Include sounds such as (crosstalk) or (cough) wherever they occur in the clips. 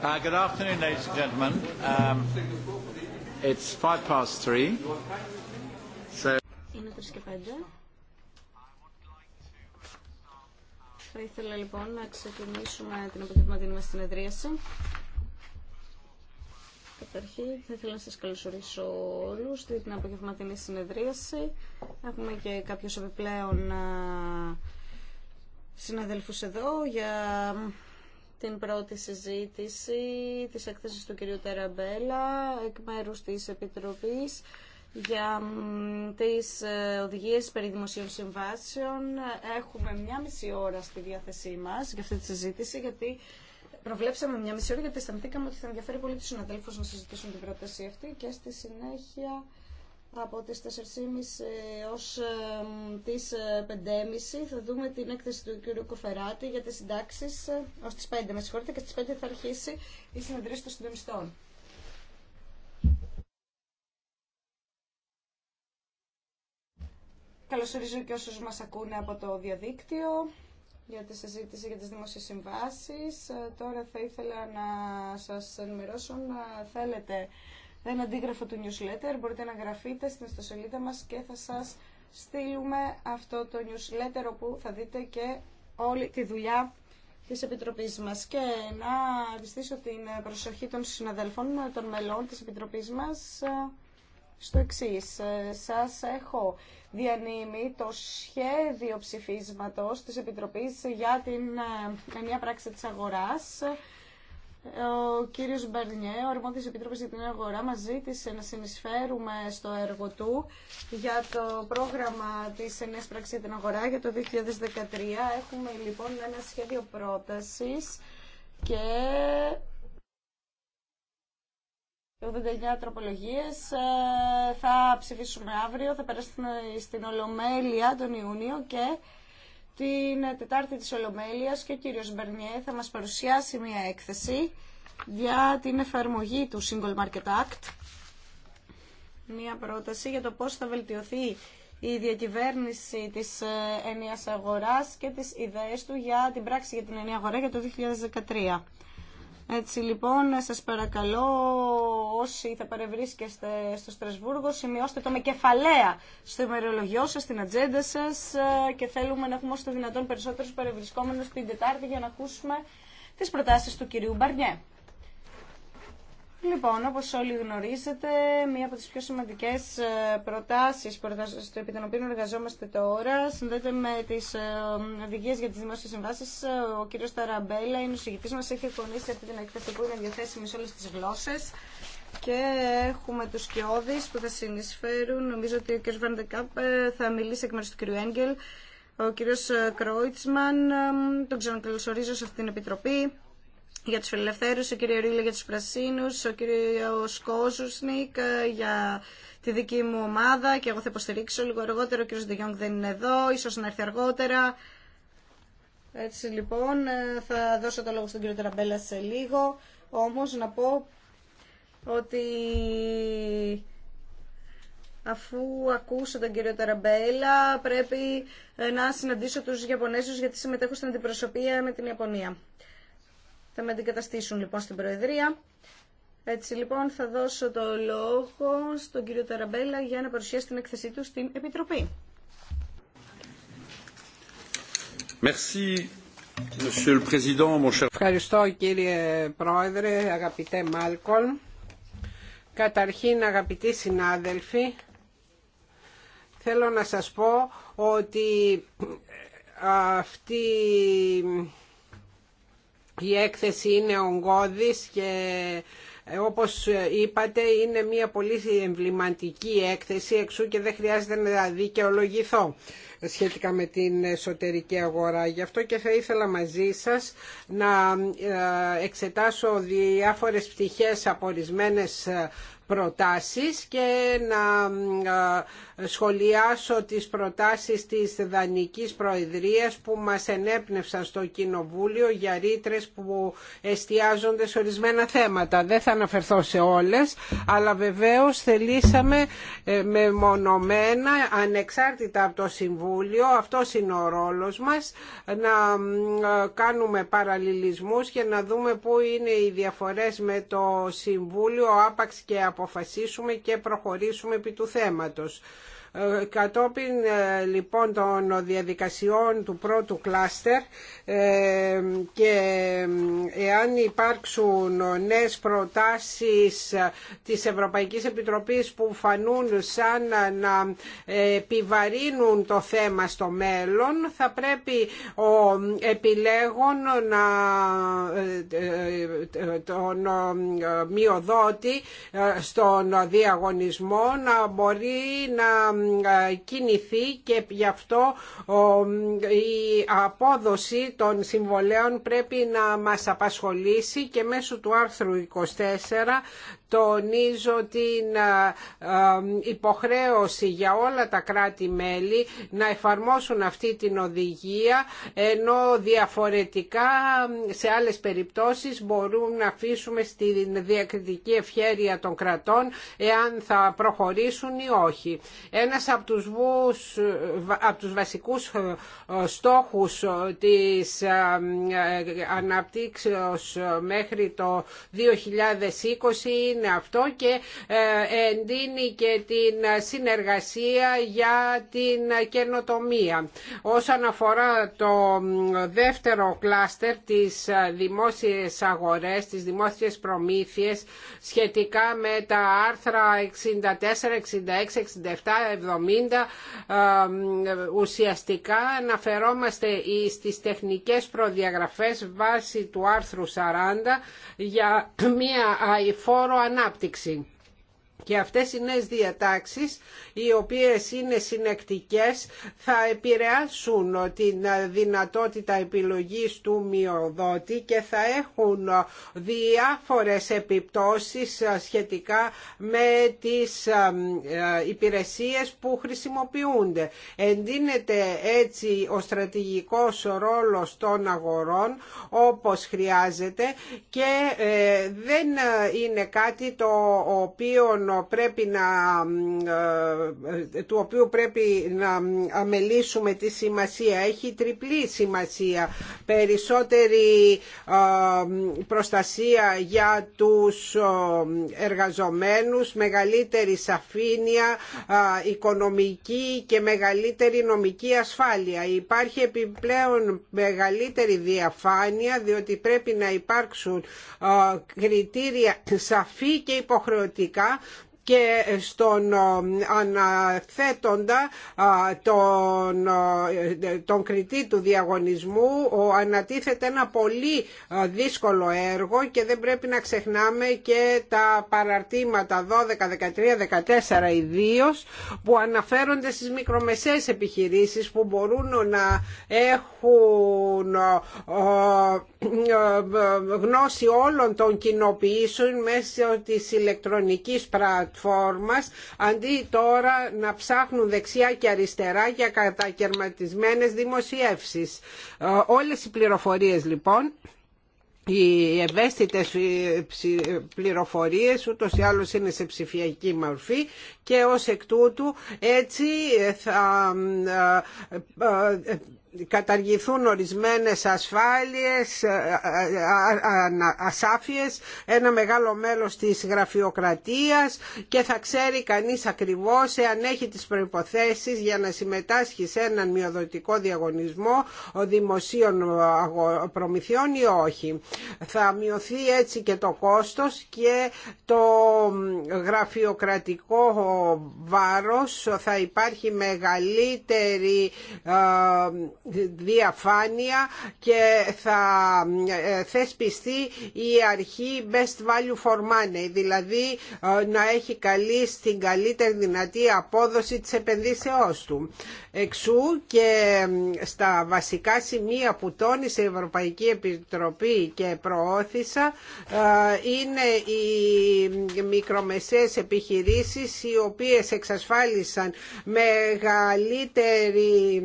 Uh, Good afternoon, ladies and gentlemen. Um, It's five past three. So. Θα ήθελα λοιπόν να ξεκινήσουμε την απογευματινή μας συνεδρίαση. Καταρχήν, θα ήθελα να σας καλωσορίσω όλους στην απογευματινή συνεδρίαση. Έχουμε και κάποιους επιπλέον συναδέλφους εδώ για την πρώτη συζήτηση της έκθεσης του κυρίου Τεραμπέλα, εκ μέρους της Επιτροπής για τις ε, οδηγίες περί δημοσίων συμβάσεων. Έχουμε μια μισή ώρα στη διάθεσή μας για αυτή τη συζήτηση, γιατί προβλέψαμε μια μισή ώρα γιατί αισθανθήκαμε ότι θα ενδιαφέρει πολύ του συναδέλφου να συζητήσουν την πρόταση αυτή και στη συνέχεια από τις 4.30 ως ε, τις 5.30 ε, θα δούμε την έκθεση του κ. Κοφεράτη για τις συντάξεις ε, ως τις 5 με συγχωρείτε και στις 5 θα αρχίσει η συνεδρίαση των συντονιστών. Καλωσορίζω και όσους μας ακούνε από το διαδίκτυο για τη συζήτηση για τις δημόσιες συμβάσεις. Ε, τώρα θα ήθελα να σας ενημερώσω να ε, θέλετε ένα αντίγραφο του newsletter. Μπορείτε να γραφείτε στην ιστοσελίδα μας και θα σας στείλουμε αυτό το newsletter όπου θα δείτε και όλη τη δουλειά της Επιτροπής μας και να ευχαριστήσω την προσοχή των συναδελφών των μελών της Επιτροπής μας ε, στο εξή. Ε, Σα έχω διανύμει το σχέδιο ψηφίσματος της Επιτροπή για την ε, Ενία πράξη της αγοράς. Ο κύριος Μπερνιέ, ο αρμόδιος Επιτρόπης για την Αγορά, μας ζήτησε να συνεισφέρουμε στο έργο του για το πρόγραμμα της Ενέας Πράξης για την Αγορά για το 2013. Έχουμε λοιπόν ένα σχέδιο πρότασης και 89 τροπολογίες ε, θα ψηφίσουμε αύριο, θα περάσουμε στην Ολομέλεια τον Ιούνιο και την Τετάρτη της Ολομέλειας και ο κύριος Μπερνιέ θα μας παρουσιάσει μια έκθεση για την εφαρμογή του Single Market Act. Μια πρόταση για το πώς θα βελτιωθεί η διακυβέρνηση της ε, ενιαίας αγοράς και τις ιδέες του για την πράξη για την ενιαία αγορά για το 2013. Έτσι λοιπόν σας παρακαλώ όσοι θα παρευρίσκεστε στο Στρασβούργο σημειώστε το με κεφαλαία στο ημερολογιό σα, στην ατζέντα σας ε, και θέλουμε να έχουμε όσο το δυνατόν περισσότερους παρευρισκόμενου την Τετάρτη για να ακούσουμε τις προτάσεις του κυρίου Μπαρνιέ. Λοιπόν, όπω όλοι γνωρίζετε, μία από τι πιο σημαντικέ ε, προτάσει στο επί των οποίων εργαζόμαστε τώρα συνδέεται με τι ε, οδηγίε για τι δημόσιε συμβάσει. Ε, ο κύριο Ταραμπέλα είναι ο συγητής μα έχει εκπονήσει αυτή την έκθεση που είναι διαθέσιμη σε όλε τι γλώσσε. και έχουμε του κοιόδη που θα συνεισφέρουν. Νομίζω ότι ο κ. Βαντεκάπ θα μιλήσει εκ μέρου του κ. Έγγελ, ο κ. Κρόιτσμαν, τον ξανακαλωσορίζω σε αυτή την επιτροπή για τους φιλελευθέρους, ο κύριο Ρίλε για τους πρασίνους, ο κύριο Κόζουσνικ ε, για τη δική μου ομάδα και εγώ θα υποστηρίξω λίγο αργότερα, ο κύριος Ντεγιόγκ δεν είναι εδώ, ίσως να έρθει αργότερα. Έτσι λοιπόν, ε, θα δώσω το λόγο στον κύριο Τραμπέλα σε λίγο, όμως να πω ότι αφού ακούσω τον κύριο Ταραμπέλα πρέπει ε, να συναντήσω τους Ιαπωνέζους γιατί συμμετέχω στην αντιπροσωπεία με την Ιαπωνία. Θα με αντικαταστήσουν λοιπόν στην Προεδρία. Έτσι λοιπόν θα δώσω το λόγο στον κύριο Ταραμπέλα για να παρουσιάσει την έκθεσή του στην Επιτροπή. Merci. Ευχαριστώ κύριε Πρόεδρε, αγαπητέ Μάλκολ. Καταρχήν αγαπητοί συνάδελφοι, θέλω να σας πω ότι αυτή η έκθεση είναι ογκώδης και ε, όπως είπατε είναι μια πολύ εμβληματική έκθεση εξού και δεν χρειάζεται να δικαιολογηθώ σχετικά με την εσωτερική αγορά. Γι' αυτό και θα ήθελα μαζί σας να ε, εξετάσω διάφορες πτυχές από προτάσεις και να σχολιάσω τις προτάσεις της Δανικής Προεδρίας που μας ενέπνευσαν στο Κοινοβούλιο για ρήτρε που εστιάζονται σε ορισμένα θέματα. Δεν θα αναφερθώ σε όλες, αλλά βεβαίως θελήσαμε με μονομένα, ανεξάρτητα από το Συμβούλιο, αυτό είναι ο ρόλος μας, να κάνουμε παραλληλισμούς και να δούμε πού είναι οι διαφορές με το Συμβούλιο άπαξ και αποφασίσουμε και προχωρήσουμε επί του θέματος. Κατόπιν ε, λοιπόν των διαδικασιών του πρώτου κλάστερ ε, και ε, εάν υπάρξουν νέες προτάσεις της Ευρωπαϊκής Επιτροπής που φανούν σαν να επιβαρύνουν το θέμα στο μέλλον θα πρέπει ο επιλέγων να τον μειοδότη στον διαγωνισμό να μπορεί να ε, κινηθεί και γι' αυτό η απόδοση των συμβολέων πρέπει να μας απασχολήσει και μέσω του άρθρου 24 τονίζω την υποχρέωση για όλα τα κράτη-μέλη να εφαρμόσουν αυτή την οδηγία ενώ διαφορετικά σε άλλες περιπτώσεις μπορούμε να αφήσουμε στη διακριτική ευχέρεια των κρατών εάν θα προχωρήσουν ή όχι. Ένας από τους, βασικούς ε, στόχους της ε, ε, αναπτύξεως μέχρι το 2020 είναι αυτό και ε, εντείνει και την συνεργασία για την καινοτομία. Όσον αφορά το δεύτερο κλάστερ της δημόσιες αγορές, της δημόσιες προμήθειες σχετικά με τα άρθρα 64, 66, 67, 70 ουσιαστικά αναφερόμαστε στις τεχνικές προδιαγραφές βάσει του άρθρου 40 για μια αηφόρο ανάπτυξη. Και αυτές οι νέες διατάξεις, οι οποίες είναι συνεκτικές, θα επηρεάσουν την δυνατότητα επιλογής του μειοδότη και θα έχουν διάφορες επιπτώσεις σχετικά με τις ε, υπηρεσίες που χρησιμοποιούνται. Εντείνεται έτσι ο στρατηγικός ρόλος των αγορών όπως χρειάζεται και ε, δεν είναι κάτι το οποίο πρέπει να, ε, του οποίου πρέπει να αμελήσουμε τη σημασία. Έχει τριπλή σημασία. Περισσότερη ε, προστασία για τους ε, εργαζομένους, μεγαλύτερη σαφήνεια, οικονομική και μεγαλύτερη νομική ασφάλεια. Υπάρχει επιπλέον μεγαλύτερη διαφάνεια διότι πρέπει να υπάρξουν κριτήρια σαφή και υποχρεωτικά και στον ε, αναθέτοντα τον, ε, τον κριτή του διαγωνισμού ανατίθεται ένα πολύ ε, δύσκολο έργο και δεν πρέπει να ξεχνάμε και τα παραρτήματα 12, 13, 14 ιδίω που αναφέρονται στις μικρομεσαίες επιχειρήσεις που μπορούν να έχουν γνώση όλων των κοινοποιήσεων μέσω της ηλεκτρονικής πράξης πλατφόρμας αντί τώρα να ψάχνουν δεξιά και αριστερά για κατακαιρματισμένες δημοσιεύσεις. Ε, όλες οι πληροφορίες λοιπόν οι ευαίσθητες ε, ε, πληροφορίες ούτως ή άλλως είναι σε ψηφιακή μορφή και ως εκ τούτου έτσι θα καταργηθούν ορισμένες ασφάλειες, ε, ε, ε, ασάφειες, ένα μεγάλο μέλος της γραφειοκρατίας και θα ξέρει κανείς ακριβώς εάν έχει τις προϋποθέσεις για να συμμετάσχει σε έναν μειοδοτικό διαγωνισμό δημοσίων προμηθειών ή όχι. Θα μειωθεί έτσι και το κόστος και το γραφειοκρατικό βάρος θα υπάρχει μεγαλύτερη διαφάνεια και θα ε, θεσπιστεί η αρχή best value for money, δηλαδή ε, να έχει καλή στην καλύτερη δυνατή απόδοση της επενδύσεώς του. Εξού και στα βασικά σημεία που τόνισε η Ευρωπαϊκή Επιτροπή και προώθησα ε, είναι οι μικρομεσαίες επιχειρήσεις οι οποίες εξασφάλισαν μεγαλύτερη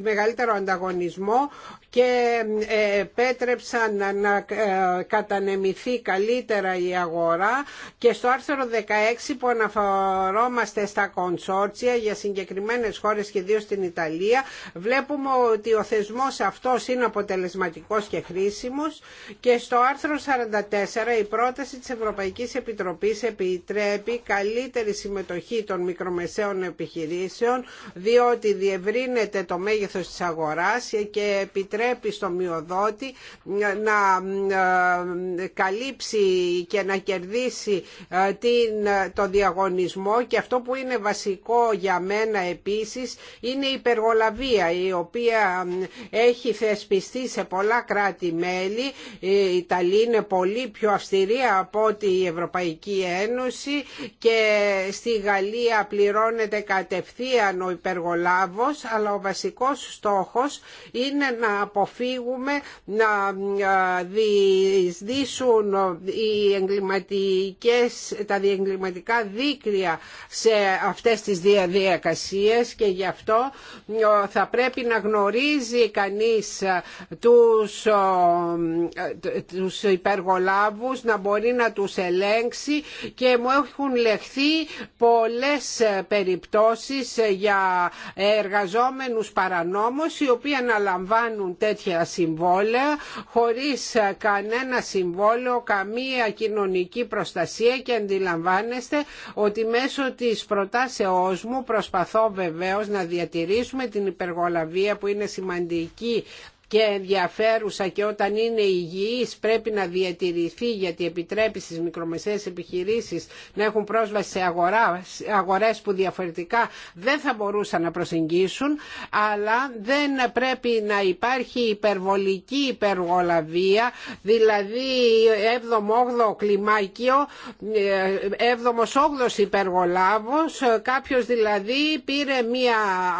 μεγαλύτερο ανταγωνισμό και ε, επέτρεψαν να ε, κατανεμηθεί καλύτερα η αγορά και στο άρθρο 16 που αναφορόμαστε στα κονσόρτσια για συγκεκριμένες χώρες και ιδίως στην Ιταλία βλέπουμε ότι ο θεσμός αυτός είναι αποτελεσματικός και χρήσιμος και στο άρθρο 44 η πρόταση της Ευρωπαϊκής Επιτροπής επιτρέπει καλύτερη συμμετοχή των μικρομεσαίων επιχειρήσεων διότι διευρύνεται το μέγεθος της αγοράς και επιτρέπει επιτρέπει στο μειοδότη να ε, καλύψει και να κερδίσει ε, την, ε, το διαγωνισμό και αυτό που είναι βασικό για μένα επίσης είναι η υπεργολαβία η οποία έχει θεσπιστεί σε πολλά κράτη-μέλη η Ιταλία είναι πολύ πιο αυστηρή από ότι η Ευρωπαϊκή Ένωση και στη Γαλλία πληρώνεται κατευθείαν ο υπεργολάβος αλλά ο βασικός στόχος είναι να αποφύγουμε να διεισδύσουν οι εγκληματικές, τα διεγκληματικά δίκτυα σε αυτές τις διαδιακασίες και γι' αυτό θα πρέπει να γνωρίζει κανείς τους, τους υπεργολάβους, να μπορεί να τους ελέγξει και μου έχουν λεχθεί πολλές περιπτώσεις για εργαζόμενους παρανόμους οι οποίοι αναλαμβάνουν τέτοια συμβόλαια χωρίς κανένα συμβόλαιο, καμία κοινωνική προστασία και αντιλαμβάνεστε ότι μέσω της προτάσεώς μου προσπαθώ βεβαίως να διατηρήσουμε την υπεργολαβία που είναι σημαντική και ενδιαφέρουσα και όταν είναι υγιής πρέπει να διατηρηθεί γιατί επιτρέπει στις μικρομεσαίες επιχειρήσεις να έχουν πρόσβαση σε αγορά, αγορές που διαφορετικά δεν θα μπορούσαν να προσεγγίσουν αλλά δεν πρέπει να υπάρχει υπερβολική υπεργολαβία δηλαδή 7ο-8ο κλιμάκιο 7ο-8ο ε, υπεργολάβος κάποιος δηλαδή πήρε μία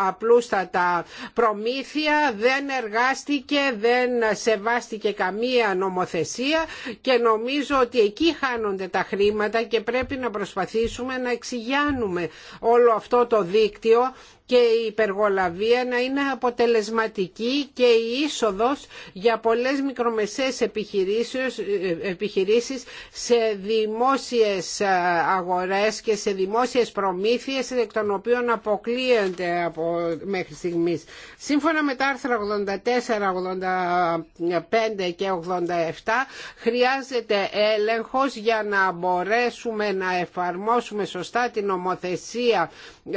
απλούστατα προμήθεια δεν εργάστηκε και δεν σεβάστηκε καμία νομοθεσία και νομίζω ότι εκεί χάνονται τα χρήματα και πρέπει να προσπαθήσουμε να εξηγιάνουμε όλο αυτό το δίκτυο και η υπεργολαβία να είναι αποτελεσματική και η είσοδος για πολλές μικρομεσαίες επιχειρήσεις ε, σε δημόσιες ε, αγορές και σε δημόσιες προμήθειες εκ των οποίων αποκλείονται από, μέχρι στιγμής. Σύμφωνα με τα άρθρα 84, 85 και 87 χρειάζεται έλεγχος για να μπορέσουμε να εφαρμόσουμε σωστά την νομοθεσία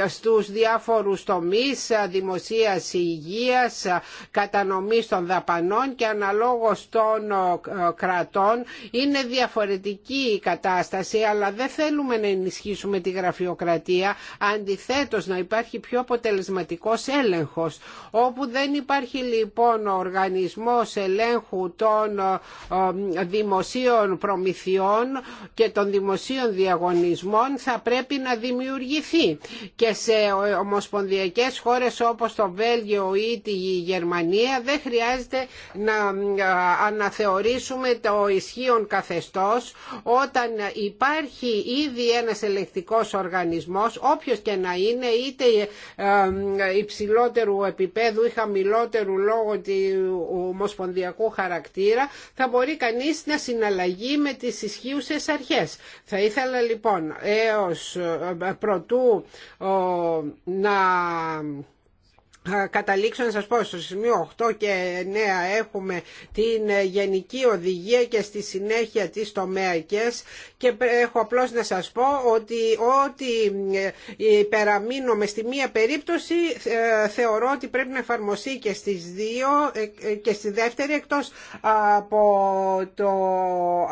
στους διάφορους τομείς ε, δημοσίας υγείας, ε, κατανομής των δαπανών και αναλόγως των ε, κρατών. Είναι διαφορετική η κατάσταση, αλλά δεν θέλουμε να ενισχύσουμε τη γραφειοκρατία. Αντιθέτως, να υπάρχει πιο αποτελεσματικός έλεγχος. Όπου δεν υπάρχει λοιπόν ο οργανισμός ελέγχου των δημοσίων προμηθειών και των δημοσίων διαγωνισμών θα πρέπει να δημιουργηθεί. Και σε μεσογειακές χώρες όπως το Βέλγιο ή τη Γερμανία δεν χρειάζεται να ε, αναθεωρήσουμε το ισχύον καθεστώς όταν υπάρχει ήδη ένας ελεκτικός οργανισμός όποιος και να είναι είτε ε, υψηλότερου επίπεδου ή χαμηλότερου λόγω του ομοσπονδιακού χαρακτήρα θα μπορεί κανείς να συναλλαγεί με τις ισχύουσες αρχές. Θα ήθελα λοιπόν έως ε, προτού να να καταλήξω να σας πω στο σημείο 8 και 9 έχουμε την γενική οδηγία και στη συνέχεια τις τομέακες και έχω απλώς να σας πω ότι ό,τι ε, υπεραμείνομαι στη μία περίπτωση ε, θεωρώ ότι πρέπει να εφαρμοστεί και στις δύο ε, και στη δεύτερη εκτός από το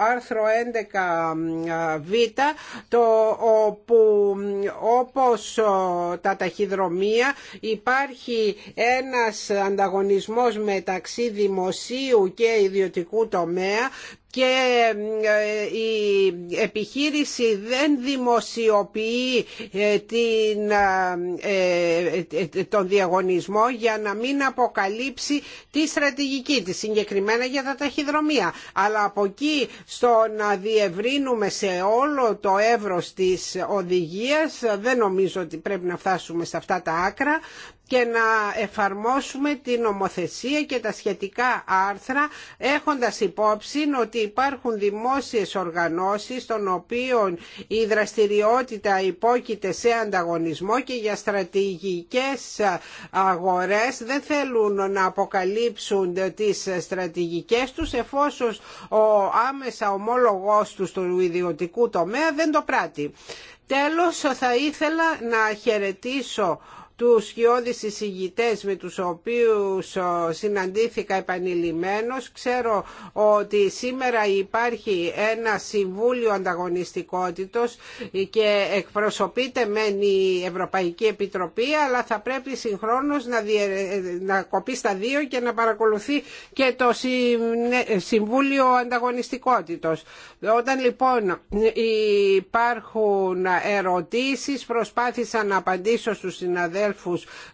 άρθρο 11β το όπου όπως τα ταχυδρομεία υπάρχει ένας ανταγωνισμός μεταξύ δημοσίου και ιδιωτικού τομέα και ε, η επιχείρηση δεν δημοσιοποιεί ε, την, ε, τον διαγωνισμό για να μην αποκαλύψει τη στρατηγική της συγκεκριμένα για τα ταχυδρομεία αλλά από εκεί στο να διευρύνουμε σε όλο το εύρος της οδηγίας δεν νομίζω ότι πρέπει να φτάσουμε σε αυτά τα άκρα και να εφαρμόσουμε την νομοθεσία και τα σχετικά άρθρα έχοντας υπόψη ότι υπάρχουν δημόσιες οργανώσεις των οποίων η δραστηριότητα υπόκειται σε ανταγωνισμό και για στρατηγικές αγορές δεν θέλουν να αποκαλύψουν τις στρατηγικές τους εφόσον ο άμεσα ομόλογός τους του ιδιωτικού τομέα δεν το πράττει. Τέλος θα ήθελα να χαιρετήσω τους σκιώδη εισηγητές με τους οποίους συναντήθηκα επανειλημμένος. Ξέρω ότι σήμερα υπάρχει ένα Συμβούλιο Ανταγωνιστικότητος και εκπροσωπείται μεν η Ευρωπαϊκή Επιτροπή αλλά θα πρέπει συγχρόνως να, διε... να κοπεί στα δύο και να παρακολουθεί και το Συμβούλιο Ανταγωνιστικότητος. Όταν λοιπόν υπάρχουν ερωτήσεις προσπάθησα να απαντήσω στους συναδέλφους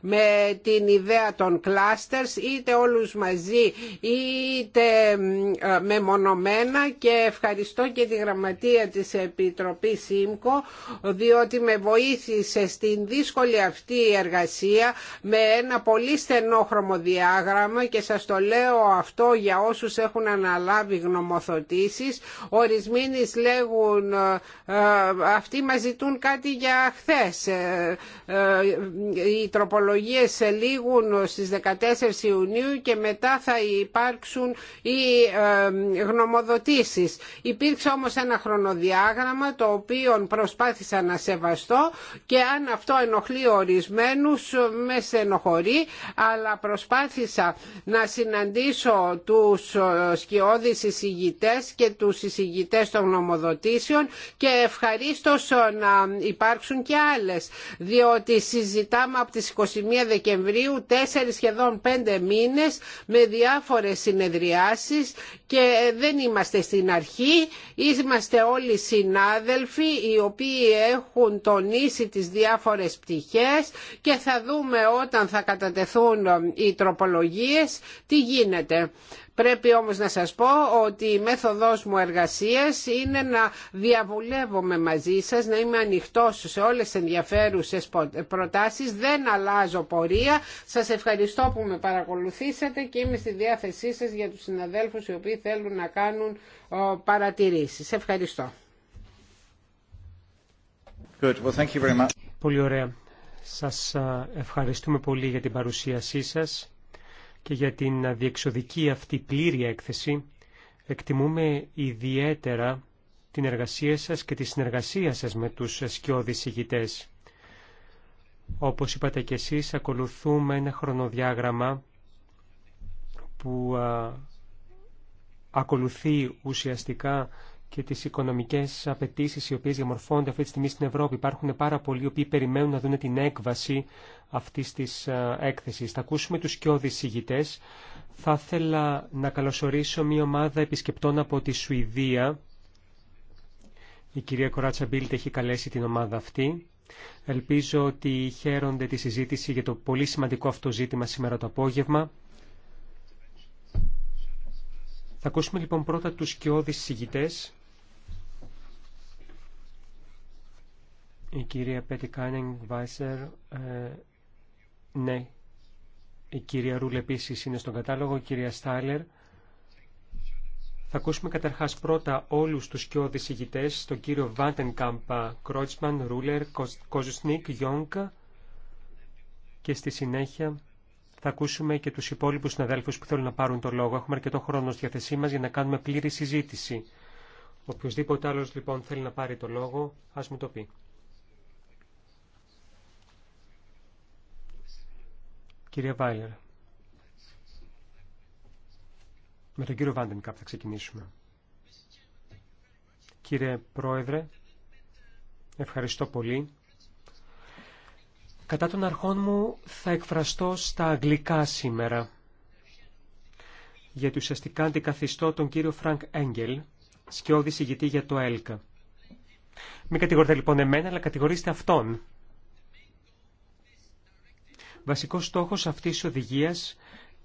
με την ιδέα των κλάστερς είτε όλους μαζί είτε ε, μεμονωμένα και ευχαριστώ και τη γραμματεία της Επιτροπής ΣΥΜΚΟ διότι με βοήθησε στην δύσκολη αυτή η εργασία με ένα πολύ στενό χρωμοδιάγραμμα και σας το λέω αυτό για όσους έχουν αναλάβει γνωμοθωτήσεις ορισμένοι λέγουν ε, ε, αυτοί μας ζητούν κάτι για χθες οι τροπολογίες λήγουν στις 14 Ιουνίου και μετά θα υπάρξουν οι γνωμοδοτήσεις. Υπήρξε όμως ένα χρονοδιάγραμμα το οποίο προσπάθησα να σεβαστώ και αν αυτό ενοχλεί ορισμένους με στενοχωρεί αλλά προσπάθησα να συναντήσω τους ε, σκιώδεις εισηγητές και τους εισηγητές των γνωμοδοτήσεων και ευχαρίστως να υπάρξουν και άλλες διότι συζητάμε από τις 21 Δεκεμβρίου, τέσσερις σχεδόν πέντε μήνες με διάφορες συνεδριάσεις και δεν είμαστε στην αρχή, είμαστε όλοι συνάδελφοι οι οποίοι έχουν τονίσει τις διάφορες πτυχές και θα δούμε όταν θα κατατεθούν οι τροπολογίες τι γίνεται. Πρέπει όμως να σας πω ότι η μέθοδος μου εργασίας είναι να διαβουλεύομαι μαζί σας, να είμαι ανοιχτός σε όλες τις ενδιαφέρουσες προτάσεις. Δεν αλλάζω πορεία. Σας ευχαριστώ που με παρακολουθήσατε και είμαι στη διάθεσή σας για τους συναδέλφους οι οποίοι θέλουν να κάνουν παρατηρήσεις. Ευχαριστώ. Good. Well, thank you Πολύ ωραία. Σας ευχαριστούμε πολύ για την παρουσίασή σας και για την διεξοδική αυτή πλήρη έκθεση. Εκτιμούμε ιδιαίτερα την εργασία σας και τη συνεργασία σας με τους σκιώδεις ηγητές. Όπως είπατε και εσείς, ακολουθούμε ένα χρονοδιάγραμμα που ακολουθεί ουσιαστικά και τις οικονομικές απαιτήσει οι οποίες διαμορφώνονται αυτή τη στιγμή στην Ευρώπη. Υπάρχουν πάρα πολλοί οποίοι περιμένουν να δουν την έκβαση αυτή τη έκθεση. Θα ακούσουμε τους κοιόδης ηγητές. Θα ήθελα να καλωσορίσω μια ομάδα επισκεπτών από τη Σουηδία. Η κυρία Κοράτσα Μπίλτ έχει καλέσει την ομάδα αυτή. Ελπίζω ότι χαίρονται τη συζήτηση για το πολύ σημαντικό αυτό ζήτημα σήμερα το απόγευμα. Θα ακούσουμε λοιπόν πρώτα τους σκιώδεις συγητές Η κυρία Πετικάνινγκ Βάισερ, ε, ναι. Η κυρία Ρούλ επίση είναι στον κατάλογο, η κυρία Στάιλερ. Θα ακούσουμε καταρχάς πρώτα όλους τους πιο ηγητές, τον κύριο Κάμπα, Κρότσμαν, Ρούλερ, Κοζουσνίκ, Γιόγκα και στη συνέχεια θα ακούσουμε και τους υπόλοιπους συναδέλφους που θέλουν να πάρουν το λόγο. Έχουμε αρκετό χρόνο στη διαθεσή μας για να κάνουμε πλήρη συζήτηση. Οποιοδήποτε άλλος λοιπόν θέλει να πάρει το λόγο, ας μου το πει. Κύριε Βάιλερ. Με τον κύριο Βάντενκαπ θα ξεκινήσουμε. Κύριε Πρόεδρε, ευχαριστώ πολύ. Κατά των αρχών μου θα εκφραστώ στα αγγλικά σήμερα, γιατί ουσιαστικά αντικαθιστώ τον κύριο Φρανκ Έγγελ, σκιώδη ηγητή για το ΕΛΚΑ. Μην κατηγορείτε λοιπόν εμένα, αλλά κατηγορήστε αυτόν Βασικός στόχος αυτής της οδηγίας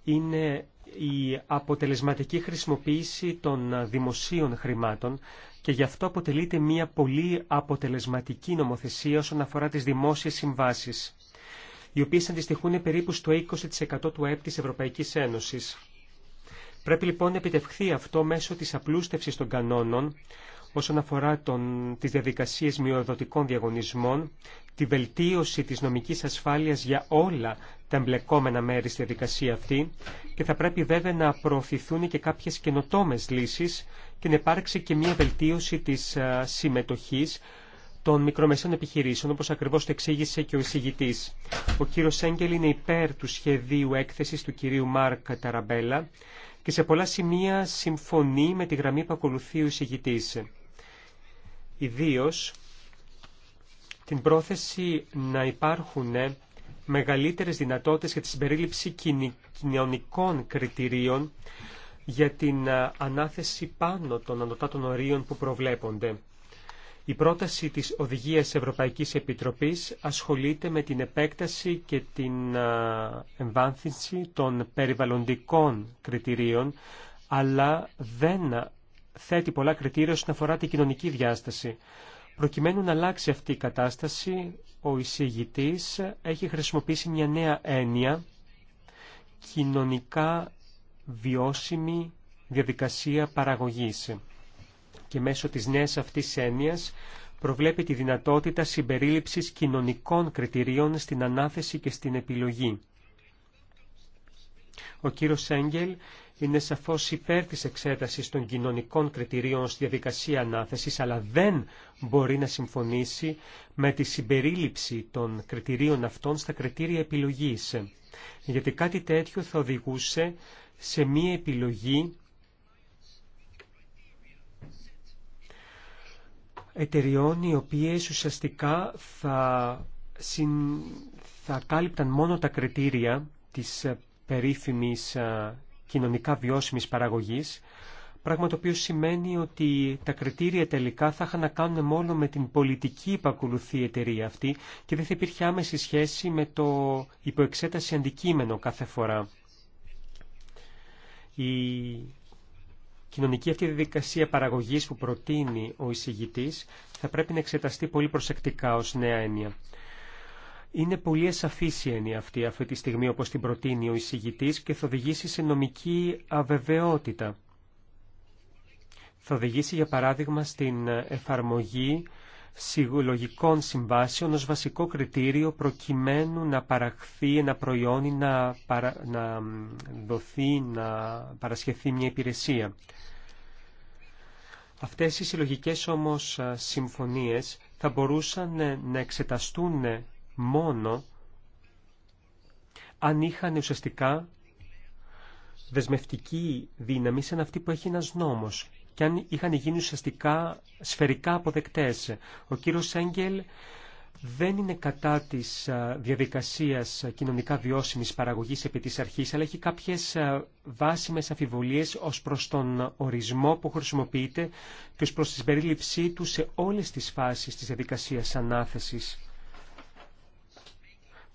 είναι η αποτελεσματική χρησιμοποίηση των δημοσίων χρημάτων και γι' αυτό αποτελείται μια πολύ αποτελεσματική νομοθεσία όσον αφορά τις δημόσιες συμβάσεις, οι οποίες αντιστοιχούν περίπου στο 20% του ΑΕΠ της Ευρωπαϊκής Ένωσης. Πρέπει λοιπόν να επιτευχθεί αυτό μέσω της απλούστευσης των κανόνων, όσον αφορά τον, τις διαδικασίες μειοδοτικών διαγωνισμών, τη βελτίωση της νομικής ασφάλειας για όλα τα εμπλεκόμενα μέρη στη διαδικασία αυτή και θα πρέπει βέβαια να προωθηθούν και κάποιες καινοτόμε λύσεις και να υπάρξει και μια βελτίωση της συμμετοχής των μικρομεσαίων επιχειρήσεων, όπως ακριβώς το εξήγησε και ο εισηγητής. Ο κύριος Σέγγελ είναι υπέρ του σχεδίου έκθεσης του κυρίου Μάρκ Ταραμπέλα και σε πολλά σημεία συμφωνεί με τη γραμμή που ακολουθεί ο εισηγητής ιδίως την πρόθεση να υπάρχουν μεγαλύτερες δυνατότητες για τη συμπερίληψη κοινωνικών κριτηρίων για την ε, ανάθεση πάνω των ανωτάτων ορίων που προβλέπονται. Η πρόταση της Οδηγίας Ευρωπαϊκής Επιτροπής ασχολείται με την επέκταση και την ε, εμβάνθυνση των περιβαλλοντικών κριτηρίων, αλλά δεν θέτει πολλά κριτήρια όσον αφορά την κοινωνική διάσταση. Προκειμένου να αλλάξει αυτή η κατάσταση, ο εισηγητής έχει χρησιμοποιήσει μια νέα έννοια κοινωνικά βιώσιμη διαδικασία παραγωγής. Και μέσω της νέας αυτής έννοιας προβλέπει τη δυνατότητα συμπερίληψης κοινωνικών κριτηρίων στην ανάθεση και στην επιλογή. Ο κύριος Σέγγελ είναι σαφώς υπέρ της εξέτασης των κοινωνικών κριτηρίων στη διαδικασία ανάθεσης, αλλά δεν μπορεί να συμφωνήσει με τη συμπερίληψη των κριτηρίων αυτών στα κριτήρια επιλογής. Γιατί κάτι τέτοιο θα οδηγούσε σε μία επιλογή εταιριών οι οποίες ουσιαστικά θα, συν... θα κάλυπταν μόνο τα κριτήρια της περίφημης κοινωνικά βιώσιμης παραγωγής, πράγμα το οποίο σημαίνει ότι τα κριτήρια τελικά θα είχαν να κάνουν μόνο με την πολιτική που η εταιρεία αυτή και δεν θα υπήρχε άμεση σχέση με το υποεξέταση αντικείμενο κάθε φορά. Η κοινωνική αυτή διαδικασία παραγωγής που προτείνει ο εισηγητής θα πρέπει να εξεταστεί πολύ προσεκτικά ως νέα έννοια. Είναι πολύ ασαφή η έννοια αυτή αυτή τη στιγμή όπως την προτείνει ο εισηγητή και θα οδηγήσει σε νομική αβεβαιότητα. Θα οδηγήσει για παράδειγμα στην εφαρμογή συλλογικών συμβάσεων ως βασικό κριτήριο προκειμένου να παραχθεί ένα προϊόν ή να, να δοθεί, να παρασχεθεί μια υπηρεσία. Αυτές οι συλλογικές όμως συμφωνίες θα μπορούσαν ε, να εξεταστούν ε, μόνο αν είχαν ουσιαστικά δεσμευτική δύναμη σαν αυτή που έχει ένας νόμος και αν είχαν γίνει ουσιαστικά σφαιρικά αποδεκτές. Ο κύριος Σέγγελ δεν είναι κατά της διαδικασίας κοινωνικά βιώσιμης παραγωγής επί της αρχής, αλλά έχει κάποιες βάσιμες αφιβολίες ως προς τον ορισμό που χρησιμοποιείται και ως προς τη συμπερίληψή του σε όλες τις φάσεις της διαδικασίας ανάθεσης.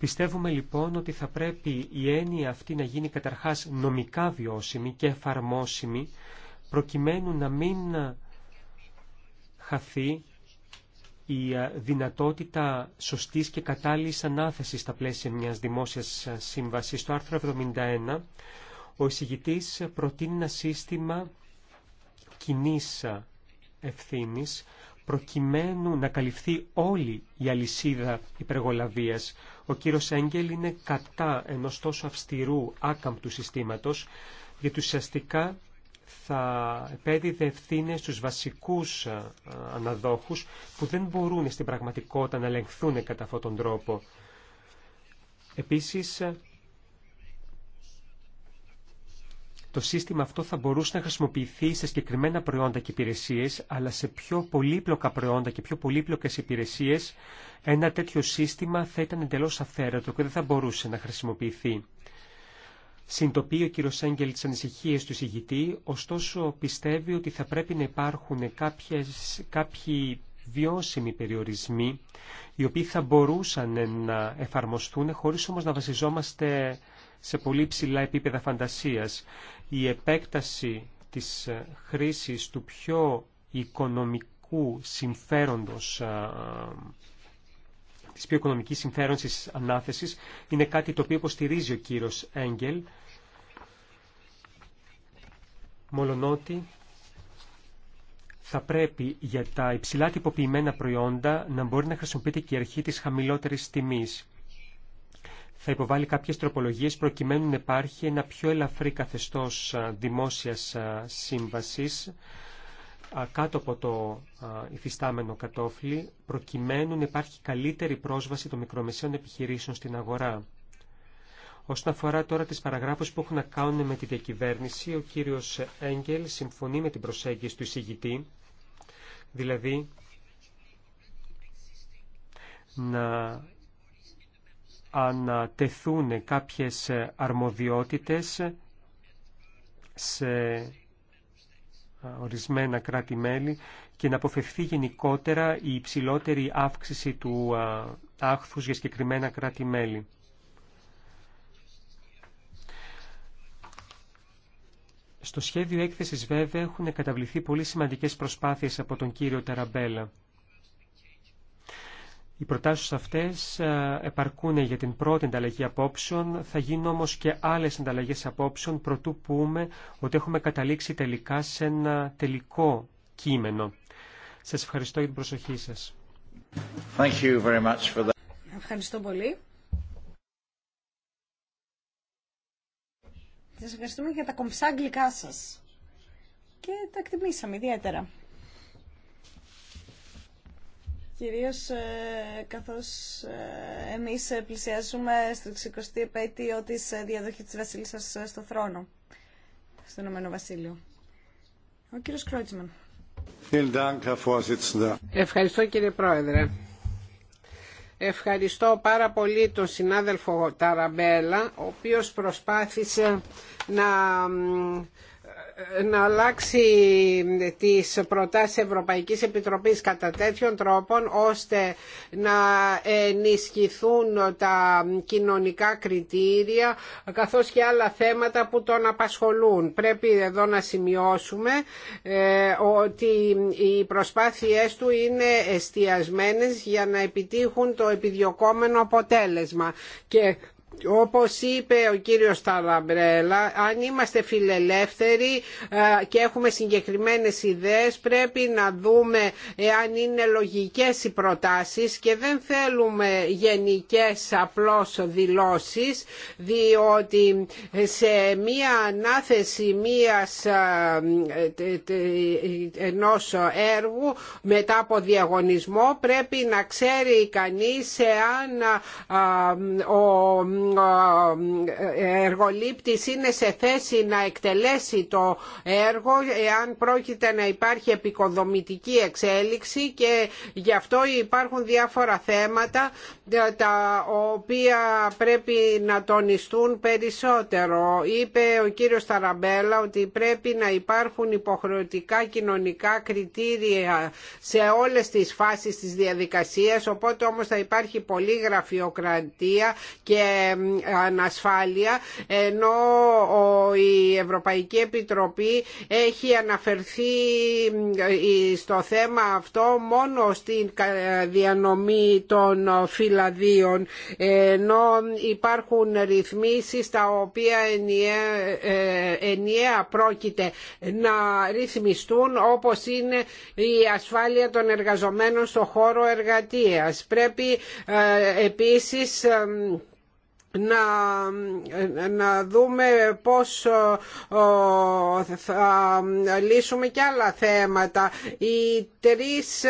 Πιστεύουμε λοιπόν ότι θα πρέπει η έννοια αυτή να γίνει καταρχάς νομικά βιώσιμη και εφαρμόσιμη, προκειμένου να μην χαθεί η δυνατότητα σωστής και κατάλληλης ανάθεσης στα πλαίσια μιας δημόσιας σύμβασης. Στο άρθρο 71, ο εισηγητής προτείνει ένα σύστημα κοινή ευθύνης, προκειμένου να καλυφθεί όλη η αλυσίδα υπεργολαβίας. Ο κύριος Έγγελ είναι κατά ενός τόσο αυστηρού άκαμπτου συστήματος, γιατί ουσιαστικά θα επέδιδε ευθύνε στους βασικούς αναδόχους που δεν μπορούν στην πραγματικότητα να ελεγχθούν κατά αυτόν τον τρόπο. Επίσης, το σύστημα αυτό θα μπορούσε να χρησιμοποιηθεί σε συγκεκριμένα προϊόντα και υπηρεσίες, αλλά σε πιο πολύπλοκα προϊόντα και πιο πολύπλοκες υπηρεσίες ένα τέτοιο σύστημα θα ήταν εντελώς αφαίρετο και δεν θα μπορούσε να χρησιμοποιηθεί. Συντοπεί ο κύριο Σέγγελ τι ανησυχίε του συγητή, ωστόσο πιστεύει ότι θα πρέπει να υπάρχουν κάποιες, κάποιοι βιώσιμοι περιορισμοί, οι οποίοι θα μπορούσαν να εφαρμοστούν χωρίς όμως να βασιζόμαστε σε πολύ ψηλά επίπεδα φαντασίας. Η επέκταση της ε, χρήσης του πιο οικονομικού συμφέροντος ε, της πιο οικονομικής συμφέρονσης ανάθεσης είναι κάτι το οποίο υποστηρίζει ο κύριος Έγγελ μολονότι θα πρέπει για τα υψηλά τυποποιημένα προϊόντα να μπορεί να χρησιμοποιείται και η αρχή της χαμηλότερης τιμής θα υποβάλει κάποιες τροπολογίες προκειμένου να υπάρχει ένα πιο ελαφρύ καθεστώς δημόσιας σύμβασης κάτω από το υφιστάμενο κατόφλι, προκειμένου να υπάρχει καλύτερη πρόσβαση των μικρομεσαίων επιχειρήσεων στην αγορά. Όσον αφορά τώρα τις παραγράφους που έχουν να κάνουν με τη διακυβέρνηση, ο κύριος Έγκελ συμφωνεί με την προσέγγιση του εισηγητή, δηλαδή να τεθούν κάποιες αρμοδιότητες σε ορισμένα κράτη-μέλη και να αποφευθεί γενικότερα η υψηλότερη αύξηση του άχθους για συγκεκριμένα κράτη-μέλη. Στο σχέδιο έκθεσης βέβαια έχουν καταβληθεί πολύ σημαντικές προσπάθειες από τον κύριο Ταραμπέλα. Οι προτάσεις αυτές ε, επαρκούν για την πρώτη ανταλλαγή απόψεων, θα γίνουν όμως και άλλες ανταλλαγές απόψεων προτού πούμε ότι έχουμε καταλήξει τελικά σε ένα τελικό κείμενο. Σας ευχαριστώ για την προσοχή σας. Thank you very much Ευχαριστώ πολύ. Σας ευχαριστούμε για τα κομψά αγγλικά σας. Και τα εκτιμήσαμε ιδιαίτερα. Κυρίως ε, καθώς ε, εμείς πλησιάζουμε στο 60 επέτειο της ε, διαδοχή της Βασίλισσας στο θρόνο, στο Ηνωμένο Βασίλειο. Ο κύριος Κρότσμαν. Ευχαριστώ κύριε Πρόεδρε. Ευχαριστώ πάρα πολύ τον συνάδελφο Ταραμπέλα, ο οποίος προσπάθησε να να αλλάξει τις προτάσεις Ευρωπαϊκής Επιτροπής κατά τέτοιων τρόπων ώστε να ενισχυθούν τα κοινωνικά κριτήρια καθώς και άλλα θέματα που τον απασχολούν. Πρέπει εδώ να σημειώσουμε ε, ότι οι προσπάθειές του είναι εστιασμένες για να επιτύχουν το επιδιωκόμενο αποτέλεσμα και όπως είπε ο κύριος Ταλαμπρέλα, αν είμαστε φιλελεύθεροι ε, και έχουμε συγκεκριμένες ιδέες πρέπει να δούμε αν είναι λογικές οι προτάσεις και δεν θέλουμε γενικές απλώς δηλώσεις διότι σε μία ανάθεση μίας, ε, ενός έργου μετά από διαγωνισμό πρέπει να ξέρει κανείς εάν ε, ο εργολήπτης είναι σε θέση να εκτελέσει το έργο εάν πρόκειται να υπάρχει επικοδομητική εξέλιξη και γι' αυτό υπάρχουν διάφορα θέματα ε, τα οποία πρέπει να τονιστούν περισσότερο. Είπε ο κύριος Ταραμπέλα ότι πρέπει να υπάρχουν υποχρεωτικά κοινωνικά κριτήρια σε όλες τις φάσεις της διαδικασίας, οπότε όμως θα υπάρχει πολλή γραφειοκρατία και ανασφάλεια ενώ η Ευρωπαϊκή Επιτροπή έχει αναφερθεί ε, στο θέμα αυτό μόνο στην διανομή των φυλαδίων ενώ υπάρχουν ρυθμίσεις τα οποία ενιαία, ε, ενιαία πρόκειται να ρυθμιστούν όπως είναι η ασφάλεια των εργαζομένων στο χώρο εργατείας. Πρέπει ε, επίσης να, να δούμε πώς θα λύσουμε και άλλα θέματα. Η, τρεις,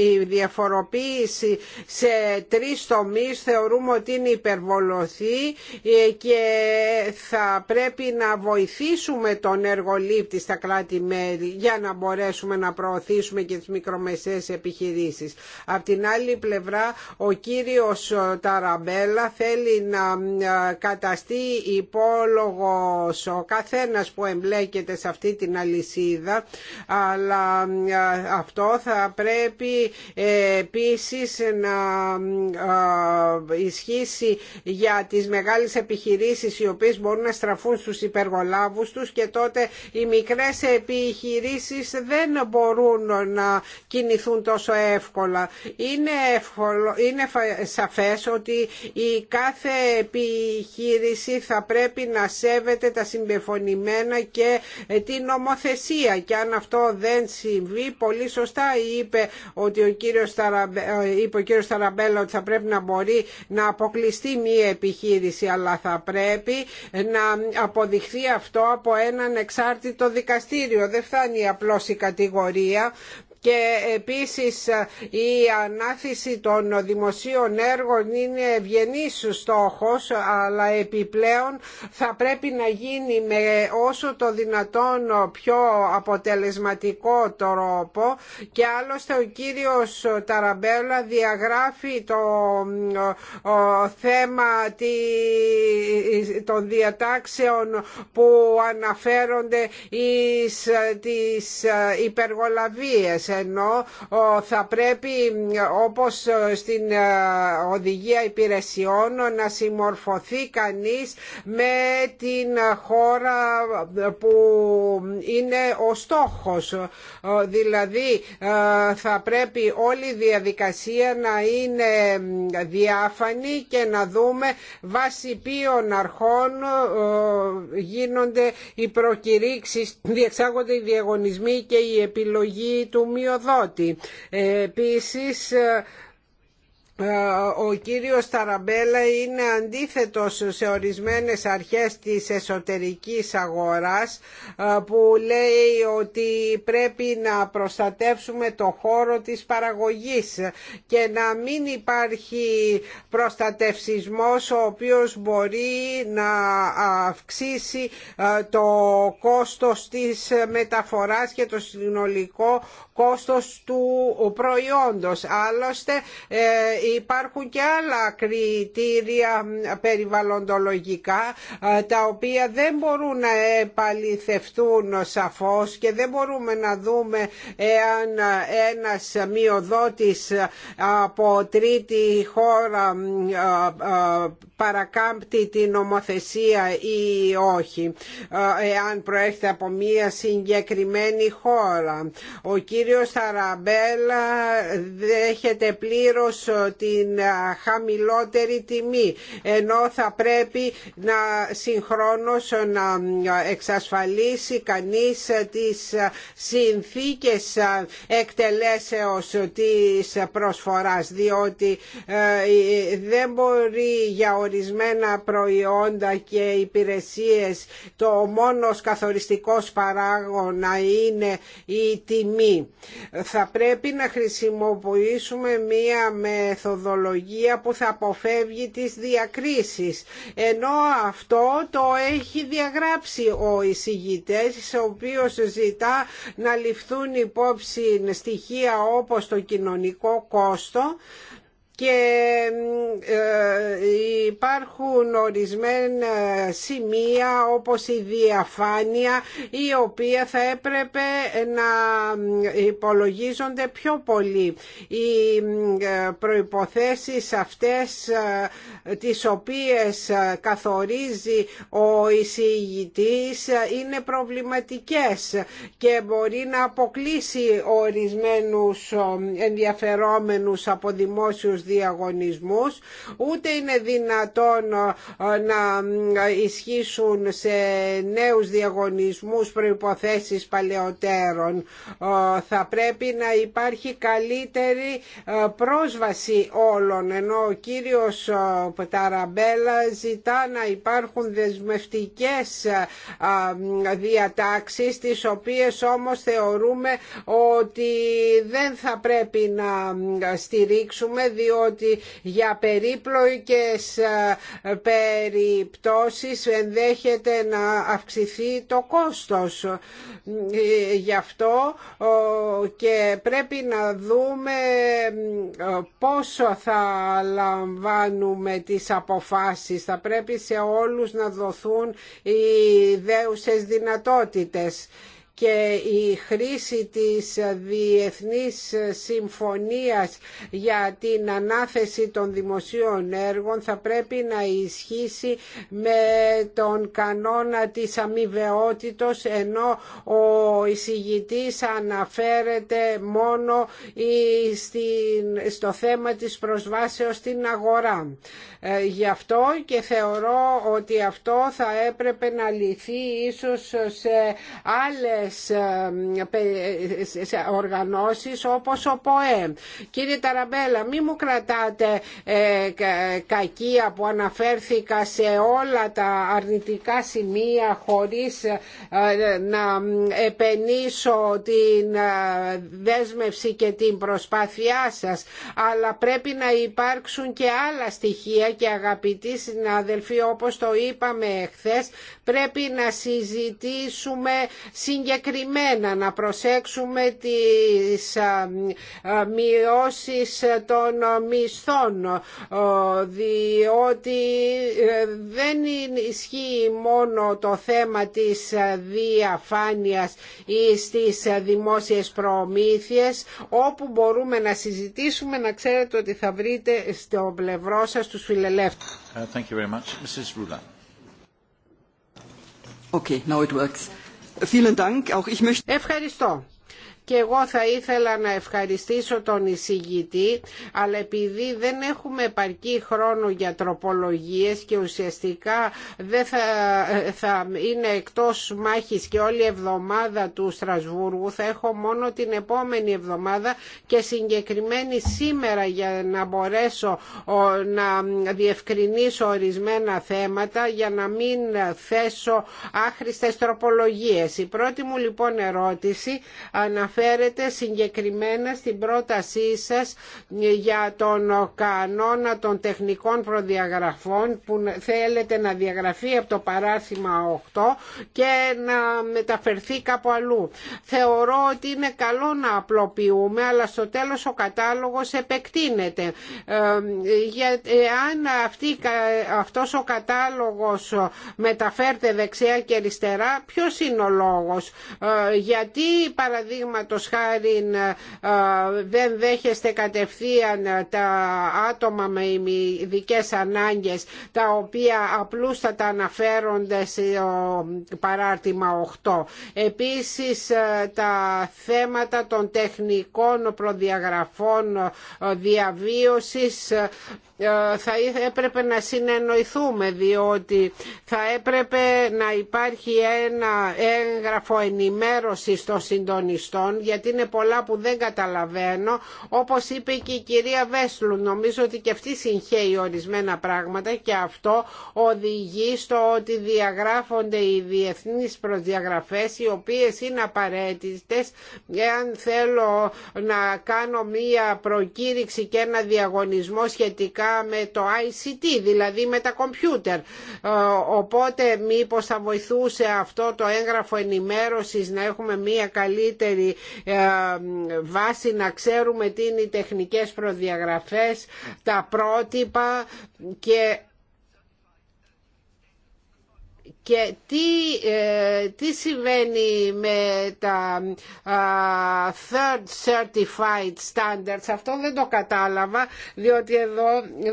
η, διαφοροποίηση σε τρεις τομείς θεωρούμε ότι είναι υπερβολωθή και θα πρέπει να βοηθήσουμε τον εργολήπτη στα κρατη μερη για να μπορέσουμε να προωθήσουμε και τις μικρομεσαίες επιχειρήσεις. Απ' την άλλη πλευρά ο κύριος τα θέλει να ε, καταστεί υπόλογος ο καθένας που εμπλέκεται σε αυτή την αλυσίδα αλλά ε, αυτό θα πρέπει ε, επίσης να ισχύσει για τις μεγάλες επιχειρήσεις οι οποίες μπορούν να στραφούν στους υπεργολάβους τους και τότε οι μικρές επιχειρήσεις δεν μπορούν να κινηθούν τόσο εύκολα. Είναι, εύκολο, είναι σαφές ότι ότι η κάθε επιχείρηση θα πρέπει να σέβεται τα συμπεφωνημένα και ε, την νομοθεσία και αν αυτό δεν συμβεί πολύ σωστά είπε ότι ο κύριος ε, είπε ότι θα πρέπει να μπορεί να αποκλειστεί μία επιχείρηση αλλά θα πρέπει ε, να αποδειχθεί αυτό από έναν εξάρτητο δικαστήριο δεν φτάνει απλώς η κατηγορία και επίσης η ανάθεση των δημοσίων έργων είναι ευγενής στόχος αλλά επιπλέον θα πρέπει να γίνει με όσο το δυνατόν πιο αποτελεσματικό τρόπο και άλλωστε ο κύριος Ταραμπέλα διαγράφει το θέμα των διατάξεων που αναφέρονται στις τις υπεργολαβίες ενώ θα πρέπει όπως ε, στην ε, οδηγία υπηρεσιών να συμμορφωθεί κανείς με την χώρα που είναι ο στόχος. Ε, δηλαδή θα πρέπει όλη η διαδικασία να είναι διάφανη και να δούμε βάσει ποιων αρχών γίνονται οι προκηρύξεις, διεξάγονται οι διαγωνισμοί και η επιλογή του ε, Επίσης ε, ε, ο κύριος Ταραμπέλα είναι αντίθετος σε ορισμένες αρχές της εσωτερικής αγοράς ε, που λέει ότι πρέπει να προστατεύσουμε το χώρο της παραγωγής και να μην υπάρχει προστατευσισμός ο οποίος μπορεί να αυξήσει ε, το κόστος της μεταφοράς και το συνολικό κόστος του προϊόντος. Άλλωστε υπάρχουν και άλλα κριτήρια περιβαλλοντολογικά ε, τα οποία δεν μπορούν να επαληθευτούν σαφώς και δεν μπορούμε να δούμε εάν ένας μειοδότης από τρίτη χώρα ε, ε, παρακάμπτει την νομοθεσία ή όχι εάν προέρχεται από μία συγκεκριμένη χώρα. Ο κύριος Ταραμπέλα δέχεται πλήρως την χαμηλότερη τιμή ενώ θα πρέπει να συγχρόνως ε, να εξασφαλίσει κανείς ε, τις συνθήκες εκτελέσεως της προσφοράς διότι ε, δεν μπορεί για ορισμένα προϊόντα και υπηρεσίες το μόνος καθοριστικός παράγωνα είναι η τιμή. Θα πρέπει να χρησιμοποιήσουμε μία μεθοδολογία μεθοδολογία που θα αποφεύγει τις διακρίσεις. Ενώ αυτό το έχει διαγράψει ο εισηγητές, ο οποίος ζητά να ληφθούν υπόψη στοιχεία όπως το κοινωνικό κόστο και ε, υπάρχουν ορισμένα σημεία όπως η διαφάνεια η οποία θα έπρεπε να υπολογίζονται πιο πολύ. Οι ε, προϋποθέσεις αυτές ε, τις οποίες καθορίζει ο εισηγητής είναι προβληματικές και μπορεί να αποκλείσει ορισμένους ενδιαφερόμενους από δημόσιους διαγωνισμούς ούτε είναι δυνατόν ε, να ε, ισχύσουν σε νέους διαγωνισμούς προϋποθέσεις παλαιότερων. Ε, θα πρέπει να υπάρχει καλύτερη πρόσβαση όλων ενώ ο κύριος Ταραμπέλα ζητά να υπάρχουν δεσμευτικές διατάξεις τις οποίες όμως θεωρούμε ότι δεν θα πρέπει να στηρίξουμε διότι ότι για περίπλοκες ε, περιπτώσεις ενδέχεται να αυξηθεί το κόστος. Ε, γι' αυτό και πρέπει να δούμε ε, πόσο θα λαμβάνουμε τις αποφάσεις. Θα πρέπει σε όλους να δοθούν οι δέουσες δυνατότητες και η χρήση της Διεθνής Συμφωνίας για την ανάθεση των δημοσίων έργων θα πρέπει να ισχύσει με τον κανόνα της αμοιβαιότητος ενώ ο εισηγητής αναφέρεται μόνο στο θέμα της προσβάσεως στην αγορά. Ε, γι' αυτό και θεωρώ ότι αυτό θα έπρεπε να λυθεί ίσως σε άλλες οργανώσεις όπως ο ΠΟΕ. Κύριε Ταραμπέλα, μη μου κρατάτε ε, κακία που αναφέρθηκα σε όλα τα αρνητικά σημεία χωρίς ε, να επενήσω την ε, δέσμευση και την προσπάθειά σας αλλά πρέπει να υπάρξουν και άλλα στοιχεία και αγαπητοί συναδελφοί όπως το είπαμε εχθές πρέπει να συζητήσουμε συγκεκριμένα συγκεκριμένα να προσέξουμε τις μειώσεις των μισθών διότι ε, δεν ισχύει μόνο το θέμα της διαφάνειας ή στις δημόσιες προμήθειες όπου μπορούμε να συζητήσουμε να ξέρετε ότι θα βρείτε στο πλευρό σας τους φιλελεύθερους. Vielen Dank. Auch ich möchte... Ευχαριστώ και εγώ θα ήθελα να ευχαριστήσω τον εισηγητή αλλά επειδή δεν έχουμε επαρκή χρόνο για τροπολογίες και ουσιαστικά δεν θα, θα είναι εκτός μάχης και όλη η εβδομάδα του Στρασβούργου θα έχω μόνο την επόμενη εβδομάδα και συγκεκριμένη σήμερα για να μπορέσω να διευκρινίσω ορισμένα θέματα για να μην θέσω άχρηστες τροπολογίες. Η πρώτη μου λοιπόν ερώτηση συγκεκριμένα στην πρότασή σας για τον κανόνα των τεχνικών προδιαγραφών που θέλετε να διαγραφεί από το παράθυμα 8 και να μεταφερθεί κάπου αλλού. Θεωρώ ότι είναι καλό να απλοποιούμε αλλά στο τέλος ο κατάλογος επεκτείνεται. Αν αυτή, αυτός ο κατάλογος μεταφέρεται δεξιά και αριστερά, ποιος είναι ο λόγος. Ε, γιατί παραδείγμα το χάρη ε, ε, δεν δέχεστε κατευθείαν ε, τα άτομα με ειδικέ ανάγκες τα οποία απλούστατα αναφέρονται στο παράρτημα 8. Επίσης τα θέματα των τεχνικών προδιαγραφών διαβίωσης ε, θα έπρεπε να συνεννοηθούμε διότι θα έπρεπε να υπάρχει ένα έγγραφο ενημέρωση των συντονιστών γιατί είναι πολλά που δεν καταλαβαίνω όπως είπε και η κυρία Βέσλου νομίζω ότι και αυτή συγχαίει ορισμένα πράγματα και αυτό οδηγεί στο ότι διαγράφονται οι διεθνείς προδιαγραφές οι οποίες είναι απαραίτητες εάν θέλω να κάνω μία προκήρυξη και ένα διαγωνισμό σχετικά με το ICT, δηλαδή με τα κομπιούτερ. Ε, οπότε μήπως θα βοηθούσε αυτό το έγγραφο ενημέρωσης να έχουμε μία καλύτερη ε, βάση, να ξέρουμε τι είναι οι τεχνικές προδιαγραφές, τα πρότυπα και και τι, ε, τι συμβαίνει με τα Third Certified Standards. Αυτό δεν το κατάλαβα, διότι εδώ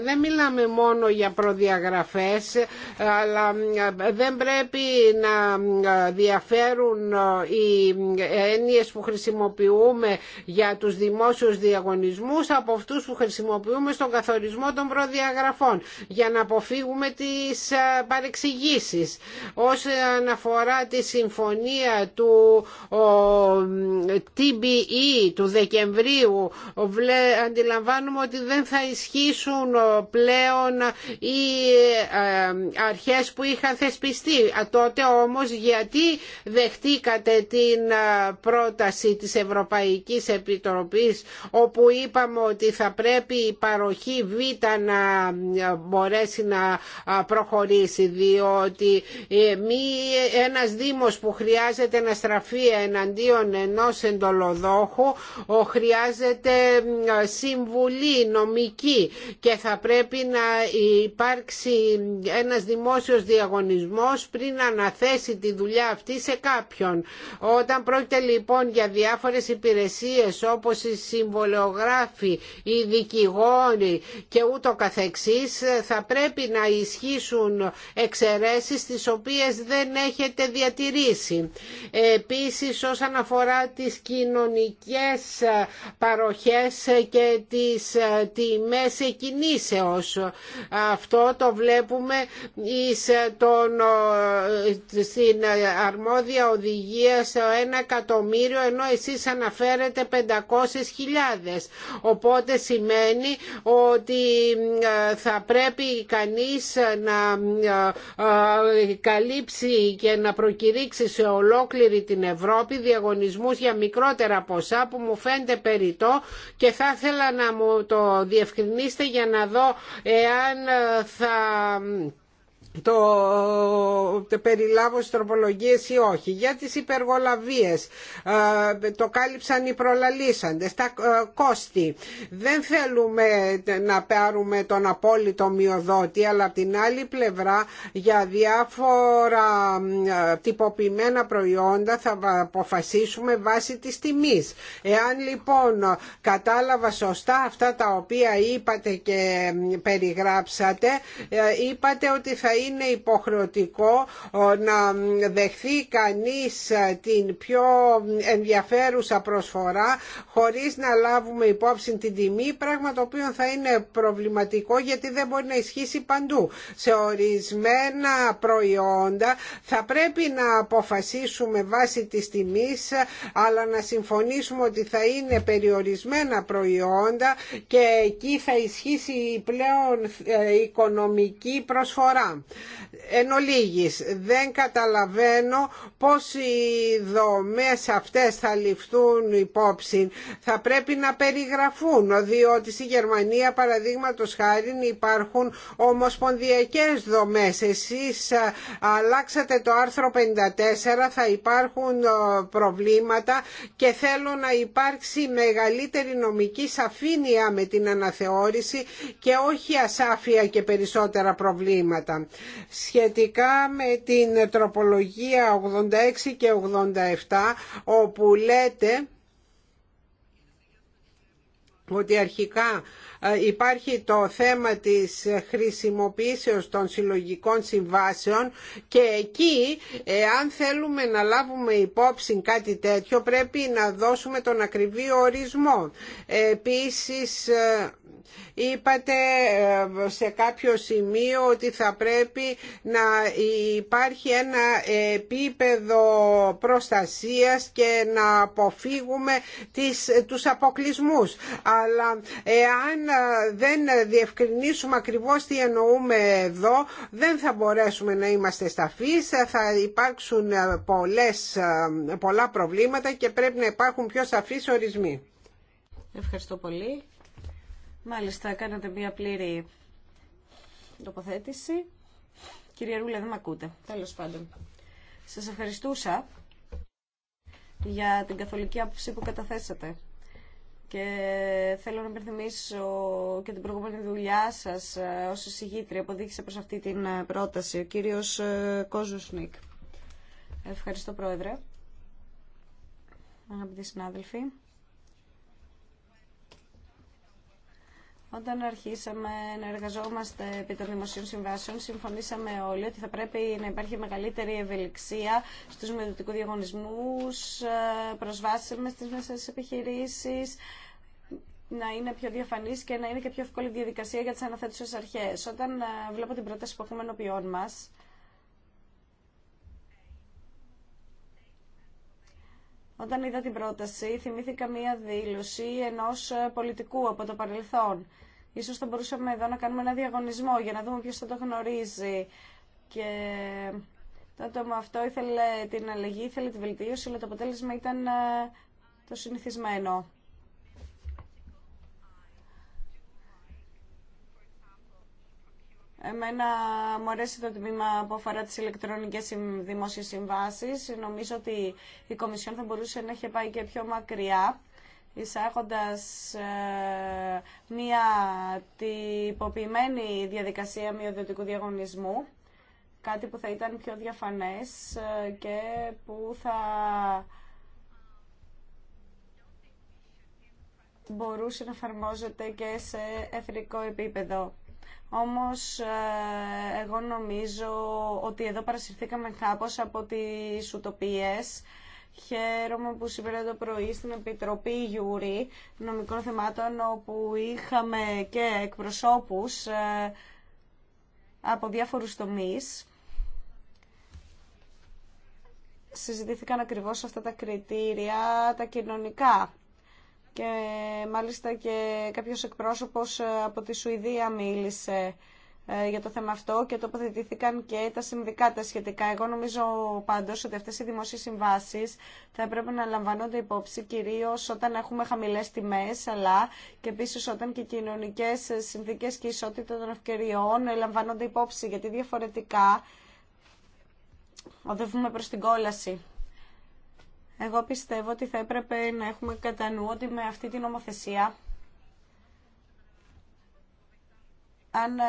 δεν μιλάμε μόνο για προδιαγραφές, αλλά ε, δεν πρέπει να ε, διαφέρουν οι έννοιες που χρησιμοποιούμε για τους δημόσιους διαγωνισμούς από αυτούς που χρησιμοποιούμε στον καθορισμό των προδιαγραφών, για να αποφύγουμε τις παρεξηγήσεις όσον αφορά τη συμφωνία του TBE του Δεκεμβρίου αντιλαμβάνουμε ότι δεν θα ισχύσουν πλέον οι ε, αρχές που είχαν θεσπιστεί. Τότε όμως γιατί δεχτήκατε την ε, πρόταση της Ευρωπαϊκής Επιτροπής όπου είπαμε ότι θα πρέπει η παροχή Β να ε, μπορέσει να προχωρήσει διότι ε, μη ένας δήμος που χρειάζεται να στραφεί εναντίον ενός εντολοδόχου χρειάζεται συμβουλή νομική και θα πρέπει να υπάρξει ένας δημόσιος διαγωνισμός πριν αναθέσει τη δουλειά αυτή σε κάποιον. Όταν πρόκειται λοιπόν για διάφορες υπηρεσίες όπως οι συμβολεογράφοι, οι δικηγόροι και ούτω καθεξής θα πρέπει να ισχύσουν εξαιρέσεις τις οποίες δεν έχετε διατηρήσει. Επίσης όσον αφορά τις κοινωνικές παροχές και τις τιμές κινήσεως. Αυτό το βλέπουμε τον, στην αρμόδια οδηγία σε ένα εκατομμύριο ενώ εσείς αναφέρετε 500.000. Οπότε σημαίνει ότι θα πρέπει κανείς να ε, καλύψει και να προκηρύξει σε ολόκληρη την Ευρώπη διαγωνισμούς για μικρότερα ποσά που μου φαίνεται περιττό και θα ήθελα να μου το διευκρινίσετε για να δω εάν θα το περιλάβω στις τροπολογίες ή όχι. Για τις υπεργολαβίες το κάλυψαν οι προλαλήσαντες, τα ε, κόστη. Δεν θέλουμε να πάρουμε τον απόλυτο μειοδότη, αλλά από την άλλη πλευρά για διάφορα ε, τυποποιημένα προϊόντα θα αποφασίσουμε βάσει της τιμής. Εάν λοιπόν κατάλαβα σωστά αυτά τα οποία είπατε και περιγράψατε, ε, είπατε ότι είναι υποχρεωτικό να δεχθεί κανείς ε, την πιο ενδιαφέρουσα προσφορά χωρίς να λάβουμε υπόψη την τιμή, πράγμα το οποίο θα είναι προβληματικό γιατί δεν μπορεί να ισχύσει παντού. Σε ορισμένα προϊόντα θα πρέπει να αποφασίσουμε βάσει της τιμής αλλά να συμφωνήσουμε ότι θα είναι περιορισμένα προϊόντα και εκεί θα ισχύσει η πλέον ε, οικονομική προσφορά. Εν ολίγης, δεν καταλαβαίνω πώς οι δομές αυτές θα ληφθούν υπόψη. Θα πρέπει να περιγραφούν, διότι στη Γερμανία παραδείγματο χάρη υπάρχουν ομοσπονδιακές δομές. Εσείς ε, αλλάξατε το άρθρο 54, θα υπάρχουν ε, προβλήματα και θέλω να υπάρξει μεγαλύτερη νομική σαφήνεια με την αναθεώρηση και όχι ασάφεια και περισσότερα προβλήματα σχετικά με την τροπολογία 86 και 87 όπου λέτε ότι αρχικά ε, υπάρχει το θέμα της χρησιμοποίησεως των συλλογικών συμβάσεων και εκεί ε, αν θέλουμε να λάβουμε υπόψη κάτι τέτοιο πρέπει να δώσουμε τον ακριβή ορισμό. Επίσης ε, είπατε σε κάποιο σημείο ότι θα πρέπει να υπάρχει ένα επίπεδο προστασίας και να αποφύγουμε τις, τους αποκλισμούς. Αλλά εάν δεν διευκρινίσουμε ακριβώς τι εννοούμε εδώ δεν θα μπορέσουμε να είμαστε σταφείς, θα υπάρξουν ε, πολλές, ε, πολλά προβλήματα και πρέπει να υπάρχουν πιο σαφείς ορισμοί. Ευχαριστώ πολύ. Μάλιστα, κάνατε μια πλήρη τοποθέτηση. Κυρία Ρούλα, δεν με ακούτε. Τέλος πάντων. Σας ευχαριστούσα για την καθολική άποψη που καταθέσατε. Και θέλω να υπενθυμίσω και την προηγούμενη δουλειά σας ε, ως εισηγήτρια που οδήγησε προς αυτή την ε, πρόταση, ο κύριος ε, Κόζουσνικ. Ευχαριστώ, Πρόεδρε. Αγαπητοί συνάδελφοι. Όταν αρχίσαμε να εργαζόμαστε επί των δημοσίων συμβάσεων, συμφωνήσαμε όλοι ότι θα πρέπει να υπάρχει μεγαλύτερη ευελιξία στους μελλοντικού διαγωνισμούς, ε, προσβάσιμε στις μέσες επιχειρήσεις, να είναι πιο διαφανή και να είναι και πιο εύκολη διαδικασία για τι αναθέτουσε αρχέ. Όταν ε, βλέπω την πρόταση που έχουμε ενώπιόν μα, Όταν είδα την πρόταση, θυμήθηκα μία δήλωση ενός ε, πολιτικού από το παρελθόν. Ίσως θα μπορούσαμε εδώ να κάνουμε ένα διαγωνισμό για να δούμε ποιος θα το γνωρίζει. Και το άτομο αυτό ήθελε την αλλαγή, ήθελε τη βελτίωση, αλλά το αποτέλεσμα ήταν ε, το συνηθισμένο. Εμένα μου αρέσει το τμήμα που αφορά τις ηλεκτρονικές δημόσιες συμβάσεις. Νομίζω ότι η Κομισιόν θα μπορούσε να έχει πάει και πιο μακριά εισάγοντας ε, μια τυποποιημένη διαδικασία μειοδοτικού διαγωνισμού, κάτι που θα ήταν πιο διαφανές ε, και που θα μπορούσε να εφαρμόζεται και σε εθνικό επίπεδο. Όμως ε, εγώ νομίζω ότι εδώ παρασυρθήκαμε κάπως από τις ουτοπίες. Χαίρομαι που σήμερα το πρωί στην Επιτροπή Γιούρη Νομικών Θεμάτων όπου είχαμε και εκπροσώπους ε, από διάφορους τομείς. Συζητήθηκαν ακριβώς αυτά τα κριτήρια, τα κοινωνικά και μάλιστα και κάποιος εκπρόσωπος ε, από τη Σουηδία μίλησε ε, για το θέμα αυτό και τοποθετήθηκαν και τα συνδικάτα σχετικά. Εγώ νομίζω πάντως ότι αυτές οι δημόσιες συμβάσεις θα πρέπει να λαμβάνονται υπόψη κυρίως όταν έχουμε χαμηλές τιμές αλλά και επίση όταν και οι κοινωνικές ε, συνθήκες και ισότητα των ευκαιριών λαμβάνονται υπόψη γιατί διαφορετικά οδεύουμε προς την κόλαση. Εγώ πιστεύω ότι θα έπρεπε να έχουμε κατά νου ότι με αυτή την νομοθεσία αν ε,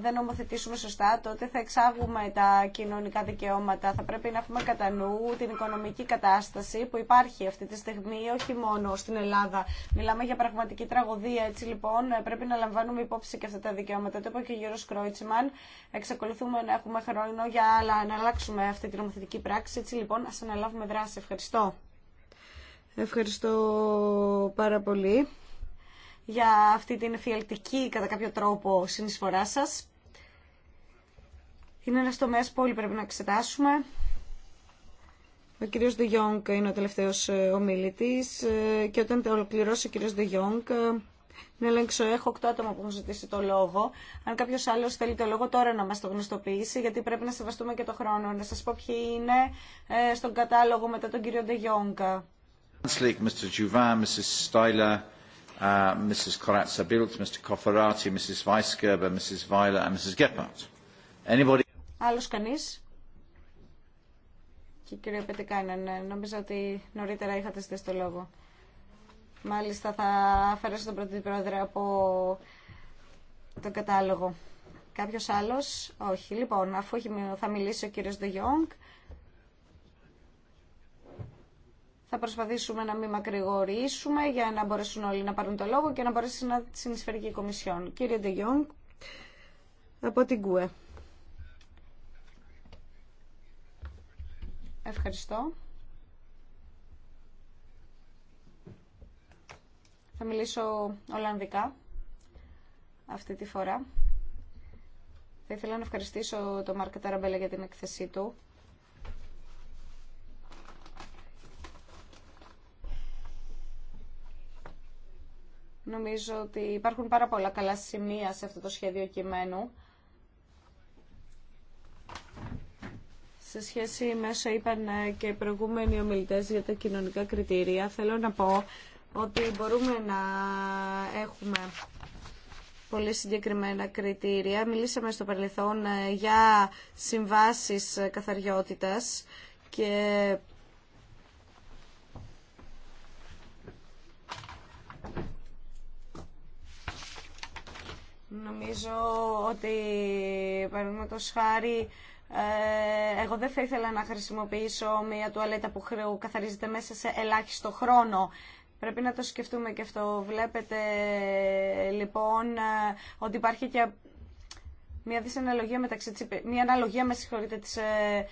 δεν νομοθετήσουμε σωστά, τότε θα εξάγουμε τα κοινωνικά δικαιώματα. Θα πρέπει να έχουμε κατά νου την οικονομική κατάσταση που υπάρχει αυτή τη στιγμή, όχι μόνο στην Ελλάδα. Μιλάμε για πραγματική τραγωδία. Έτσι λοιπόν ε, πρέπει να λαμβάνουμε υπόψη και αυτά τα δικαιώματα. Το είπε και ο Γιώργο Κρόιτσμαν. Εξακολουθούμε να έχουμε χρόνο για άλλα, να αλλάξουμε αυτή την νομοθετική πράξη. Έτσι λοιπόν α αναλάβουμε δράση. Ευχαριστώ. Ευχαριστώ πάρα πολύ για αυτή την εφιαλτική κατά κάποιο τρόπο συνεισφορά σας. Είναι ένας τομέας που όλοι πρέπει να εξετάσουμε. Ο κύριος De Jong είναι ο τελευταίος ε, ομιλητής ε, και όταν το ολοκληρώσει ο κύριος De Jong ε, να ελέγξω, έχω 8 άτομα που έχουν ζητήσει το λόγο. Αν κάποιο άλλο θέλει το λόγο, τώρα να μα το γνωστοποιήσει, γιατί πρέπει να σεβαστούμε και το χρόνο. Να σα πω ποιοι είναι στον κατάλογο μετά τον κύριο Διόγκ. Mr. Mrs. Uh, Mrs. corazza Άλλος κανείς? Και κύριε Πετικάινεν, ε, νομίζω ότι νωρίτερα είχατε στήσει το λόγο. Μάλιστα θα αφαιρέσω τον πρώτο πρόεδρε από τον κατάλογο. Κάποιος άλλος? Όχι. Λοιπόν, αφού θα μιλήσει ο κύριος Ντογιόγκ, Θα προσπαθήσουμε να μην μακρηγορήσουμε για να μπορέσουν όλοι να πάρουν το λόγο και να μπορέσει να συνεισφέρει και η Κομισιόν. Κύριε Ντεγιόνγκ, από την ΚΟΕ. Ευχαριστώ. Θα μιλήσω Ολλανδικά αυτή τη φορά. Θα ήθελα να ευχαριστήσω τον Μάρκα Ταραμπέλα για την εκθεσή του. Νομίζω ότι υπάρχουν πάρα πολλά καλά σημεία σε αυτό το σχέδιο κειμένου. Σε σχέση με όσα είπαν ε, και οι προηγούμενοι ομιλητές για τα κοινωνικά κριτήρια, θέλω να πω ότι μπορούμε να έχουμε πολύ συγκεκριμένα κριτήρια. Μιλήσαμε στο παρελθόν ε, για συμβάσεις ε, καθαριότητας και Νομίζω ότι, παραδείγματο χάρη, ε, εγώ δεν θα ήθελα να χρησιμοποιήσω μια τουαλέτα που καθαρίζεται μέσα σε ελάχιστο χρόνο. Πρέπει να το σκεφτούμε και αυτό. Βλέπετε λοιπόν ε, ότι υπάρχει και μια δυσαναλογία μεταξύ της, μια αναλογία με της, ε,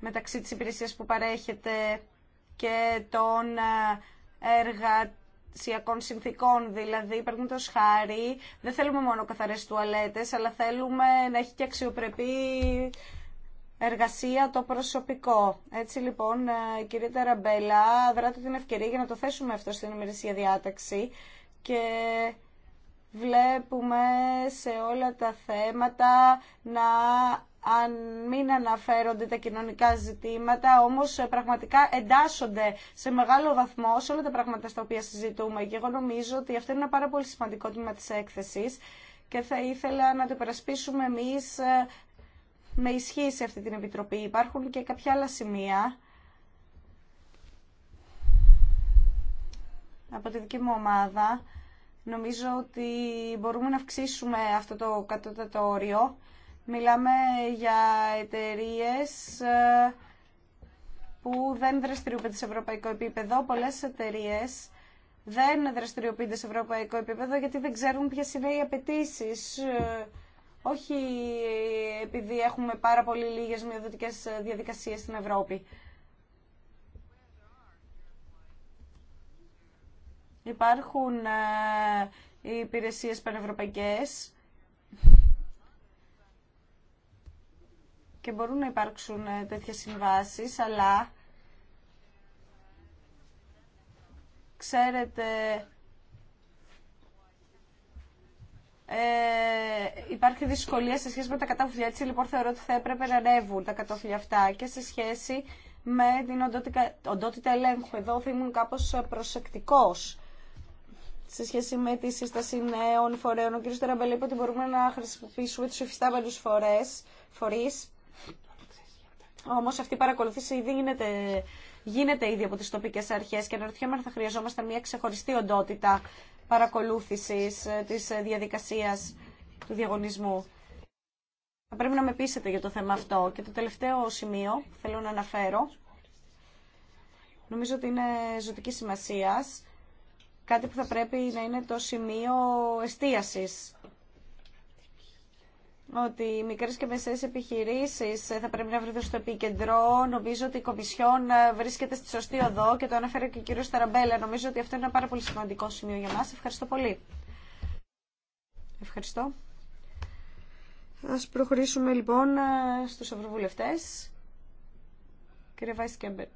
μεταξύ της υπηρεσίας που παρέχεται και των εργα εργασιακών συνθήκων. Δηλαδή, παραδείγματο χάρη, δεν θέλουμε μόνο καθαρέ τουαλέτε, αλλά θέλουμε να έχει και αξιοπρεπή εργασία το προσωπικό. Έτσι λοιπόν, ε, κυρία Ταραμπέλα, δράτε την ευκαιρία για να το θέσουμε αυτό στην ημερησία διάταξη και βλέπουμε σε όλα τα θέματα να αν μην αναφέρονται τα κοινωνικά ζητήματα, όμως ε, πραγματικά εντάσσονται σε μεγάλο βαθμό σε όλα τα πράγματα στα οποία συζητούμε. Και εγώ νομίζω ότι αυτό είναι ένα πάρα πολύ σημαντικό τμήμα της έκθεσης και θα ήθελα να το υπερασπίσουμε εμείς ε, με ισχύ σε αυτή την Επιτροπή. Υπάρχουν και κάποια άλλα σημεία από τη δική μου ομάδα. Νομίζω ότι μπορούμε να αυξήσουμε αυτό το κατώτατο όριο Μιλάμε για εταιρείε ε, που δεν δραστηριοποιούνται σε ευρωπαϊκό επίπεδο. Πολλές εταιρείε δεν δραστηριοποιούνται σε ευρωπαϊκό επίπεδο γιατί δεν ξέρουν ποιε είναι οι απαιτήσει. Ε, όχι επειδή έχουμε πάρα πολύ λίγες μειοδοτικές ε, διαδικασίες στην Ευρώπη. Υπάρχουν οι υπηρεσίες πανευρωπαϊκές και μπορούν να υπάρξουν ε, τέτοιες συμβάσεις, αλλά ξέρετε ε, υπάρχει δυσκολία σε σχέση με τα κατόφλια. Έτσι λοιπόν θεωρώ ότι θα έπρεπε να ρεύουν τα κατόφλια αυτά και σε σχέση με την οντότητα, οντότητα ελέγχου. Εδώ θα ήμουν κάπως προσεκτικός σε σχέση με τη σύσταση νέων φορέων. Ο κ. Τεραμπελή είπε ότι μπορούμε να χρησιμοποιήσουμε τους υφιστάμενους φορείς Όμω αυτή η παρακολουθήση ήδη γίνεται, γίνεται ήδη από τι τοπικές αρχές και αναρωτιέμαι αν θα χρειαζόμαστε μια ξεχωριστή οντότητα παρακολούθησης ε, της ε, διαδικασίας του διαγωνισμού. Θα πρέπει να με πείσετε για το θέμα αυτό. Και το τελευταίο σημείο που θέλω να αναφέρω, νομίζω ότι είναι ζωτική σημασίας, κάτι που θα πρέπει να είναι το σημείο εστίασης ότι οι μικρέ και μεσαίε επιχειρήσει θα πρέπει να βρεθούν στο επίκεντρο. Νομίζω ότι η Κομισιόν βρίσκεται στη σωστή οδό και το ανέφερε και ο κύριο Ταραμπέλα. Νομίζω ότι αυτό είναι ένα πάρα πολύ σημαντικό σημείο για μα. Ευχαριστώ πολύ. Ευχαριστώ. Α προχωρήσουμε λοιπόν στου ευρωβουλευτέ. Κύριε Βάις Κέμπερ,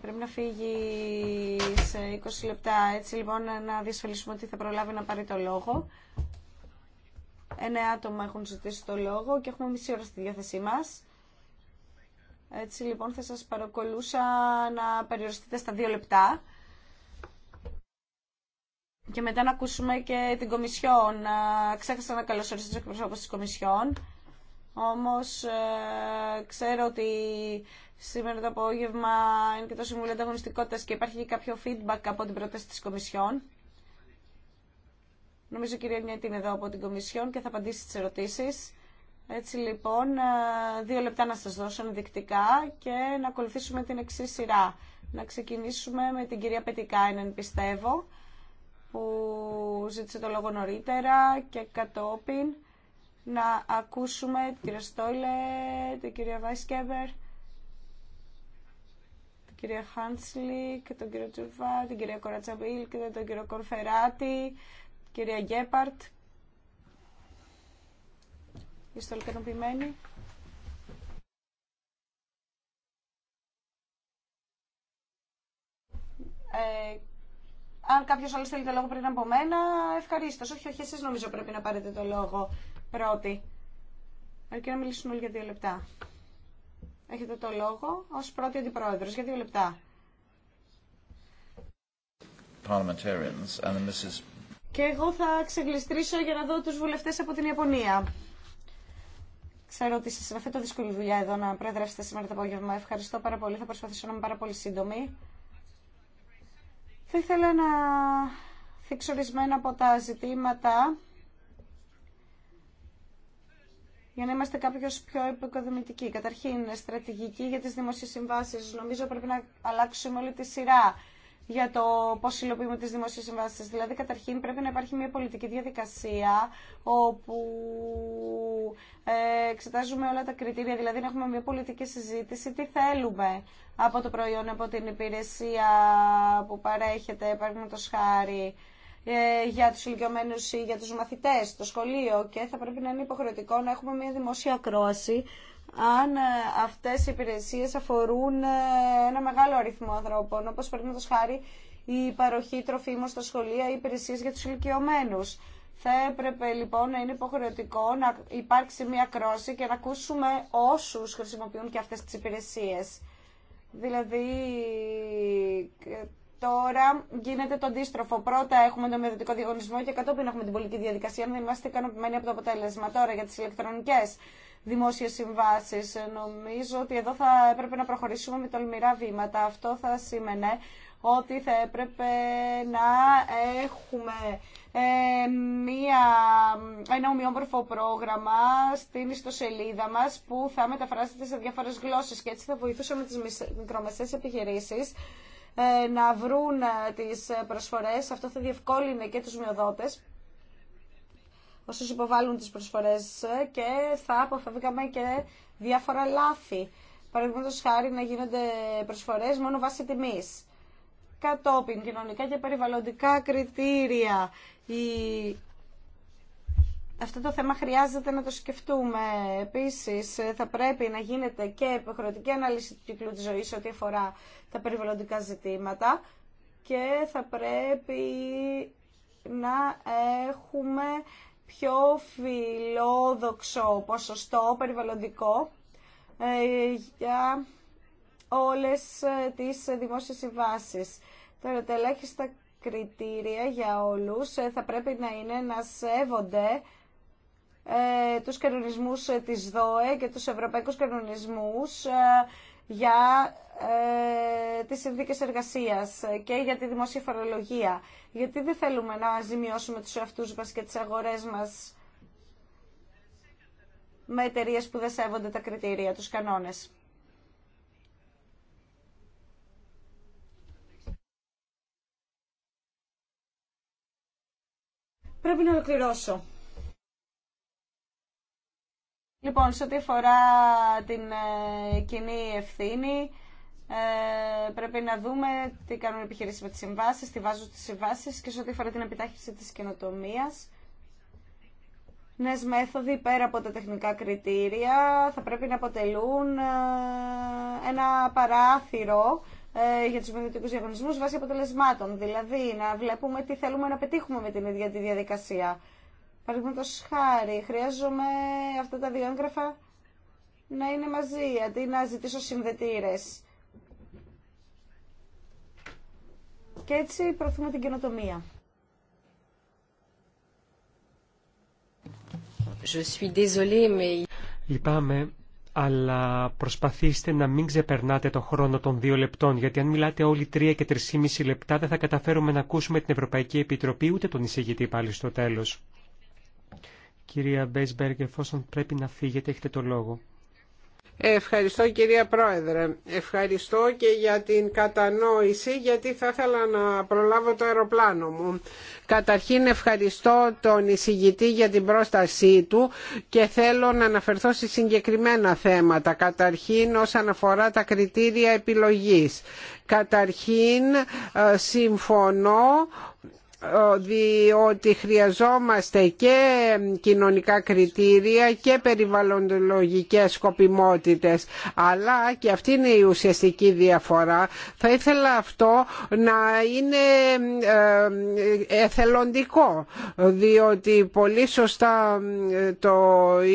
πρέπει να φύγει σε 20 λεπτά. Έτσι λοιπόν να διασφαλίσουμε ότι θα προλάβει να πάρει το λόγο. Εννέα άτομα έχουν ζητήσει το λόγο και έχουμε μισή ώρα στη διάθεσή μας. Έτσι λοιπόν θα σας παρακολούσα να περιοριστείτε στα δύο λεπτά. Και μετά να ακούσουμε και την Κομισιόν. Ξέχασα να καλωσορίσω τους εκπροσώπους της Κομισιόν. Όμως ε, ξέρω ότι σήμερα το απόγευμα είναι και το Συμβούλιο Ανταγωνιστικότητας και υπάρχει και κάποιο feedback από την πρόταση της Κομισιόν. Νομίζω η κυρία Νιέτη είναι εδώ από την Κομισιόν και θα απαντήσει τις ερωτήσεις. Έτσι λοιπόν, ε, δύο λεπτά να σας δώσω ενδεικτικά και να ακολουθήσουμε την εξή σειρά. Να ξεκινήσουμε με την κυρία Πετικάινεν, πιστεύω, που ζήτησε το λόγο νωρίτερα και κατόπιν να ακούσουμε την κυρία Στόιλε, την κυρία Βάισκεβερ, την κυρία Χάντσλι και τον κύριο Τζουρβά, την κυρία Κορατσαμπίλ και τον κύριο Κορφεράτη Κυρία Γκέπαρτ, είστε όλοι ικανοποιημένοι. Ε, αν κάποιο άλλο θέλει το λόγο πριν από μένα, ευχαρίστω. Όχι, όχι, εσεί νομίζω πρέπει να πάρετε το λόγο πρώτοι. Ε, Αρκεί να μιλήσουμε όλοι για δύο λεπτά. Έχετε το λόγο ω πρώτη αντιπρόεδρο για δύο λεπτά. Και εγώ θα ξεγλιστρήσω για να δω τους βουλευτές από την Ιαπωνία. Ξέρω ότι σας αναφέρω δύσκολη δουλειά εδώ να προεδρεύσετε σήμερα το απόγευμα. Ευχαριστώ πάρα πολύ. Θα προσπαθήσω να είμαι πάρα πολύ σύντομη. Θα ήθελα να θίξω ορισμένα από τα ζητήματα για να είμαστε κάποιο πιο επικοδημητικοί. Καταρχήν, στρατηγική για τις δημοσίες συμβάσεις. Νομίζω πρέπει να αλλάξουμε όλη τη σειρά για το πώ υλοποιούμε τι δημοσίε συμβάσει. Δηλαδή, καταρχήν πρέπει να υπάρχει μια πολιτική διαδικασία όπου ε, εξετάζουμε όλα τα κριτήρια, δηλαδή να έχουμε μια πολιτική συζήτηση τι θέλουμε από το προϊόν, από την υπηρεσία που παρέχεται, παραδείγματο χάρη ε, για τους ηλικιωμένου ή για τους μαθητές το σχολείο και θα πρέπει να είναι υποχρεωτικό να έχουμε μια δημόσια ακρόαση αν ε, αυτές οι υπηρεσίες αφορούν ε, ένα μεγάλο αριθμό ανθρώπων, όπως το χάρη η παροχή τροφίμων στα σχολεία, ή υπηρεσίες για τους ηλικιωμένους. Θα έπρεπε λοιπόν να είναι υποχρεωτικό να υπάρξει μια κρόση και να ακούσουμε όσους χρησιμοποιούν και αυτές τις υπηρεσίες. Δηλαδή, ε, τώρα γίνεται το αντίστροφο. Πρώτα έχουμε το μεδοτικό διαγωνισμό και κατόπιν έχουμε την πολιτική διαδικασία. Αν δεν είμαστε ικανοποιημένοι από το αποτέλεσμα τώρα για τι ηλεκτρονικέ δημόσιες συμβάσει. Νομίζω ότι εδώ θα έπρεπε να προχωρήσουμε με τολμηρά βήματα. Αυτό θα σήμαινε ότι θα έπρεπε να έχουμε ε, μία, ένα ομοιόμορφο πρόγραμμα στην ιστοσελίδα μας που θα μεταφράζεται σε διάφορες γλώσσες και έτσι θα βοηθούσαμε τις μικρομεσαίες επιχειρήσεις ε, να βρουν τις προσφορές. Αυτό θα διευκόλυνε και τους μειοδότες όσους υποβάλλουν τις προσφορές ε, και θα αποφεύγαμε και διάφορα λάθη. Παραδείγματο χάρη να γίνονται προσφορές μόνο βάσει τιμής. Κατόπιν, κοινωνικά και περιβαλλοντικά κριτήρια. Η... Αυτό το θέμα χρειάζεται να το σκεφτούμε. Επίσης, ε, θα πρέπει να γίνεται και υποχρεωτική ανάλυση του κύκλου της ζωής ό,τι αφορά τα περιβαλλοντικά ζητήματα και θα πρέπει να έχουμε πιο φιλόδοξο ποσοστό περιβαλλοντικό ε, για όλες ε, τις δημόσιες συμβάσεις. Τώρα τα ελάχιστα κριτήρια για όλους ε, θα πρέπει να είναι να σέβονται τους κανονισμούς της ΔΟΕ και τους ευρωπαϊκούς κανονισμούς για ε, τις συνθήκες εργασίας και για τη δημόσια φορολογία. Γιατί δεν θέλουμε να ζημιώσουμε τους εαυτούς μας και τις αγορές μας με εταιρείε που δεν σέβονται τα κριτήρια, τους κανόνες. Πρέπει να ολοκληρώσω. Λοιπόν, σε ό,τι αφορά την ε, κοινή ευθύνη, ε, πρέπει να δούμε τι κάνουν οι επιχειρήσει με τι συμβάσει, τι βάζουν στι συμβάσει και σε ό,τι αφορά την επιτάχυνση τη καινοτομία. Νέε μέθοδοι πέρα από τα τεχνικά κριτήρια θα πρέπει να αποτελούν ε, ένα παράθυρο για τους μελλοντικού διαγωνισμού βάσει αποτελεσμάτων. Δηλαδή, να βλέπουμε τι θέλουμε να πετύχουμε με την ίδια τη διαδικασία. Παραδείγματο χάρη, χρειάζομαι αυτά τα δύο έγγραφα να είναι μαζί, αντί να ζητήσω συνδετήρε. Και έτσι προωθούμε την καινοτομία. Λυπάμαι, αλλά προσπαθήστε να μην ξεπερνάτε το χρόνο των δύο λεπτών, γιατί αν μιλάτε όλοι τρία και τρισήμιση λεπτά δεν θα καταφέρουμε να ακούσουμε την Ευρωπαϊκή Επιτροπή ούτε τον εισηγητή πάλι στο τέλος. Κυρία Μπέισμπεργκ, εφόσον πρέπει να φύγετε, έχετε το λόγο. Ευχαριστώ κυρία Πρόεδρε. Ευχαριστώ και για την κατανόηση γιατί θα ήθελα να προλάβω το αεροπλάνο μου. Καταρχήν ευχαριστώ τον εισηγητή για την πρόστασή του και θέλω να αναφερθώ σε συγκεκριμένα θέματα. Καταρχήν όσον αφορά τα κριτήρια επιλογής. Καταρχήν ε, συμφωνώ διότι χρειαζόμαστε και κοινωνικά κριτήρια και περιβαλλοντολογικές σκοπιμότητες αλλά και αυτή είναι η ουσιαστική διαφορά θα ήθελα αυτό να είναι ε, εθελοντικό διότι πολύ σωστά ε, το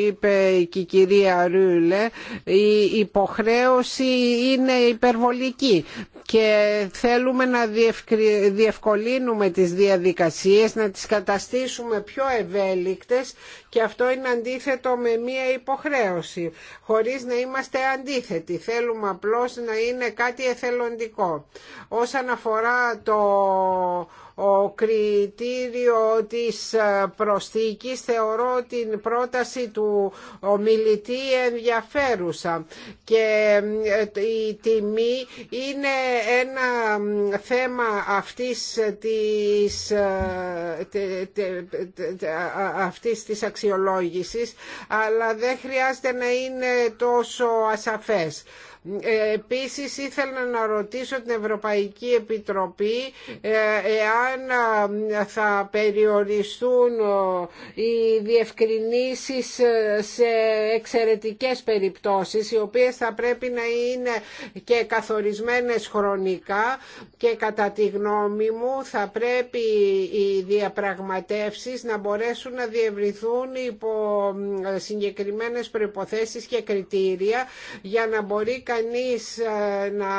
είπε και η κυρία Ρούλε η υποχρέωση είναι υπερβολική και θέλουμε να διευκολύνουμε τις διαδικασίες διαδικασίες, να τις καταστήσουμε πιο ευέλικτες και αυτό είναι αντίθετο με μία υποχρέωση, χωρίς να είμαστε αντίθετοι. Θέλουμε απλώς να είναι κάτι εθελοντικό. Όσον αφορά το ο κριτήριο της ε, προσθήκης θεωρώ την πρόταση του ομιλητή ενδιαφέρουσα και ε, η τιμή είναι ένα θέμα αυτής της, ε, αυτής της αξιολόγησης αλλά δεν χρειάζεται να είναι τόσο ασαφές. Ε, επίσης ήθελα να ρωτήσω την Ευρωπαϊκή Επιτροπή ε, εάν ε, θα περιοριστούν οι διευκρινήσεις σε εξαιρετικές περιπτώσεις οι οποίες θα πρέπει να είναι και καθορισμένες χρονικά και κατά τη γνώμη μου θα πρέπει οι διαπραγματεύσεις να μπορέσουν να διευρυθούν υπό συγκεκριμένες προϋποθέσεις και κριτήρια για να μπορεί ε, να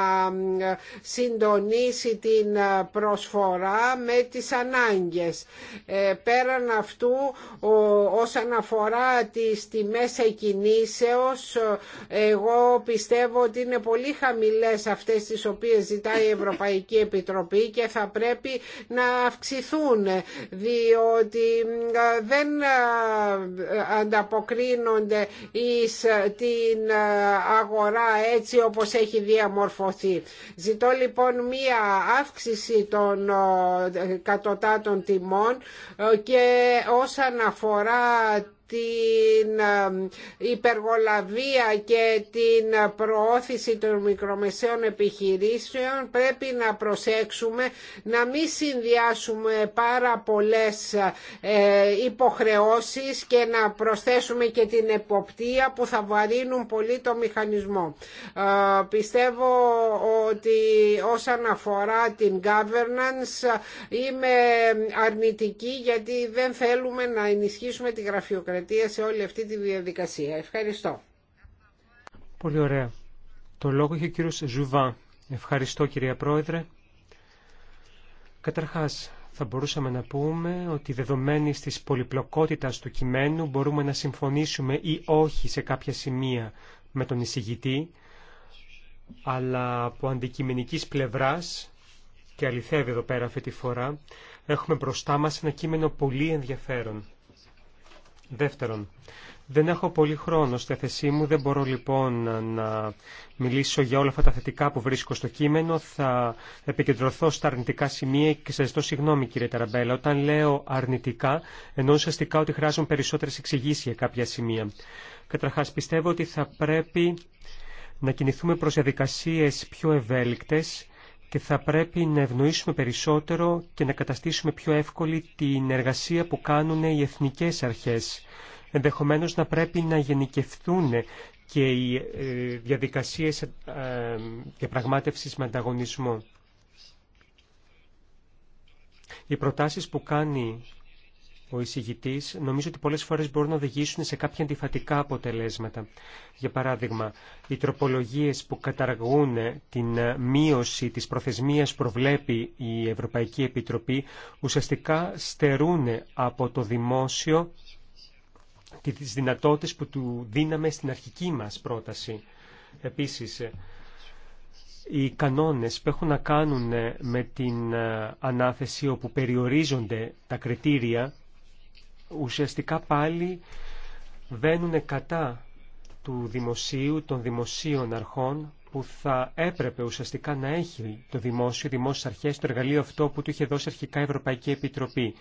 ε, συντονίσει την ε, προσφορά με τις ανάγκες. Πέραν αυτού, όσον αφορά τις τιμές εκκινήσεως, εγώ πιστεύω ότι είναι πολύ χαμηλές αυτές τις οποίες ζητάει η Ευρωπαϊκή Επιτροπή και θα πρέπει να αυξηθούν, διότι δεν ανταποκρίνονται εις την αγορά έτσι έτσι όπως έχει διαμορφωθεί. Ζητώ λοιπόν μία αύξηση των ε, κατοτάτων τιμών ε, και όσον αφορά την υπεργολαβία και την προώθηση των μικρομεσαίων επιχειρήσεων πρέπει να προσέξουμε να μην συνδυάσουμε πάρα πολλές ε, υποχρεώσεις και να προσθέσουμε και την εποπτεία που θα βαρύνουν πολύ το μηχανισμό. Ε, πιστεύω ότι όσον αφορά την governance ε, είμαι αρνητική γιατί δεν θέλουμε να ενισχύσουμε τη γραφειοκρατία Δημοκρατία σε όλη αυτή τη διαδικασία. Ευχαριστώ. Πολύ ωραία. Το λόγο έχει ο κύριος Ζουβά. Ευχαριστώ κυρία Πρόεδρε. Καταρχάς, θα μπορούσαμε να πούμε ότι δεδομένη της πολυπλοκότητας του κειμένου μπορούμε να συμφωνήσουμε ή όχι σε κάποια σημεία με τον εισηγητή, αλλά από αντικειμενικής πλευράς, και αληθεύει εδώ πέρα αυτή τη φορά, έχουμε μπροστά μας ένα κείμενο πολύ ενδιαφέρον. Δεύτερον, δεν έχω πολύ χρόνο στη θέσή μου, δεν μπορώ λοιπόν να μιλήσω για όλα αυτά τα θετικά που βρίσκω στο κείμενο. Θα επικεντρωθώ στα αρνητικά σημεία και σα ζητώ συγγνώμη κύριε Ταραμπέλα. Όταν λέω αρνητικά, ενώ ουσιαστικά ότι χρειάζομαι περισσότερε εξηγήσει για κάποια σημεία. Καταρχά, πιστεύω ότι θα πρέπει να κινηθούμε προ διαδικασίε πιο ευέλικτε και θα πρέπει να ευνοήσουμε περισσότερο και να καταστήσουμε πιο εύκολη την εργασία που κάνουν οι εθνικές αρχές. Ενδεχομένως να πρέπει να γενικευθούν και οι ε, διαδικασίες ε, διαπραγμάτευσης με ανταγωνισμό. Οι προτάσεις που κάνει ο εισηγητή, νομίζω ότι πολλέ φορέ μπορούν να οδηγήσουν σε κάποια αντιφατικά αποτελέσματα. Για παράδειγμα, οι τροπολογίε που καταργούν την μείωση τη προθεσμία που προβλέπει η Ευρωπαϊκή Επιτροπή ουσιαστικά στερούν από το δημόσιο τις δυνατότητες που του δίναμε στην αρχική μας πρόταση. Επίσης, οι κανόνες που έχουν να κάνουν με την ανάθεση όπου περιορίζονται τα κριτήρια ουσιαστικά πάλι βαίνουν κατά του δημοσίου, των δημοσίων αρχών που θα έπρεπε ουσιαστικά να έχει το δημόσιο, δημόσιες αρχές, το εργαλείο αυτό που του είχε δώσει αρχικά η Ευρωπαϊκή Επιτροπή.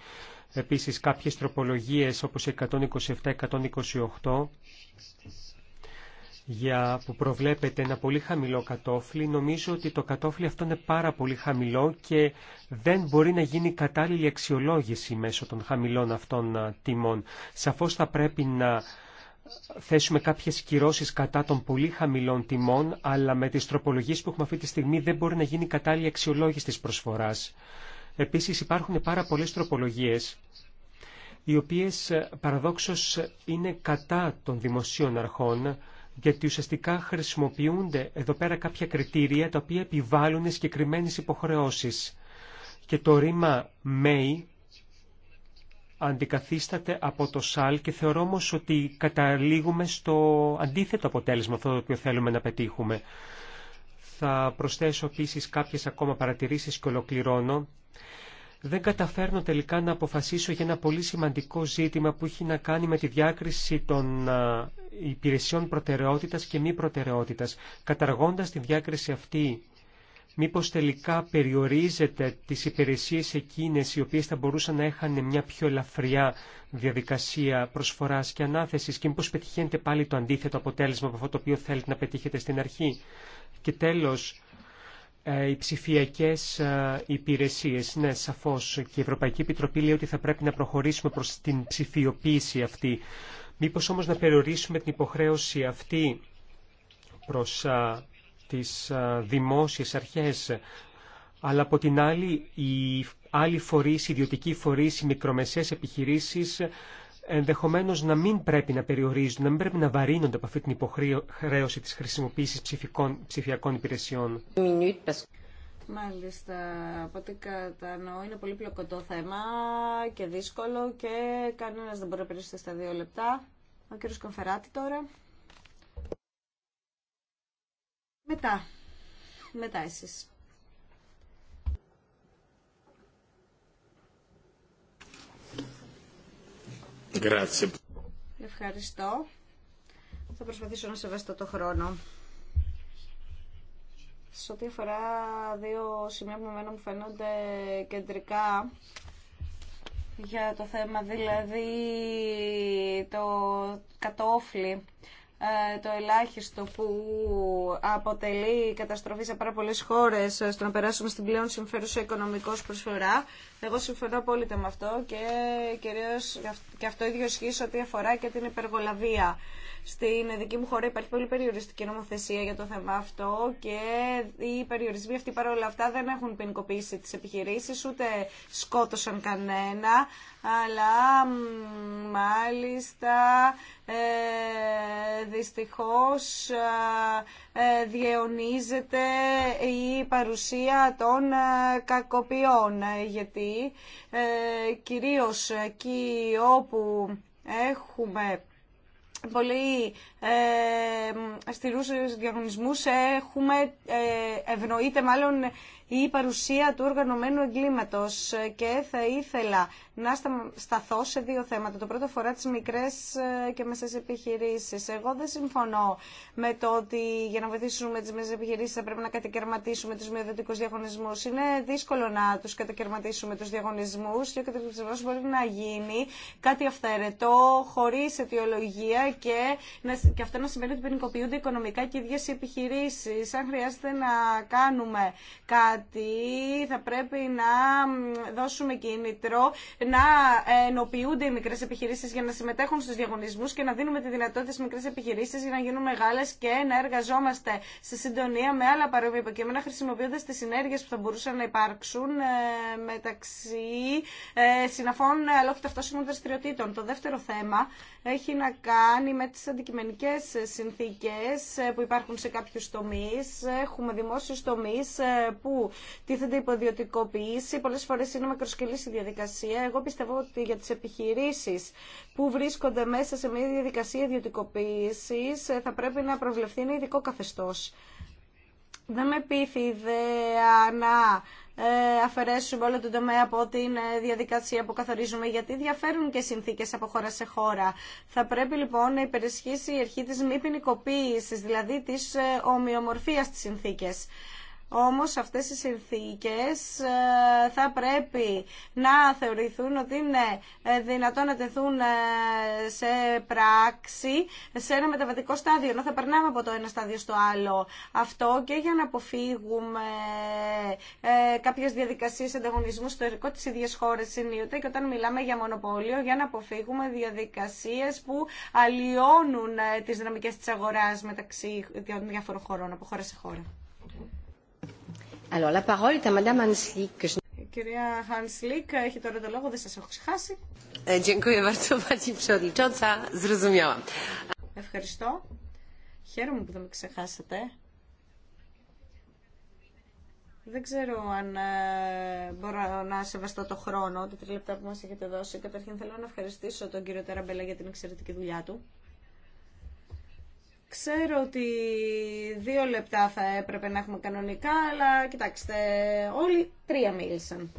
Επίσης κάποιες τροπολογίες όπως 127-128 για που προβλέπεται ένα πολύ χαμηλό κατόφλι. Νομίζω ότι το κατόφλι αυτό είναι πάρα πολύ χαμηλό και δεν μπορεί να γίνει κατάλληλη αξιολόγηση μέσω των χαμηλών αυτών τιμών. Σαφώς θα πρέπει να θέσουμε κάποιες κυρώσεις κατά των πολύ χαμηλών τιμών, αλλά με τις τροπολογίες που έχουμε αυτή τη στιγμή δεν μπορεί να γίνει κατάλληλη αξιολόγηση της προσφοράς. Επίσης υπάρχουν πάρα πολλές τροπολογίες οι οποίες ε, παραδόξως ε, είναι κατά των δημοσίων αρχών, γιατί ουσιαστικά χρησιμοποιούνται εδώ πέρα κάποια κριτήρια τα οποία επιβάλλουν συγκεκριμένε υποχρεώσεις. Και το ρήμα «may» αντικαθίσταται από το «σαλ» και θεωρώ όμω ότι καταλήγουμε στο αντίθετο αποτέλεσμα αυτό το οποίο θέλουμε να πετύχουμε. Θα προσθέσω επίσης κάποιες ακόμα παρατηρήσεις και ολοκληρώνω δεν καταφέρνω τελικά να αποφασίσω για ένα πολύ σημαντικό ζήτημα που έχει να κάνει με τη διάκριση των υπηρεσιών προτεραιότητας και μη προτεραιότητας. Καταργώντας τη διάκριση αυτή, μήπως τελικά περιορίζεται τις υπηρεσίες εκείνες οι οποίες θα μπορούσαν να έχανε μια πιο ελαφριά διαδικασία προσφοράς και ανάθεσης και μήπως πετυχαίνετε πάλι το αντίθετο αποτέλεσμα από αυτό το οποίο θέλετε να πετύχετε στην αρχή. Και τέλος, ε, οι ψηφιακέ ε, υπηρεσίε, Ναι, σαφώς και η Ευρωπαϊκή Επιτροπή λέει ότι θα πρέπει να προχωρήσουμε προ την ψηφιοποίηση αυτή. Μήπως όμως να περιορίσουμε την υποχρέωση αυτή προ ε, τις δημόσιες αρχές, αλλά από την άλλη οι άλλοι φορεί, οι ιδιωτικοί φορεί, οι μικρομεσαίες επιχειρήσεις Ενδεχομένω να μην πρέπει να περιορίζουν, να μην πρέπει να βαρύνονται από αυτή την υποχρέωση της χρησιμοποίησης ψηφιακών υπηρεσιών. Μάλιστα, από ό,τι κατανοώ είναι πολύ πλοκοτό θέμα και δύσκολο και κανένα δεν μπορεί να περιοριστεί στα δύο λεπτά. Ο κύριος Κομφεράτη τώρα. Μετά. Μετά εσείς. Ευχαριστώ. Θα προσπαθήσω να σεβαστώ το χρόνο. Σε ό,τι αφορά δύο σημεία που φαίνονται κεντρικά για το θέμα, δηλαδή το κατόφλι ε, το ελάχιστο που αποτελεί καταστροφή σε πάρα πολλέ χώρε ε, στο να περάσουμε στην πλέον συμφέρουσα οικονομικό προσφορά. Εγώ συμφωνώ απόλυτα με αυτό και κυρίω και αυτό ίδιο ισχύει ό,τι αφορά και την υπεργολαβία. Στην δική μου χώρα υπάρχει πολύ περιοριστική νομοθεσία για το θέμα αυτό και οι περιορισμοί αυτοί παρόλα αυτά δεν έχουν ποινικοποίησει τις επιχειρήσεις, ούτε σκότωσαν κανένα, αλλά μάλιστα ε, δυστυχώς ε, διαιωνίζεται η παρουσία των ε, κακοποιών, γιατί κυρίως εκεί όπου έχουμε πολύ ε, αστηρούς διαγωνισμούς έχουμε, ε, ευνοείται μάλλον η παρουσία του οργανωμένου εγκλήματος και θα ήθελα να σταθώ σε δύο θέματα. Το πρώτο αφορά τις μικρές ε, και μεσές επιχειρήσεις. Εγώ δεν συμφωνώ με το ότι για να βοηθήσουμε τις μεσές επιχειρήσεις θα πρέπει να κατακαιρματίσουμε τους μειοδοτικούς διαγωνισμούς. Είναι δύσκολο να τους κατακαιρματίσουμε τους διαγωνισμούς και ο κατακαιρματισμός μπορεί να γίνει κάτι αυθαίρετο, χωρίς αιτιολογία και, και αυτό να σημαίνει ότι ποινικοποιούνται οικονομικά και οι ίδιες επιχειρήσεις. Αν χρειάζεται να κάνουμε κάτι γιατί θα πρέπει να δώσουμε κίνητρο να ενοποιούνται οι μικρέ επιχειρήσει για να συμμετέχουν στου διαγωνισμού και να δίνουμε τη δυνατότητα στις μικρές επιχειρήσει για να γίνουν μεγάλε και να εργαζόμαστε σε συντονία με άλλα παρόμοια υποκείμενα χρησιμοποιώντα τι συνέργειε που θα μπορούσαν να υπάρξουν ε, μεταξύ ε, συναφών αλλά όχι ταυτόσιμων δραστηριοτήτων. Το δεύτερο θέμα έχει να κάνει με τι αντικειμενικέ συνθήκε που υπάρχουν σε κάποιου τομεί. Έχουμε δημόσιου τομεί ε, που τίθενται υποδιωτικοποίηση. Πολλές φορές είναι μακροσκελή η διαδικασία. Εγώ πιστεύω ότι για τι επιχειρήσει που βρίσκονται μέσα σε μια διαδικασία ιδιωτικοποίηση ε, θα πρέπει να προβλεφθεί ένα ειδικό καθεστώ. Δεν με πείθει η ιδέα να ε, αφαιρέσουμε όλο τον τομέα από την ε, διαδικασία που καθορίζουμε, γιατί διαφέρουν και συνθήκε από χώρα σε χώρα. Θα πρέπει λοιπόν να υπερισχύσει η αρχή τη μη ποινικοποίηση, δηλαδή τη ομοιομορφία στι συνθήκε. Όμως αυτές οι συνθήκες ε, θα πρέπει να θεωρηθούν ότι είναι ε, δυνατόν να τεθούν ε, σε πράξη σε ένα μεταβατικό στάδιο, ενώ θα περνάμε από το ένα στάδιο στο άλλο. Αυτό και για να αποφύγουμε κάποιες διαδικασίες ανταγωνισμού στο ερικό της ίδιας χώρας συνήθως και όταν μιλάμε για μονοπόλιο, για να αποφύγουμε διαδικασίες που αλλοιώνουν τις δυναμικές της αγοράς μεταξύ διάφορων χωρών, από χώρα σε χώρα. Η κυρία Χανσλίκ έχει τώρα το λόγο, δεν σας έχω ξεχάσει. Ε, (laughs) Ευχαριστώ. Χαίρομαι που δεν με ξεχάσατε. Δεν ξέρω αν ε, μπορώ να σεβαστώ το χρόνο, τα τρία λεπτά που μας έχετε δώσει. Καταρχήν θέλω να ευχαριστήσω τον κύριο Τεραμπέλα για την εξαιρετική δουλειά του. Ξέρω ότι δύο λεπτά θα έπρεπε να έχουμε κανονικά, αλλά κοιτάξτε, όλοι τρία μίλησαν.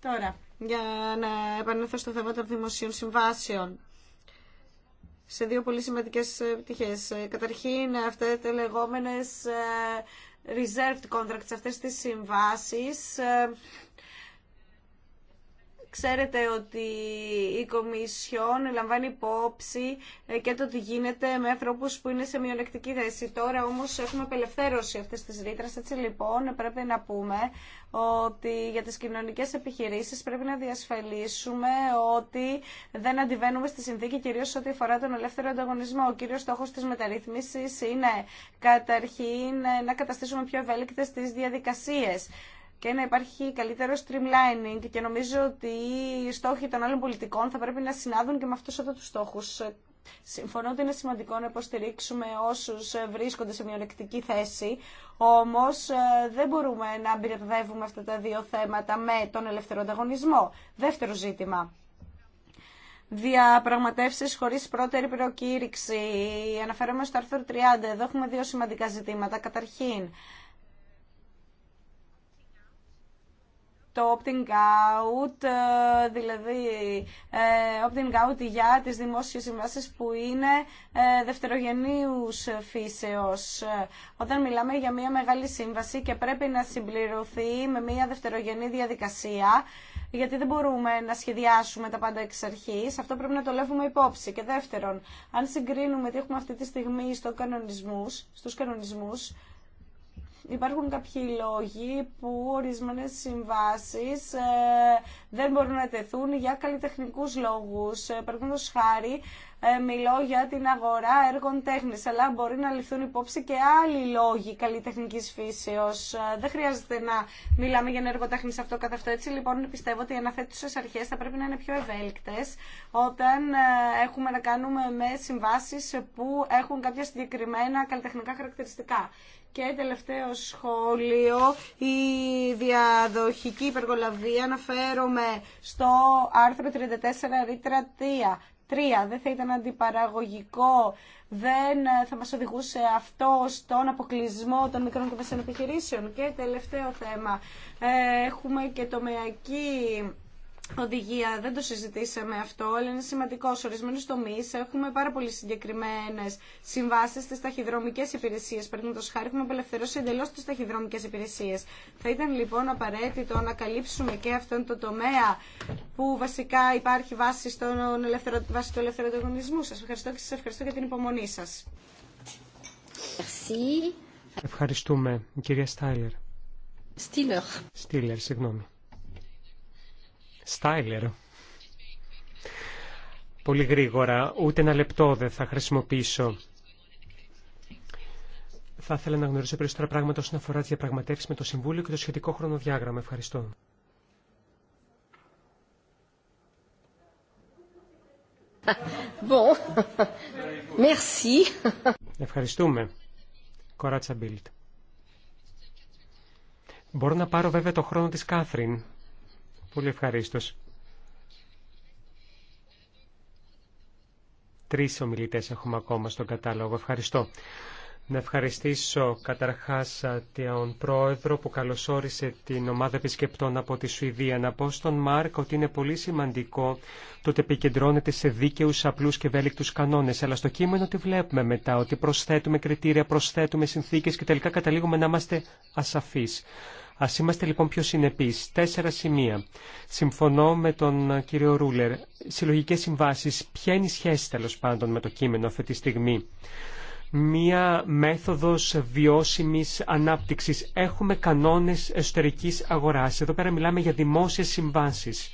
Τώρα, για να επανέλθω στο θέμα των δημοσίων συμβάσεων σε δύο πολύ σημαντικές ε, πτυχές. Ε, καταρχήν, αυτές οι λεγόμενες ε, reserved contracts, αυτές τις συμβάσεις Ξέρετε ότι η Κομισιόν λαμβάνει υπόψη ε, και το τι γίνεται με ανθρώπους που είναι σε μειονεκτική θέση. Τώρα όμως έχουμε απελευθέρωση αυτές τις ρήτρες, έτσι λοιπόν πρέπει να πούμε ότι για τις κοινωνικές επιχειρήσεις πρέπει να διασφαλίσουμε ότι δεν αντιβαίνουμε στη συνθήκη κυρίως ό,τι αφορά τον ελεύθερο ανταγωνισμό. Ο κύριος στόχος της μεταρρύθμισης είναι καταρχήν να καταστήσουμε πιο ευέλικτε τις διαδικασίες και να υπάρχει καλύτερο streamlining και νομίζω ότι οι στόχοι των άλλων πολιτικών θα πρέπει να συνάδουν και με αυτούς εδώ τους στόχους. Συμφωνώ ότι είναι σημαντικό να υποστηρίξουμε όσους βρίσκονται σε μειονεκτική θέση, όμως ε, δεν μπορούμε να μπερδεύουμε αυτά τα δύο θέματα με τον ελεύθερο ανταγωνισμό. Δεύτερο ζήτημα. Διαπραγματεύσεις χωρίς πρώτερη προκήρυξη. Αναφέρομαι στο άρθρο 30. Εδώ έχουμε δύο σημαντικά ζητήματα. Καταρχήν, το opting out, ε, δηλαδή ε, opting out για τις δημόσιες συμβάσεις που είναι ε, δευτερογενείους φύσεως. Όταν μιλάμε για μια μεγάλη σύμβαση και πρέπει να συμπληρωθεί με μια δευτερογενή διαδικασία, γιατί δεν μπορούμε να σχεδιάσουμε τα πάντα εξ αρχής, αυτό πρέπει να το λέβουμε υπόψη. Και δεύτερον, αν συγκρίνουμε τι έχουμε αυτή τη στιγμή στο κανονισμούς, στους κανονισμούς, Υπάρχουν κάποιοι λόγοι που ορισμένες συμβάσεις ε, δεν μπορούν να τεθούν για καλλιτεχνικούς λόγους. Ε, Παραδείγματο χάρη, ε, μιλώ για την αγορά έργων τέχνης, αλλά μπορεί να ληφθούν υπόψη και άλλοι λόγοι καλλιτεχνικής φύσεως. Δεν χρειάζεται να μιλάμε για ένα έργο τέχνης αυτό καθ' αυτό. Έτσι λοιπόν πιστεύω ότι οι αναθέτουσες αρχές θα πρέπει να είναι πιο ευέλικτες όταν έχουμε να κάνουμε με συμβάσεις που έχουν κάποια συγκεκριμένα καλλιτεχνικά χαρακτηριστικά. Και τελευταίο σχόλιο, η διαδοχική υπεργολαβία αναφέρομαι στο άρθρο 34 ρήτρα 3. Τρία, δεν θα ήταν αντιπαραγωγικό, δεν θα μας οδηγούσε αυτό στον αποκλεισμό των μικρών και μεσαίων επιχειρήσεων. Και τελευταίο θέμα, ε, έχουμε και το τομεακή οδηγία, δεν το συζητήσαμε αυτό, αλλά είναι σημαντικό. Σε ορισμένου τομεί έχουμε πάρα πολύ συγκεκριμένε συμβάσει στι ταχυδρομικέ υπηρεσίε. Παραδείγματο χάρη, έχουμε απελευθερώσει εντελώ τι ταχυδρομικέ υπηρεσίε. Θα ήταν λοιπόν απαραίτητο να καλύψουμε και αυτόν τον τομέα που βασικά υπάρχει βάση, στον ελευθερο... βάση του ελεύθερου Σα ευχαριστώ και σα ευχαριστώ για την υπομονή σα. Ευχαριστούμε, κυρία Στάιλερ. Στήλερ. Στήλερ, συγγνώμη. Στάιλερ. Πολύ γρήγορα, ούτε ένα λεπτό δεν θα χρησιμοποιήσω. Θα ήθελα να γνωρίσω περισσότερα πράγματα όσον αφορά τι διαπραγματεύσει με το Συμβούλιο και το σχετικό χρονοδιάγραμμα. Ευχαριστώ. Bon. Merci. Ευχαριστούμε. Κοράτσα Μπίλτ. Μπορώ να πάρω βέβαια το χρόνο της Κάθριν. Πολύ ευχαρίστως. Τρεις ομιλητές έχουμε ακόμα στον κατάλογο. Ευχαριστώ. Να ευχαριστήσω καταρχάς τον πρόεδρο που καλωσόρισε την ομάδα επισκεπτών από τη Σουηδία. Να πω στον Μάρκ ότι είναι πολύ σημαντικό το ότι επικεντρώνεται σε δίκαιους, απλούς και ευέλικτους κανόνες. Αλλά στο κείμενο τι βλέπουμε μετά, ότι προσθέτουμε κριτήρια, προσθέτουμε συνθήκες και τελικά καταλήγουμε να είμαστε ασαφείς. Ας είμαστε λοιπόν πιο συνεπείς. Τέσσερα σημεία. Συμφωνώ με τον κύριο Ρούλερ. Συλλογικές συμβάσεις. Ποια είναι η σχέση τέλο πάντων με το κείμενο αυτή τη στιγμή μία μέθοδος βιώσιμης ανάπτυξης. Έχουμε κανόνες εσωτερικής αγοράς. Εδώ πέρα μιλάμε για δημόσιες συμβάσεις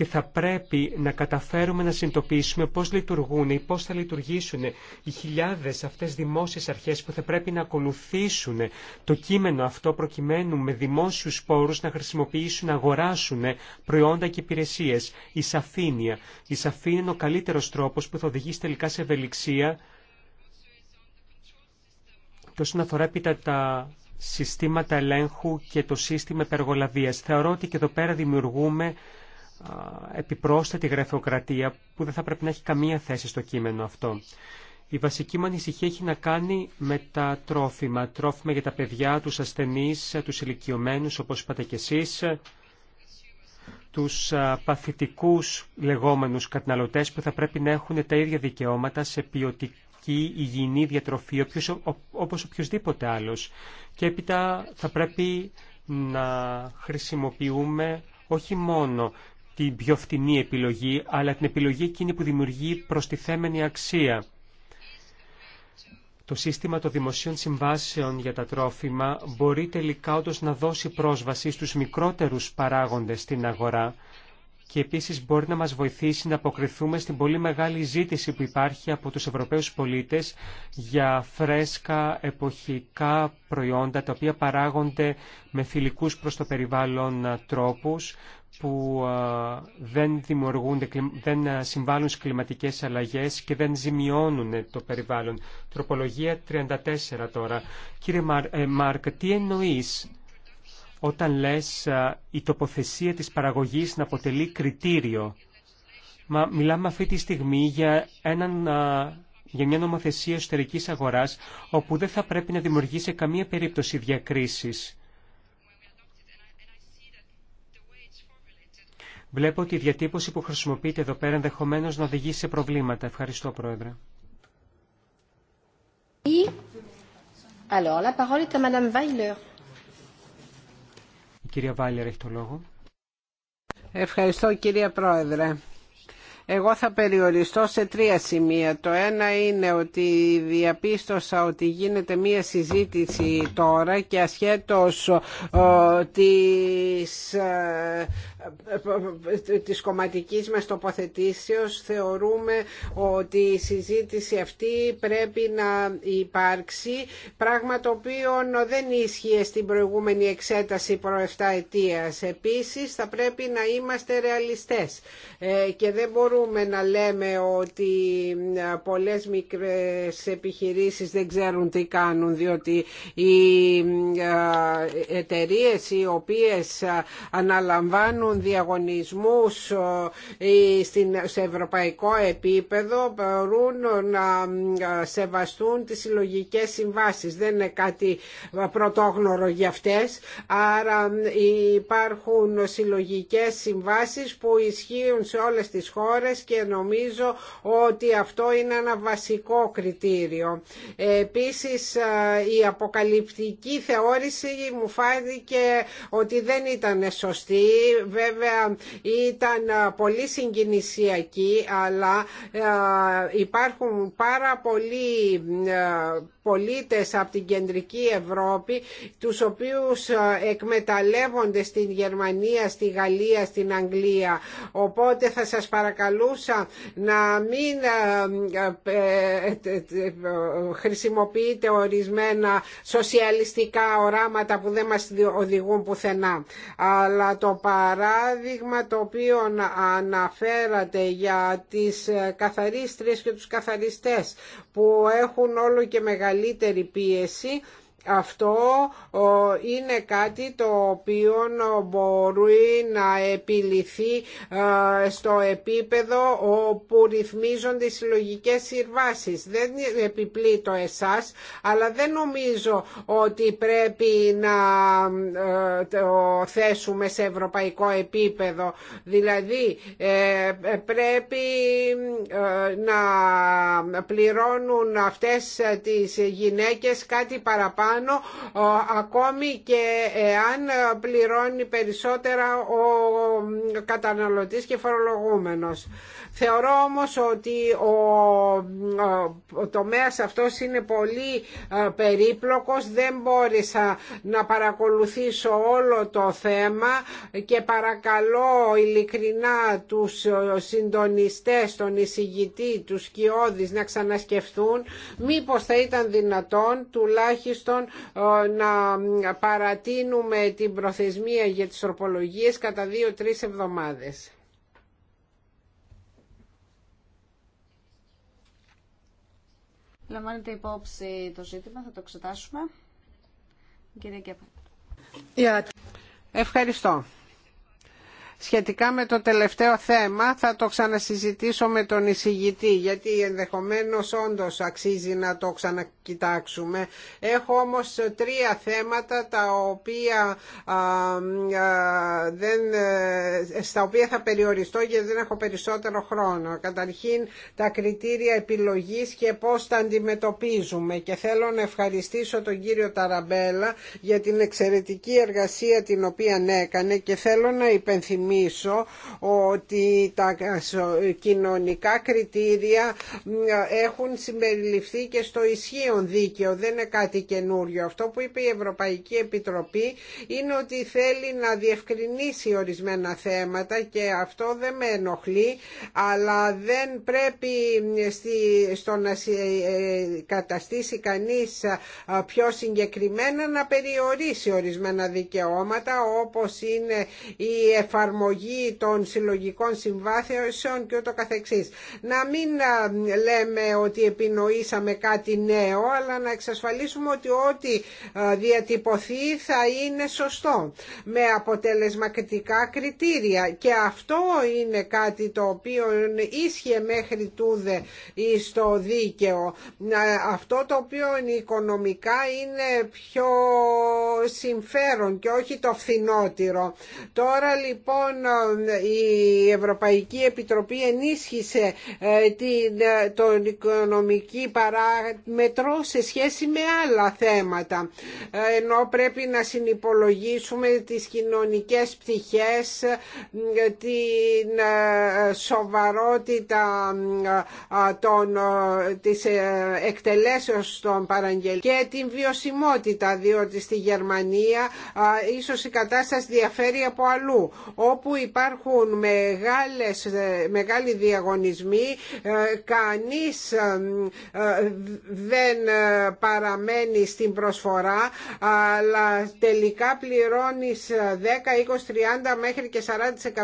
και θα πρέπει να καταφέρουμε να συνειδητοποιήσουμε πώς λειτουργούν ή πώς θα λειτουργήσουν οι χιλιάδες αυτές δημόσιες αρχές που θα πρέπει να ακολουθήσουν το κείμενο αυτό προκειμένου με δημόσιους πόρους να χρησιμοποιήσουν, να αγοράσουν προϊόντα και υπηρεσίες. Η σαφήνεια. Η σαφήνεια είναι ο καλύτερος τρόπος που θα οδηγήσει τελικά σε ευελιξία τόσο να αφορά τα συστήματα ελέγχου και το σύστημα υπεργολαβίας. Θεωρώ ότι και εδώ πέρα δημιουργούμε επιπρόσθετη γραφειοκρατία που δεν θα πρέπει να έχει καμία θέση στο κείμενο αυτό. Η βασική μου ανησυχία έχει να κάνει με τα τρόφιμα. Τρόφιμα για τα παιδιά, τους ασθενείς, τους ηλικιωμένους, όπως είπατε κι εσείς, τους παθητικούς λεγόμενους καταναλωτές που θα πρέπει να έχουν τα ίδια δικαιώματα σε ποιοτική υγιεινή διατροφή όπως οποιοδήποτε άλλος. Και έπειτα θα πρέπει να χρησιμοποιούμε όχι μόνο την πιο φτηνή επιλογή, αλλά την επιλογή εκείνη που δημιουργεί προστιθέμενη αξία. Το σύστημα των δημοσίων συμβάσεων για τα τρόφιμα μπορεί τελικά όντως να δώσει πρόσβαση στους μικρότερους παράγοντες στην αγορά και επίσης μπορεί να μας βοηθήσει να αποκριθούμε στην πολύ μεγάλη ζήτηση που υπάρχει από τους Ευρωπαίους πολίτες για φρέσκα εποχικά προϊόντα τα οποία παράγονται με φιλικούς προς το περιβάλλον ε, τρόπους που δεν, δεν συμβάλλουν στις κλιματικές αλλαγές και δεν ζημιώνουν το περιβάλλον. Τροπολογία 34 τώρα. Κύριε ε, Μάρκ, τι εννοείς όταν λες η τοποθεσία της παραγωγής να αποτελεί κριτήριο. Μα μιλάμε αυτή τη στιγμή για έναν για μια νομοθεσία εσωτερικής αγοράς όπου δεν θα πρέπει να δημιουργήσει καμία περίπτωση διακρίσης. Βλέπω ότι η διατύπωση που χρησιμοποιείται εδώ πέρα ενδεχομένω να οδηγήσει σε προβλήματα. Ευχαριστώ, Πρόεδρε. Η κυρία Βάιλερ έχει το λόγο. Ευχαριστώ, κυρία Πρόεδρε. Εγώ θα περιοριστώ σε τρία σημεία. Το ένα είναι ότι διαπίστωσα ότι γίνεται μία συζήτηση τώρα και ασχέτως της ε, ε, της κομματικής μας τοποθετήσεως θεωρούμε ότι η συζήτηση αυτή πρέπει να υπάρξει πράγμα το οποίο δεν ίσχυε στην προηγούμενη εξέταση προεφτά ετίας. Επίσης θα πρέπει να είμαστε ρεαλιστές ε, και δεν μπορούμε μπορούμε να λέμε ότι ε, πολλές μικρές επιχειρήσεις δεν ξέρουν τι κάνουν διότι οι ε, εταιρείε οι οποίες ε, αναλαμβάνουν διαγωνισμούς σε ευρωπαϊκό επίπεδο μπορούν να σεβαστούν τις συλλογικέ συμβάσεις. Δεν είναι κάτι πρωτόγνωρο για αυτές, άρα υπάρχουν συλλογικές συμβάσεις που ισχύουν σε όλες τις χώρες και νομίζω ότι αυτό είναι ένα βασικό κριτήριο. Επίσης ε, η αποκαλυπτική θεώρηση μου φάνηκε ότι δεν ήταν σωστή. Βέβαια ήταν ε, πολύ συγκινησιακή αλλά ε, υπάρχουν πάρα πολλοί πολίτες από την κεντρική Ευρώπη τους οποίους εκμεταλλεύονται στην Γερμανία, στη Γαλλία, στην Αγγλία. Οπότε θα σας παρακαλώ να μην ε, ε, ε, χρησιμοποιείτε ορισμένα σοσιαλιστικά οράματα που δεν μας οδηγούν πουθενά. Αλλά το παράδειγμα το οποίο αναφέρατε για τις καθαρίστρες και τους καθαριστές που έχουν όλο και μεγαλύτερη πίεση αυτό είναι κάτι το οποίο μπορεί να επιληθεί ε, στο επίπεδο όπου ρυθμίζονται οι συλλογικέ συμβάσει. Δεν επιπλήττω εσάς, αλλά δεν νομίζω ότι πρέπει να ε, το θέσουμε σε ευρωπαϊκό επίπεδο. Δηλαδή ε, πρέπει να πληρώνουν αυτές τις γυναίκες κάτι παραπάνω ακόμη και εάν πληρώνει περισσότερα ο καταναλωτής και φορολογούμενος. Θεωρώ όμως ότι ο τομέας αυτός είναι πολύ ε, περίπλοκος, δεν μπόρεσα να παρακολουθήσω όλο το θέμα και παρακαλώ ειλικρινά τους ε, συντονιστές, τον εισηγητή, τους κοιόδης να ξανασκεφτούν μήπως θα ήταν δυνατόν τουλάχιστον Λοιπόν, ε, να παρατείνουμε την προθεσμία για τις τροπολογίες κατά δύο-τρεις εβδομάδες. Λαμβάνετε υπόψη το ζήτημα, θα το εξετάσουμε. Κύριε Ευχαριστώ. Σχετικά με το τελευταίο θέμα θα το ξανασυζητήσω με τον εισηγητή γιατί ενδεχομένως όντως αξίζει να το ξανα Έχω όμως τρία θέματα τα οποία, δεν, ε, στα οποία θα περιοριστώ γιατί δεν έχω περισσότερο χρόνο. Καταρχήν τα κριτήρια επιλογής και πώς τα αντιμετωπίζουμε και θέλω να ευχαριστήσω τον κύριο Ταραμπέλα για την εξαιρετική εργασία την οποία έκανε και θέλω να υπενθυμίσω ότι τα κοινωνικά κριτήρια έχουν συμπεριληφθεί και στο ισχύον δίκαιο, δεν είναι κάτι καινούριο. Αυτό που είπε η Ευρωπαϊκή Επιτροπή είναι ότι θέλει να διευκρινίσει ορισμένα θέματα και αυτό δεν με ενοχλεί, αλλά δεν πρέπει στο να ε, ε, καταστήσει κανείς πιο συγκεκριμένα να περιορίσει ορισμένα δικαιώματα όπως είναι η εφαρμογή των συλλογικών συμβάσεων και ούτω καθεξής. Να μην λέμε ότι επινοήσαμε κάτι νέο αλλά να εξασφαλίσουμε ότι ό,τι ε, διατυπωθεί θα είναι σωστό με αποτελεσματικά κριτήρια και αυτό είναι κάτι το οποίο ίσχυε μέχρι τούδε στο δίκαιο αυτό το οποίο οικονομικά είναι πιο συμφέρον και όχι το φθηνότερο τώρα λοιπόν η Ευρωπαϊκή Επιτροπή ενίσχυσε ε, την, ε, τον οικονομική παράμετρο σε σχέση με άλλα θέματα ενώ πρέπει να συνυπολογίσουμε τις κοινωνικές πτυχές την ε, σοβαρότητα ε, των, ε, της εκτελέσεως των παραγγελίων και την βιωσιμότητα διότι στη Γερμανία ίσως η κατάσταση διαφέρει από αλλού όπου υπάρχουν μεγάλες, μεγάλοι διαγωνισμοί κανείς δεν ε, παραμένει στην προσφορά αλλά τελικά πληρώνεις 10, 20, 30 μέχρι και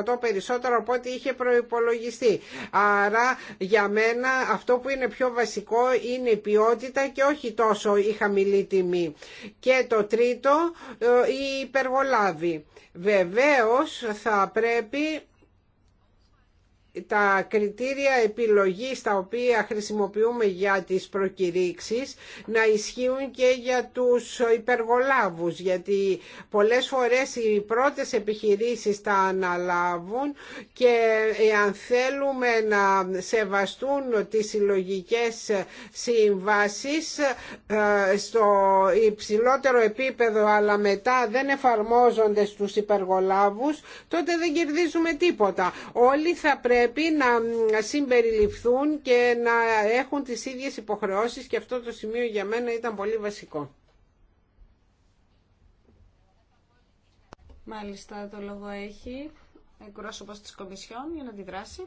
40% περισσότερο από ό,τι είχε προϋπολογιστεί. Άρα για μένα αυτό που είναι πιο βασικό είναι η ποιότητα και όχι τόσο η χαμηλή τιμή. Και το τρίτο ε, η υπεργολάβη. Βεβαίως θα πρέπει τα κριτήρια επιλογής τα οποία χρησιμοποιούμε για τις προκηρύξεις να ισχύουν και για τους υπεργολάβους γιατί πολλές φορές οι πρώτες επιχειρήσεις τα αναλάβουν και εάν θέλουμε να σεβαστούν τις συλλογικέ συμβάσεις ε, στο υψηλότερο επίπεδο αλλά μετά δεν εφαρμόζονται στους υπεργολάβους τότε δεν κερδίζουμε τίποτα. Όλοι θα πρέπει πρέπει να συμπεριληφθούν και να έχουν τις ίδιες υποχρεώσεις και αυτό το σημείο για μένα ήταν πολύ βασικό. Μάλιστα, το λόγο έχει εκπρόσωπος της Κομισιόν για να αντιδράσει.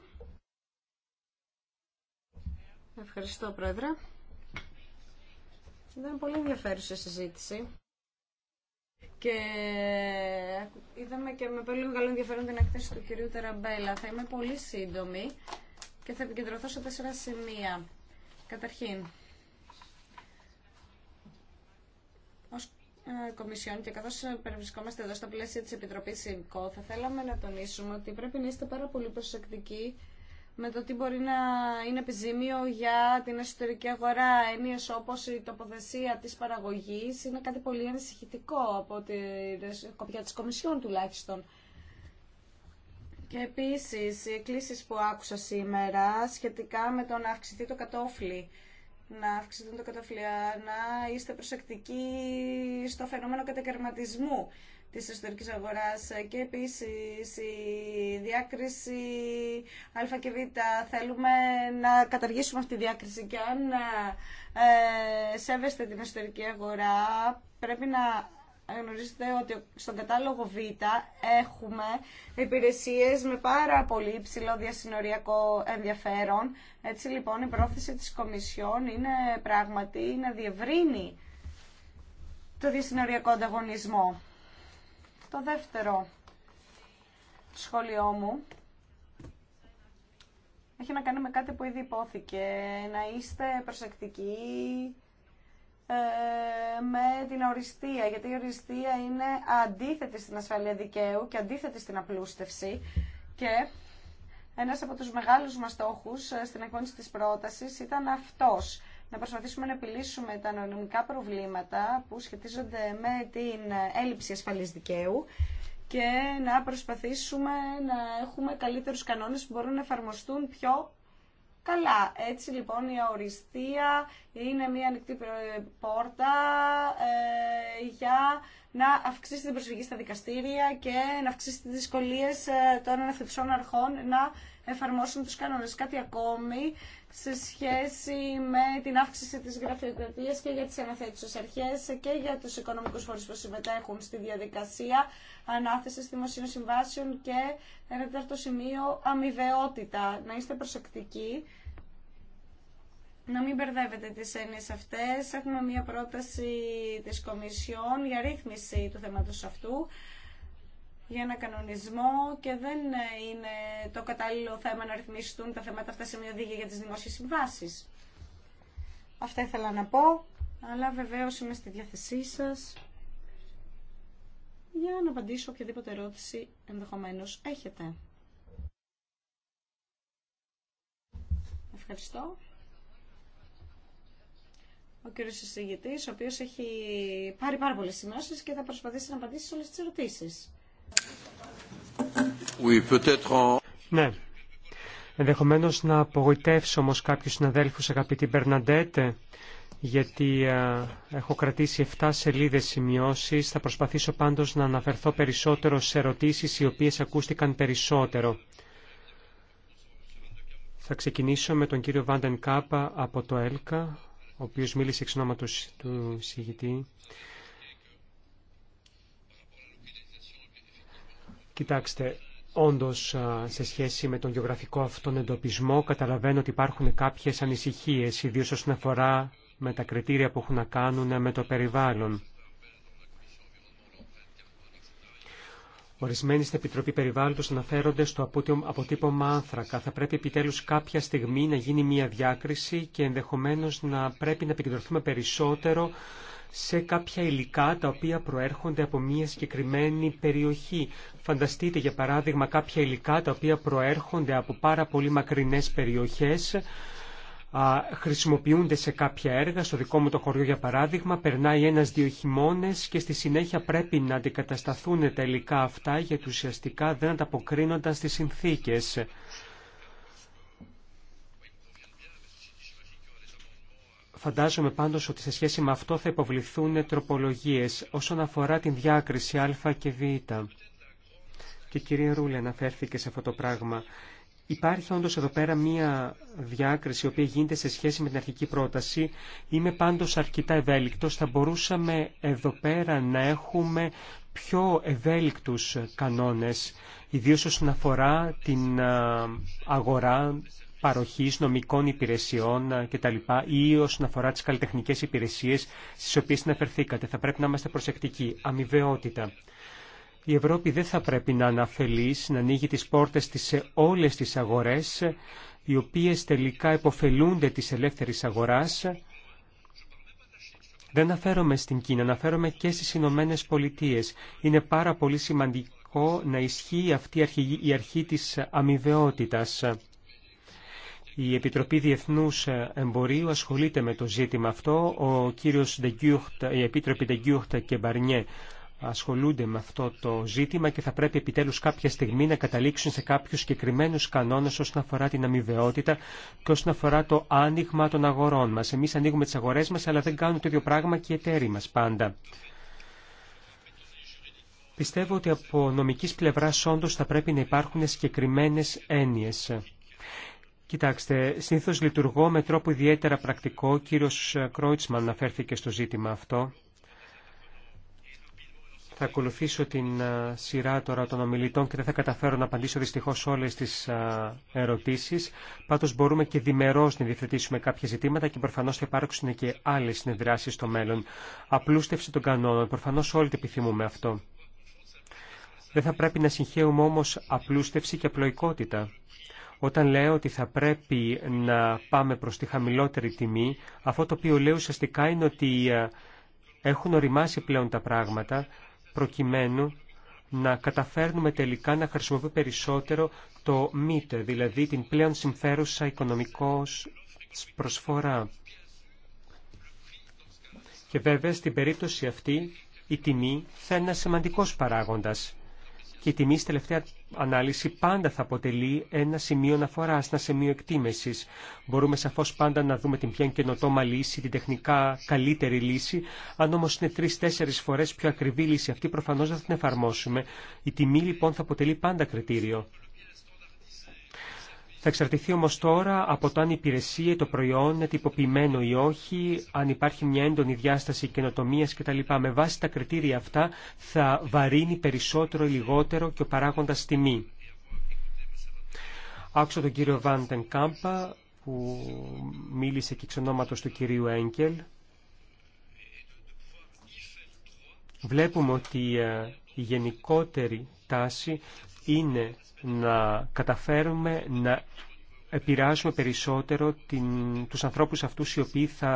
Ευχαριστώ, Πρόεδρε. Ήταν πολύ ενδιαφέρουσα συζήτηση. Και ε, είδαμε και με πολύ μεγάλο ενδιαφέρον την έκθεση του κυρίου Τεραμπέλα. Θα είμαι πολύ σύντομη και θα επικεντρωθώ σε τέσσερα σημεία. Καταρχήν, ως ε, Κομισιόν και καθώς περιβρισκόμαστε εδώ στα πλαίσια της Επιτροπής ΣΥΜΚΟ, θα θέλαμε να τονίσουμε ότι πρέπει να είστε πάρα πολύ προσεκτικοί με το τι μπορεί να είναι επιζήμιο για την εσωτερική αγορά. έννοιε όπω η τοποθεσία της παραγωγής είναι κάτι πολύ ανησυχητικό από τη κοπιά της Κομισιόν τουλάχιστον. Και επίσης οι εκκλήσει που άκουσα σήμερα σχετικά με το να αυξηθεί το κατόφλι να αυξηθούν το κατόφλι, να είστε προσεκτικοί στο φαινόμενο κατακαιρματισμού της εσωτερικής αγοράς και επίσης η διάκριση α και β. Θέλουμε να καταργήσουμε αυτή τη διάκριση και αν ε, σέβεστε την εσωτερική αγορά πρέπει να γνωρίζετε ότι στον κατάλογο Β έχουμε υπηρεσίες με πάρα πολύ υψηλό διασυνοριακό ενδιαφέρον. Έτσι λοιπόν η πρόθεση της Κομισιόν είναι πράγματι να διευρύνει το διασυνοριακό ανταγωνισμό. Το δεύτερο σχόλιο μου έχει να κάνει με κάτι που ήδη υπόθηκε. Να είστε προσεκτικοί ε, με την οριστία, γιατί η οριστία είναι αντίθετη στην ασφαλεία δικαίου και αντίθετη στην απλούστευση και ένας από τους μεγάλους μας στόχους ε, στην εκπόνηση της πρότασης ήταν αυτός να προσπαθήσουμε να επιλύσουμε τα νομικά προβλήματα που σχετίζονται με την έλλειψη ασφαλής δικαίου και να προσπαθήσουμε να έχουμε καλύτερους κανόνες που μπορούν να εφαρμοστούν πιο καλά. Έτσι λοιπόν η οριστία είναι μια ανοιχτή πόρτα ε, για να αυξήσει την προσφυγή στα δικαστήρια και να αυξήσει τις δυσκολίες ε, των αναθεψών αρχών να εφαρμόσουν τους κανόνες. Κάτι ακόμη σε σχέση με την αύξηση της γραφειοκρατίας και για τις αναθέτουσες αρχές και για τους οικονομικούς φορείς που συμμετέχουν στη διαδικασία ανάθεσης δημοσίων συμβάσεων και ένα τέταρτο σημείο αμοιβαιότητα. Να είστε προσεκτικοί. Να μην μπερδεύετε τις έννοιες αυτές. Έχουμε μία πρόταση της Κομισιόν για ρύθμιση του θέματος αυτού για ένα κανονισμό και δεν είναι το κατάλληλο θέμα να ρυθμιστούν τα θέματα αυτά σε μια οδηγία για τις δημόσιες συμβάσεις. Αυτά ήθελα να πω, αλλά βεβαίως είμαι στη διάθεσή σας για να απαντήσω οποιαδήποτε ερώτηση ενδεχομένως έχετε. Ευχαριστώ. Ο κύριος εισηγητής ο οποίος έχει πάρει πάρα πολλές σημειώσει και θα προσπαθήσει να απαντήσει σε όλες τις ερωτήσεις. Ναι. Ενδεχομένως να απογοητεύσω όμως κάποιους συναδέλφους, αγαπητή Μπερναντέτε, γιατί έχω κρατήσει 7 σελίδες σημειώσεις. Θα προσπαθήσω πάντως να αναφερθώ περισσότερο σε ερωτήσεις οι οποίες ακούστηκαν περισσότερο. Θα ξεκινήσω με τον κύριο Βάντεν Κάπα από το ΕΛΚΑ, ο οποίος μίλησε εξ του συγητή. Κοιτάξτε, όντως σε σχέση με τον γεωγραφικό αυτόν εντοπισμό καταλαβαίνω ότι υπάρχουν κάποιες ανησυχίες, ιδίως όσον αφορά με τα κριτήρια που έχουν να κάνουν με το περιβάλλον. Ορισμένοι στην Επιτροπή Περιβάλλοντος αναφέρονται στο αποτύπωμα άνθρακα. Θα πρέπει επιτέλους κάποια στιγμή να γίνει μια διάκριση και ενδεχομένως να πρέπει να επικεντρωθούμε περισσότερο σε κάποια υλικά τα οποία προέρχονται από μια συγκεκριμένη περιοχή. Φανταστείτε για παράδειγμα κάποια υλικά τα οποία προέρχονται από πάρα πολύ μακρινές περιοχές χρησιμοποιούνται σε κάποια έργα, στο δικό μου το χωριό για παράδειγμα, περνάει ένας-δύο και στη συνέχεια πρέπει να αντικατασταθούν τα υλικά αυτά γιατί ουσιαστικά δεν ανταποκρίνονταν στις συνθήκες. Φαντάζομαι πάντως ότι σε σχέση με αυτό θα υποβληθούν τροπολογίες όσον αφορά την διάκριση α και β. Και η κυρία Ρούλε αναφέρθηκε σε αυτό το πράγμα. Υπάρχει όντως εδώ πέρα μία διάκριση, η οποία γίνεται σε σχέση με την αρχική πρόταση. Είμαι πάντως αρκετά ευέλικτος. Θα μπορούσαμε εδώ πέρα να έχουμε πιο ευέλικτους κανόνες, ιδίως όσον αφορά την αγορά, παροχής νομικών υπηρεσιών ε, κτλ. ή όσον αφορά τις καλλιτεχνικές υπηρεσίες στις οποίες αναφερθήκατε. Θα πρέπει να είμαστε προσεκτικοί. Αμοιβαιότητα. Η Ευρώπη δεν θα πρέπει να αναφελεί να ανοίγει τις πόρτες της σε όλες τις αγορές, οι οποίες τελικά υποφελούνται της ελεύθερης αγοράς. Δεν αναφέρομαι στην Κίνα, αναφέρομαι και στις Ηνωμένε Πολιτείε. Είναι πάρα πολύ σημαντικό να ισχύει αυτή η αρχή της αμοιβαιότητας. Η Επιτροπή Διεθνούς Εμπορίου ασχολείται με το ζήτημα αυτό. Ο κύριος Ντεγκιούχτ, η Επίτροπη Ντεγκιούχτ και Μπαρνιέ ασχολούνται με αυτό το ζήτημα και θα πρέπει επιτέλους κάποια στιγμή να καταλήξουν σε κάποιους συγκεκριμένους κανόνες όσον αφορά την αμοιβαιότητα και όσον αφορά το άνοιγμα των αγορών μας. Εμείς ανοίγουμε τις αγορές μας αλλά δεν κάνουν το ίδιο πράγμα και οι εταίροι μας πάντα. Πιστεύω ότι από νομικής πλευράς όντως θα πρέπει να υπάρχουν συγκεκριμένε έννοιες. Κοιτάξτε, συνήθως λειτουργώ με τρόπο ιδιαίτερα πρακτικό. Ο κύριος Κρόιτσμαν αναφέρθηκε στο ζήτημα αυτό. Θα ακολουθήσω την σειρά τώρα των ομιλητών και δεν θα καταφέρω να απαντήσω δυστυχώς όλες τις ερωτήσεις. Πάντως μπορούμε και διμερώς να διευθετήσουμε κάποια ζητήματα και προφανώς θα υπάρξουν και άλλες συνεδριάσει στο μέλλον. Απλούστευση των κανόνων. Προφανώς όλοι το επιθυμούμε αυτό. Δεν θα πρέπει να συγχαίουμε όμως απλούστευση και απλοϊκότητα. Όταν λέω ότι θα πρέπει να πάμε προς τη χαμηλότερη τιμή, αυτό το οποίο λέω ουσιαστικά είναι ότι ε, έχουν οριμάσει πλέον τα πράγματα προκειμένου να καταφέρνουμε τελικά να χρησιμοποιούμε περισσότερο το μήτε, δηλαδή την πλέον συμφέρουσα οικονομικός προσφορά. Και βέβαια στην περίπτωση αυτή η τιμή θα είναι ένα σημαντικός παράγοντας και η τιμή στη τελευταία ανάλυση πάντα θα αποτελεί ένα σημείο αναφορά, ένα σημείο εκτίμηση. Μπορούμε σαφώ πάντα να δούμε την ποια καινοτόμα λύση, την τεχνικά καλύτερη λύση. Αν όμω είναι τρει-τέσσερι φορέ πιο ακριβή λύση αυτή, προφανώ δεν θα την εφαρμόσουμε. Η τιμή λοιπόν θα αποτελεί πάντα κριτήριο. Θα εξαρτηθεί όμως τώρα από το αν η υπηρεσία, το προϊόν είναι τυποποιημένο ή όχι, αν υπάρχει μια έντονη διάσταση καινοτομία κτλ. Με βάση τα κριτήρια αυτά θα βαρύνει περισσότερο ή λιγότερο και ο παράγοντας τιμή. Άκουσα τον κύριο Βάντεν Κάμπα που μίλησε και εξ ονόματος του κυρίου Έγκελ. Βλέπουμε ότι ε, η γενικότερη τάση είναι να καταφέρουμε να επηρεάσουμε περισσότερο την, τους ανθρώπους αυτούς οι οποίοι θα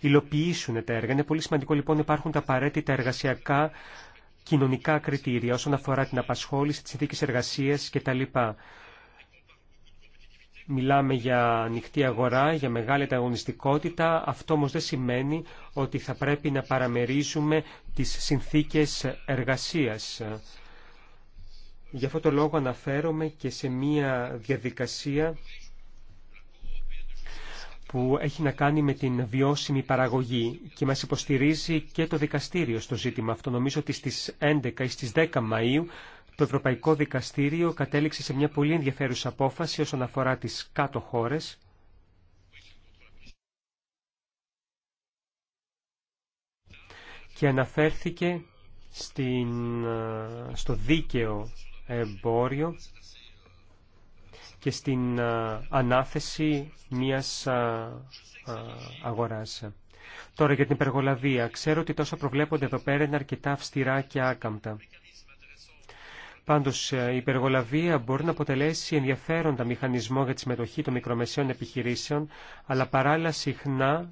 υλοποιήσουν τα έργα. Είναι πολύ σημαντικό λοιπόν υπάρχουν τα απαραίτητα εργασιακά κοινωνικά κριτήρια όσον αφορά την απασχόληση, τις συνθήκες εργασίας κτλ. Μιλάμε για ανοιχτή αγορά, για μεγάλη ανταγωνιστικότητα. Αυτό όμως δεν σημαίνει ότι θα πρέπει να παραμερίζουμε τις συνθήκες εργασίας. Γι' αυτό το λόγο αναφέρομαι και σε μία διαδικασία που έχει να κάνει με την βιώσιμη παραγωγή και μας υποστηρίζει και το δικαστήριο στο ζήτημα αυτό. Νομίζω ότι στις 11 ή στις 10 Μαΐου το Ευρωπαϊκό Δικαστήριο κατέληξε σε μια πολύ ενδιαφέρουσα απόφαση όσον αφορά τις κάτω χώρες και αναφέρθηκε στην, στο δίκαιο εμπόριο και στην ανάθεση μιας αγοράς. Τώρα για την υπεργολαβία. Ξέρω ότι τόσα προβλέπονται εδώ πέρα είναι αρκετά αυστηρά και άκαμπτα. Πάντως, ε, η υπεργολαβία μπορεί να αποτελέσει ενδιαφέροντα μηχανισμό για τη συμμετοχή των μικρομεσαίων επιχειρήσεων, αλλά παράλληλα συχνά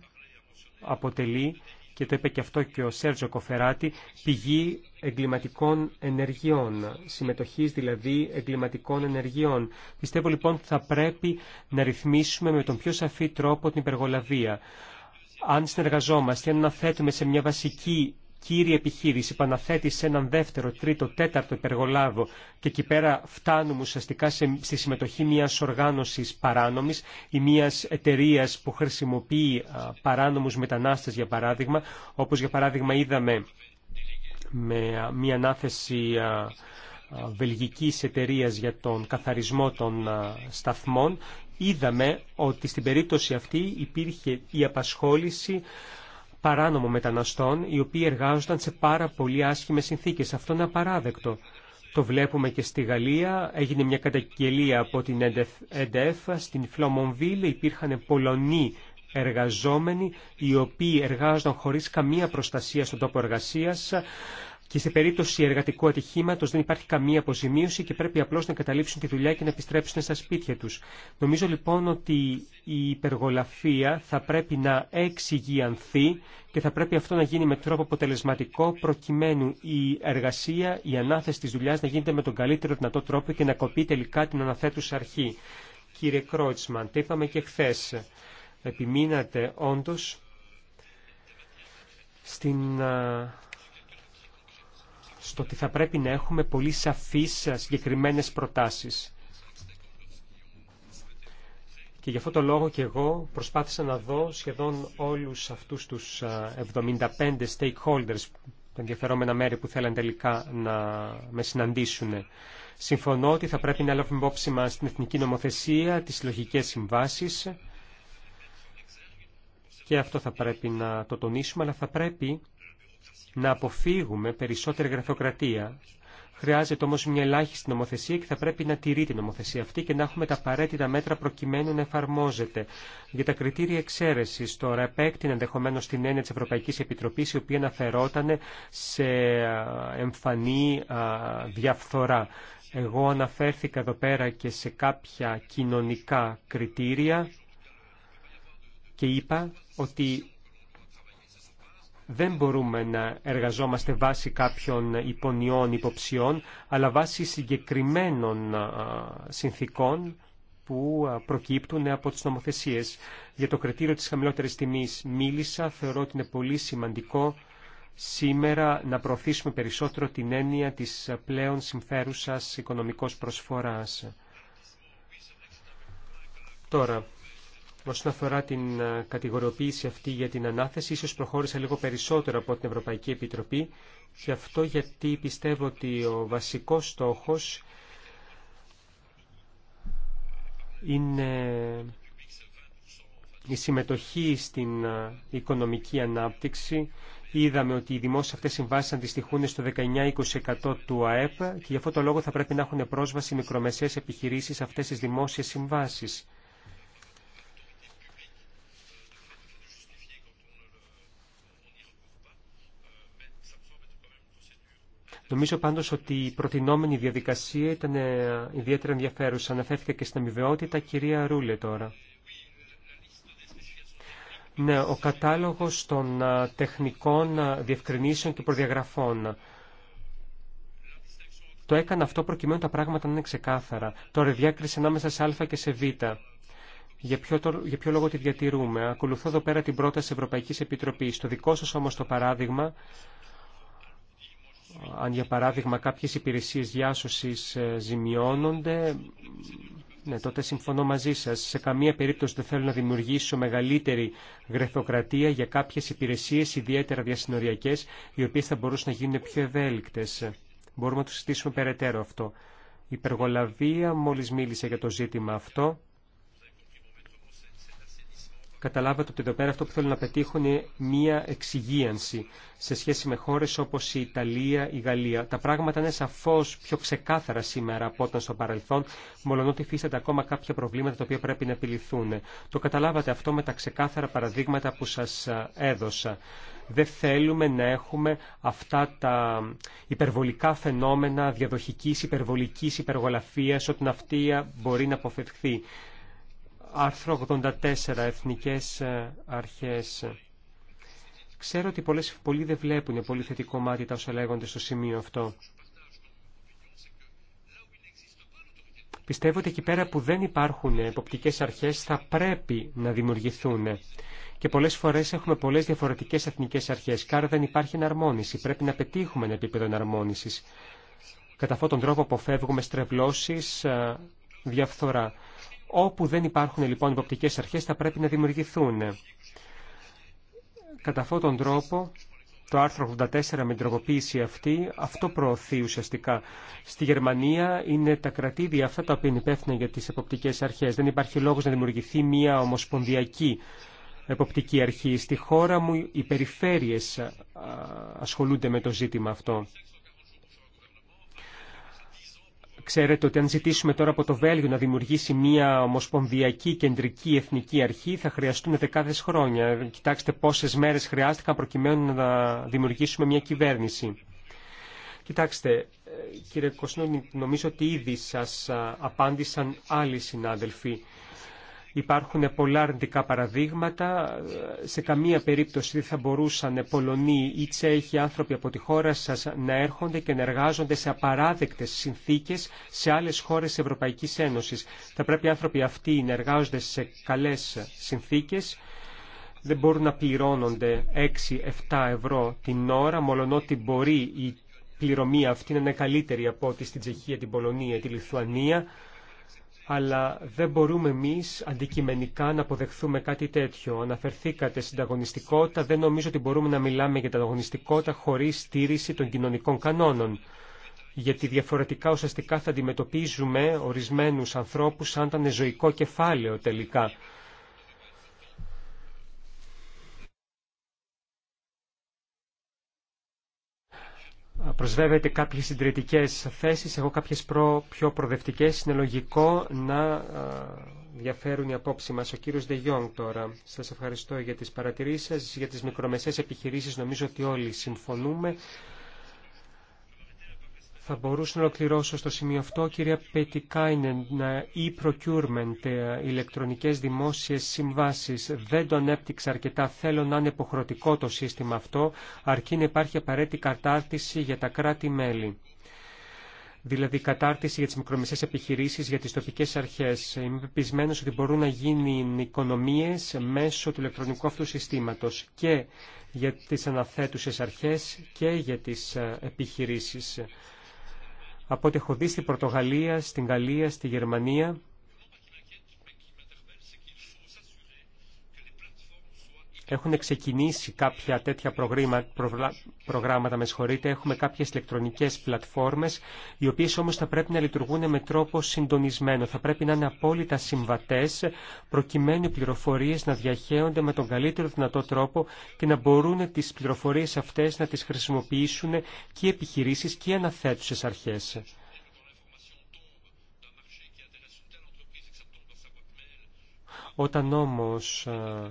αποτελεί και το είπε και αυτό και ο Σέρτζο Κοφεράτη, πηγή εγκληματικών ενεργειών, συμμετοχής δηλαδή εγκληματικών ενεργειών. Πιστεύω λοιπόν ότι θα πρέπει να ρυθμίσουμε με τον πιο σαφή τρόπο την υπεργολαβία. Αν συνεργαζόμαστε, αν αναθέτουμε σε μια βασική Κύριε επιχείρηση που σε έναν δεύτερο, τρίτο, τέταρτο υπεργολάβο και εκεί πέρα φτάνουμε ουσιαστικά στη συμμετοχή μιας οργάνωσης παράνομης ή μιας εταιρεία που χρησιμοποιεί παράνομους μετανάστες για παράδειγμα, όπως για παράδειγμα είδαμε με μια ανάθεση βελγικής εταιρεία για τον καθαρισμό των σταθμών, είδαμε ότι στην περίπτωση αυτή υπήρχε η απασχόληση Παράνομο μεταναστών, οι οποίοι εργάζονταν σε πάρα πολύ άσχημες συνθήκες. Αυτό είναι απαράδεκτο. Το βλέπουμε και στη Γαλλία. Έγινε μια καταγγελία από την ΕΝΤΕΦ. Στην Φλομονβίλ, υπήρχαν Πολωνοί εργαζόμενοι, οι οποίοι εργάζονταν χωρίς καμία προστασία στον τόπο εργασίας και σε περίπτωση εργατικού ατυχήματο δεν υπάρχει καμία αποζημίωση και πρέπει απλώ να καταλήψουν τη δουλειά και να επιστρέψουν στα σπίτια του. Νομίζω λοιπόν ότι η υπεργολαφία θα πρέπει να εξυγιανθεί και θα πρέπει αυτό να γίνει με τρόπο αποτελεσματικό προκειμένου η εργασία, η ανάθεση τη δουλειά να γίνεται με τον καλύτερο δυνατό τρόπο και να κοπεί τελικά την αναθέτουσα αρχή. Κύριε Κρότσμαν, το είπαμε και χθε. Επιμείνατε όντω στην στο ότι θα πρέπει να έχουμε πολύ σαφείς ε, συγκεκριμένες προτάσεις. Και γι' αυτό το λόγο και εγώ προσπάθησα να δω σχεδόν όλους αυτούς τους 75 ε, stakeholders, τα ενδιαφερόμενα μέρη που θέλαν τελικά να με συναντήσουν. Συμφωνώ ότι θα πρέπει να λάβουμε υπόψη μας την εθνική νομοθεσία, τις λογικές συμβάσεις και αυτό θα πρέπει να το τονίσουμε, αλλά θα πρέπει να αποφύγουμε περισσότερη γραφειοκρατία. Χρειάζεται όμως μια ελάχιστη νομοθεσία και θα πρέπει να τηρεί την νομοθεσία αυτή και να έχουμε τα απαραίτητα μέτρα προκειμένου να εφαρμόζεται. Για τα κριτήρια εξαίρεση τώρα επέκτηνε ενδεχομένω την έννοια τη Ευρωπαϊκή Επιτροπή, η οποία αναφερόταν σε εμφανή διαφθορά. Εγώ αναφέρθηκα εδώ πέρα και σε κάποια κοινωνικά κριτήρια και είπα ότι δεν μπορούμε να εργαζόμαστε βάσει κάποιων υπονοιών υποψιών, αλλά βάσει συγκεκριμένων συνθήκων που προκύπτουν από τις νομοθεσίες. Για το κριτήριο της χαμηλότερης τιμής μίλησα, θεωρώ ότι είναι πολύ σημαντικό σήμερα να προωθήσουμε περισσότερο την έννοια της πλέον συμφέρουσας οικονομικός προσφοράς. Τώρα, Όσον αφορά την ε, κατηγοριοποίηση αυτή για την ανάθεση, ίσως προχώρησα λίγο περισσότερο από την Ευρωπαϊκή Επιτροπή και αυτό γιατί πιστεύω ότι ο βασικός στόχος είναι η συμμετοχή στην ε, οικονομική ανάπτυξη. Είδαμε ότι οι δημόσιες αυτές συμβάσεις αντιστοιχούν στο 19-20% του ΑΕΠ και γι' αυτό το λόγο θα πρέπει να έχουν πρόσβαση μικρομεσαίες επιχειρήσεις σε αυτές τις δημόσιες συμβάσεις. Νομίζω πάντως ότι η προτινόμενη διαδικασία ήταν ε, ιδιαίτερα ενδιαφέρουσα. Αναφέρθηκε και στην αμοιβαιότητα κυρία Ρούλε τώρα. Ναι, ο κατάλογος των ε, τεχνικών ε, διευκρινήσεων και προδιαγραφών. Το έκανα αυτό προκειμένου τα πράγματα να είναι ξεκάθαρα. Τώρα διάκριση ανάμεσα σε α και σε β. Για ποιο, για ποιο λόγο τη διατηρούμε. Ακολουθώ εδώ πέρα την πρόταση Ευρωπαϊκής Επιτροπής. Το δικό σας όμως το παράδειγμα αν για παράδειγμα κάποιες υπηρεσίες διάσωσης ε, ζημιώνονται, ναι, τότε συμφωνώ μαζί σας. Σε καμία περίπτωση δεν θέλω να δημιουργήσω μεγαλύτερη γρεθοκρατία για κάποιες υπηρεσίες, ιδιαίτερα διασυνοριακές, οι οποίες θα μπορούσαν να γίνουν πιο ευέλικτες. Μπορούμε να το συζητήσουμε περαιτέρω αυτό. Η υπεργολαβία μόλις μίλησε για το ζήτημα αυτό καταλάβατε ότι εδώ πέρα αυτό που θέλω να πετύχουν είναι μία εξυγίανση σε σχέση με χώρες όπως η Ιταλία, η Γαλλία. Τα πράγματα είναι σαφώς πιο ξεκάθαρα σήμερα από όταν στο παρελθόν, μόλον ότι υφίστανται ακόμα κάποια προβλήματα τα οποία πρέπει να επιληθούν. Το καταλάβατε αυτό με τα ξεκάθαρα παραδείγματα που σας έδωσα. Δεν θέλουμε να έχουμε αυτά τα υπερβολικά φαινόμενα διαδοχικής, υπερβολικής υπεργολαφίας, όταν αυτή μπορεί να αποφευχθεί. Άρθρο 84. Εθνικές ε, αρχές. Ξέρω ότι πολλές, πολλοί δεν βλέπουν πολύ θετικό μάτι τα όσα λέγονται στο σημείο αυτό. Πιστεύω ότι εκεί πέρα που δεν υπάρχουν εποπτικές αρχές θα πρέπει να δημιουργηθούν. Και πολλές φορές έχουμε πολλέ διαφορετικέ εθνικέ αρχέ. Κάρα δεν υπάρχει εναρμόνιση. Πρέπει να πετύχουμε ένα επίπεδο εναρμόνιση. Κατά αυτόν τον τρόπο αποφεύγουμε στρεβλώσει, ε, διαφθορά. Όπου δεν υπάρχουν λοιπόν υποπτικές αρχές θα πρέπει να δημιουργηθούν. Κατά αυτόν τον τρόπο το άρθρο 84 με την τροποποίηση αυτή, αυτό προωθεί ουσιαστικά. Στη Γερμανία είναι τα κρατήδια αυτά τα οποία είναι υπεύθυνα για τις εποπτικές αρχές. Δεν υπάρχει λόγος να δημιουργηθεί μια ομοσπονδιακή εποπτική αρχή. Στη χώρα μου οι περιφέρειες ασχολούνται με το ζήτημα αυτό. Ξέρετε ότι αν ζητήσουμε τώρα από το Βέλγιο να δημιουργήσει μια ομοσπονδιακή κεντρική εθνική αρχή θα χρειαστούν δεκάδες χρόνια. Κοιτάξτε πόσες μέρες χρειάστηκαν προκειμένου να δημιουργήσουμε μια κυβέρνηση. Κοιτάξτε, ε, κύριε Κοσνόνη, νομίζω ότι ήδη σας απάντησαν άλλοι συνάδελφοι. Υπάρχουν πολλά αρνητικά παραδείγματα. Σε καμία περίπτωση δεν θα μπορούσαν Πολωνοί ή Τσέχοι άνθρωποι από τη χώρα σας να έρχονται και να εργάζονται σε απαράδεκτες συνθήκες σε άλλες χώρες Ευρωπαϊκής Ένωσης. Θα πρέπει οι άνθρωποι αυτοί να εργάζονται σε καλές συνθήκες δεν μπορούν να πληρώνονται 6-7 ευρώ την ώρα, ότι μπορεί η πληρωμή αυτή να είναι καλύτερη από ό,τι στην Τσεχία, την Πολωνία, τη Λιθουανία αλλά δεν μπορούμε εμεί αντικειμενικά να αποδεχθούμε κάτι τέτοιο. Αναφερθήκατε στην ταγωνιστικότητα. δεν νομίζω ότι μπορούμε να μιλάμε για την χωρίς χωρί στήριση των κοινωνικών κανόνων. Γιατί διαφορετικά ουσιαστικά θα αντιμετωπίζουμε ορισμένου ανθρώπου σαν ήταν ζωικό κεφάλαιο τελικά. προσβεύεται κάποιες συντηρητικές θέσεις, εγώ κάποιες προ, πιο προδευτικές. Είναι λογικό να διαφέρουν οι απόψεις μας. Ο κύριος Δε τώρα. Σας ευχαριστώ για τις παρατηρήσεις σας, για τις μικρομεσαίες επιχειρήσεις. Νομίζω ότι όλοι συμφωνούμε θα μπορούσα να ολοκληρώσω στο σημείο αυτό, κυρία Πετικάινεν, να e-procurement, ε, ηλεκτρονικές δημόσιες συμβάσεις. Δεν τον έπτυξα αρκετά. Θέλω να είναι υποχρεωτικό το σύστημα αυτό, αρκεί να υπάρχει απαραίτητη κατάρτιση για τα κράτη-μέλη. Δηλαδή κατάρτιση για τις μικρομεσαίες επιχειρήσεις, για τις τοπικές αρχές. Είμαι πεπισμένος ότι μπορούν να γίνουν οικονομίες μέσω του ηλεκτρονικού αυτού συστήματος και για τις αναθέτουσες αρχέ και για τι ε, επιχειρήσει από ό,τι έχω δει στην Πορτογαλία, στην Γαλλία, στη Γερμανία Έχουν ξεκινήσει κάποια τέτοια προγράμματα, με συγχωρείτε, έχουμε κάποιες ηλεκτρονικές πλατφόρμες, οι οποίες όμως θα πρέπει να λειτουργούν με τρόπο συντονισμένο. Θα πρέπει να είναι απόλυτα συμβατές, προκειμένου οι πληροφορίες να διαχέονται με τον καλύτερο δυνατό τρόπο και να μπορούν τις πληροφορίες αυτές να τις χρησιμοποιήσουν και οι επιχειρήσεις και οι αναθέτουσες αρχές. Όταν όμως ε,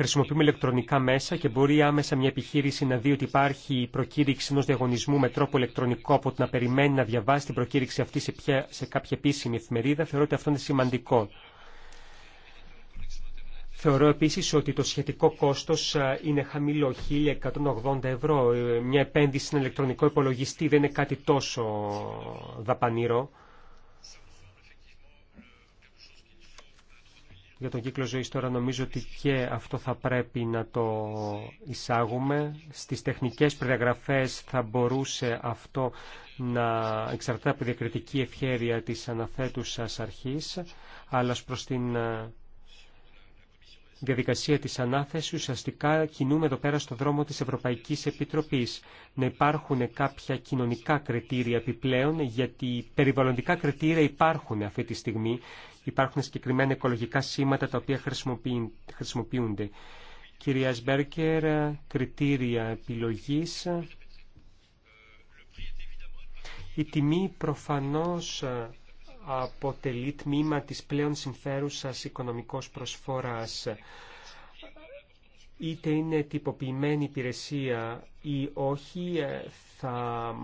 Χρησιμοποιούμε ηλεκτρονικά μέσα και μπορεί άμεσα μια επιχείρηση να δει ότι υπάρχει η προκήρυξη ενό διαγωνισμού με τρόπο ηλεκτρονικό, που να περιμένει να διαβάσει την προκήρυξη αυτή σε, ποια, σε κάποια επίσημη εφημερίδα. Θεωρώ ότι αυτό είναι σημαντικό. Θεωρώ επίσης ότι το σχετικό κόστος είναι χαμηλό, 1.180 ευρώ. Ε, μια επένδυση ένα ηλεκτρονικό υπολογιστή δεν είναι κάτι τόσο δαπανήρο. για τον κύκλο ζωής τώρα νομίζω ότι και αυτό θα πρέπει να το εισάγουμε. Στις τεχνικές προδιαγραφές θα μπορούσε αυτό να εξαρτάται από διακριτική ευχέρεια της αναθέτουσας αρχής, αλλά προς την ε, διαδικασία της ανάθεσης ουσιαστικά κινούμε εδώ πέρα στο δρόμο της Ευρωπαϊκής Επιτροπής να υπάρχουν κάποια κοινωνικά κριτήρια επιπλέον γιατί περιβαλλοντικά κριτήρια υπάρχουν αυτή τη στιγμή υπάρχουν συγκεκριμένα οικολογικά σήματα τα οποία χρησιμοποιούνται. Κυρία Σμπέρκερ, κριτήρια επιλογής. Η τιμή προφανώς ε, αποτελεί τμήμα της πλέον συμφέρουσας οικονομικός προσφοράς. Είτε είναι τυποποιημένη υπηρεσία ή όχι, ε, θα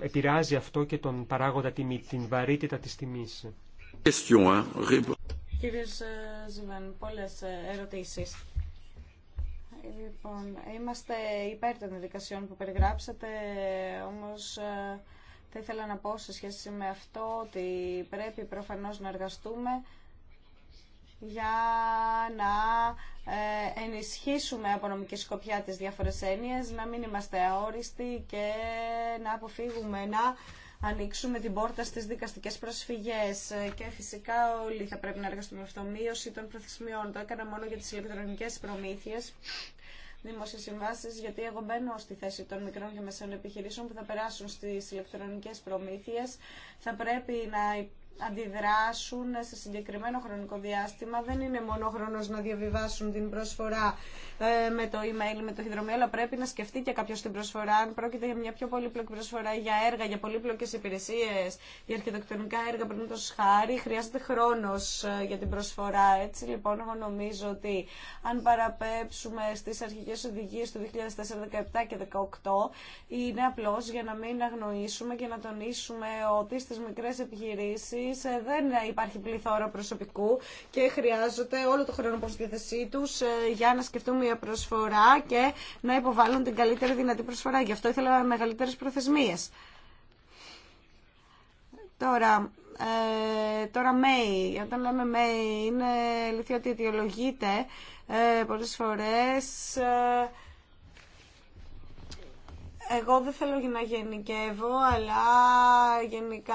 επηρεάζει αυτό και τον παράγοντα τιμή, την βαρύτητα της τιμής. Κύριε Ζημάν, πολλές ε, ερωτήσεις. Λοιπόν, είμαστε υπέρ των δικασιών που περιγράψατε, όμως ε, θα ήθελα να πω σε σχέση με αυτό ότι πρέπει προφανώς να εργαστούμε για να ε, ενισχύσουμε από νομική σκοπιά τις διάφορες έννοιες, να μην είμαστε αόριστοι και να αποφύγουμε να ανοίξουμε την πόρτα στις δικαστικές προσφυγές και φυσικά όλοι θα πρέπει να εργαστούμε αυτό μείωση των προθεσμιών. Το έκανα μόνο για τις ηλεκτρονικές προμήθειες δημοσίες συμβάσει, γιατί εγώ μπαίνω στη θέση των μικρών και μεσαίων επιχειρήσεων που θα περάσουν στις ηλεκτρονικές προμήθειες. Θα πρέπει να αντιδράσουν σε συγκεκριμένο χρονικό διάστημα. Δεν είναι μόνο χρονό να διαβιβάσουν την προσφορά ε, με το email, με το χειδρομείο, αλλά πρέπει να σκεφτεί και κάποιο την προσφορά. Αν πρόκειται για μια πιο πολύπλοκη προσφορά για έργα, για πολύπλοκες υπηρεσίε. για αρχιτεκτονικά έργα, πριν το χάρη. χρειάζεται χρόνος ε, για την προσφορά. Έτσι λοιπόν, εγώ νομίζω ότι αν παραπέψουμε στι αρχικέ οδηγίε του 2017 17 και 18, είναι απλώ για να μην αγνοήσουμε και να τονίσουμε ότι στι μικρέ επιχειρήσει. Ε, δεν υπάρχει πληθώρα προσωπικού και χρειάζονται όλο το χρόνο προς διαθεσή τους ε, για να σκεφτούν μια προσφορά και να υποβάλουν την καλύτερη δυνατή προσφορά. Γι' αυτό ήθελα μεγαλύτερες προθεσμίες. Τώρα, ε, τώρα μέι, όταν λέμε Μέι, είναι αλήθεια ότι αιτιολογείται ε, πολλές φορές ε, εγώ δεν θέλω να γενικεύω, αλλά γενικά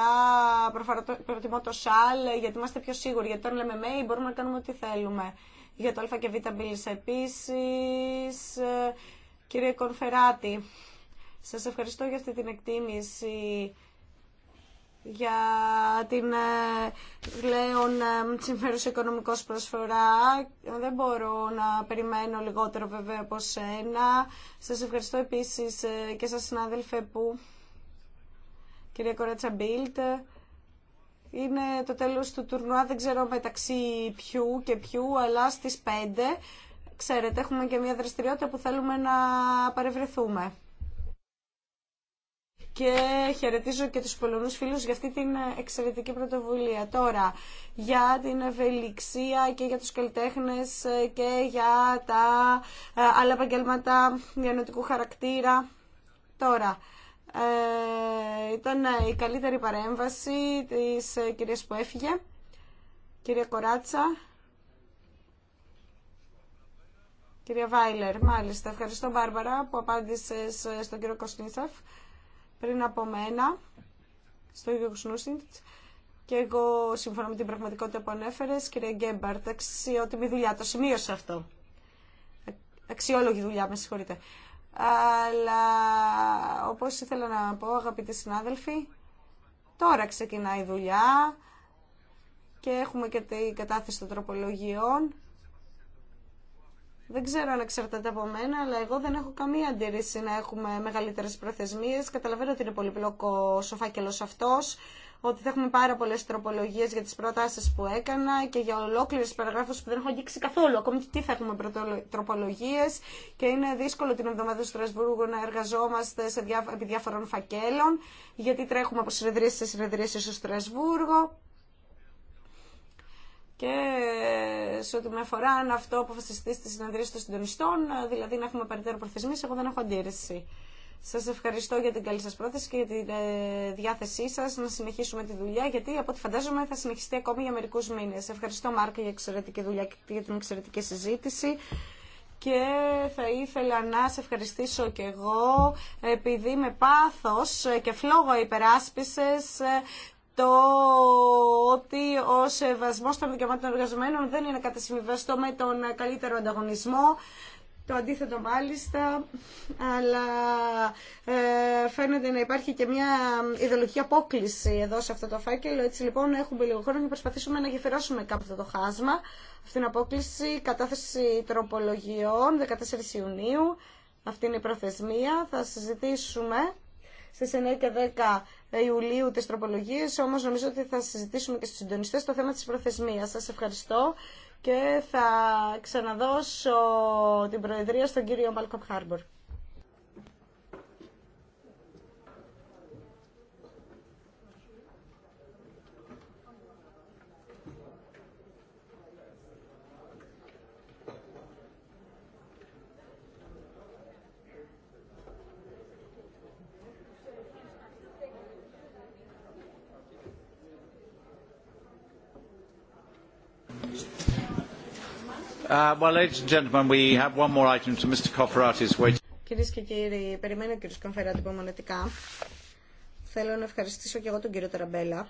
προτιμώ το σαλ, γιατί είμαστε πιο σίγουροι. Γιατί όταν λέμε ΜΕΙ μπορούμε να κάνουμε ό,τι θέλουμε. Για το α και β μπήλης επίσης, ε, κύριε Κονφεράτη, σας ευχαριστώ για αυτή την εκτίμηση για την ε, πλέον ε, συμφέρουσα οικονομικός προσφορά. Δεν μπορώ να περιμένω λιγότερο βέβαια από σένα. Σας ευχαριστώ επίσης ε, και σας συνάδελφε που κυρία Κορέτσα Είναι το τέλος του τουρνουά, δεν ξέρω μεταξύ ποιου και ποιου, αλλά στις 5. Ξέρετε, έχουμε και μια δραστηριότητα που θέλουμε να παρευρεθούμε και χαιρετίζω και τους πολλούς φίλους για αυτή την εξαιρετική πρωτοβουλία. Τώρα, για την ευελιξία και για τους καλλιτέχνες και για τα ε, άλλα επαγγελματά διανοητικού χαρακτήρα. Τώρα, ε, ήταν ε, η καλύτερη παρέμβαση της ε, κυρίας που έφυγε, κυρία Κοράτσα. Κυρία Βάιλερ, μάλιστα. Ευχαριστώ, Μπάρμπαρα, που απάντησες στον κύριο Κοστίνσαφ πριν από μένα στο Σνούσιντ. και εγώ συμφωνώ με την πραγματικότητα που ανέφερε, κυρία Γκέμπαρτ, αξιότιμη δουλειά. Το σημείωσα αυτό. Αξιόλογη δουλειά, με συγχωρείτε. Αλλά όπω ήθελα να πω, αγαπητοί συνάδελφοι, τώρα ξεκινάει η δουλειά και έχουμε και την κατάθεση των τροπολογιών. Δεν ξέρω αν εξαρτάται από μένα, αλλά εγώ δεν έχω καμία αντίρρηση να έχουμε μεγαλύτερε προθεσμίε. Καταλαβαίνω ότι είναι πολύπλοκο ο φάκελο αυτό, ότι θα έχουμε πάρα πολλέ τροπολογίε για τι προτάσει που έκανα και για ολόκληρε παραγράφου που δεν έχω αγγίξει καθόλου. Ακόμη και τι θα έχουμε τροπολογίε και είναι δύσκολο την εβδομάδα του Στρασβούργου να εργαζόμαστε σε επί διάφορων φακέλων, γιατί τρέχουμε από συνεδρίε σε συνεδρίε στο Στρασβούργο και σε ό,τι με αφορά αν αυτό αποφασιστεί στη συνεδρίαση των συντονιστών, δηλαδή να έχουμε περαιτέρω προθεσμίε, εγώ δεν έχω αντίρρηση. Σα ευχαριστώ για την καλή σα πρόθεση και για τη ε, διάθεσή σα να συνεχίσουμε τη δουλειά, γιατί από ό,τι φαντάζομαι θα συνεχιστεί ακόμη για μερικού μήνε. Ευχαριστώ, Μάρκα, για εξαιρετική δουλειά και για την εξαιρετική συζήτηση. Και θα ήθελα να σε ευχαριστήσω και εγώ, επειδή με πάθος και φλόγο υπεράσπισες το ότι ο σεβασμός των δικαιωμάτων των εργαζομένων δεν είναι κατασυμβιβαστό με τον καλύτερο ανταγωνισμό το αντίθετο μάλιστα, αλλά ε, φαίνεται να υπάρχει και μια ιδεολογική απόκληση εδώ σε αυτό το φάκελο. Έτσι λοιπόν έχουμε λίγο χρόνο να προσπαθήσουμε να γεφυρώσουμε κάπου αυτό το χάσμα. Αυτή την απόκληση, κατάθεση τροπολογιών 14 Ιουνίου, αυτή είναι η προθεσμία. Θα συζητήσουμε στις 9 και 10 Ιουλίου τις τροπολογίες, όμως νομίζω ότι θα συζητήσουμε και στους συντονιστές το θέμα της προθεσμίας. Σας ευχαριστώ και θα ξαναδώσω την Προεδρία στον κύριο Μάλκοπ Χάρμπορ. Uh, Κυρίε και κύριοι, περιμένει ο κύριο Κομφεράτη υπομονετικά. Θέλω να ευχαριστήσω και εγώ τον κύριο Τραμπέλα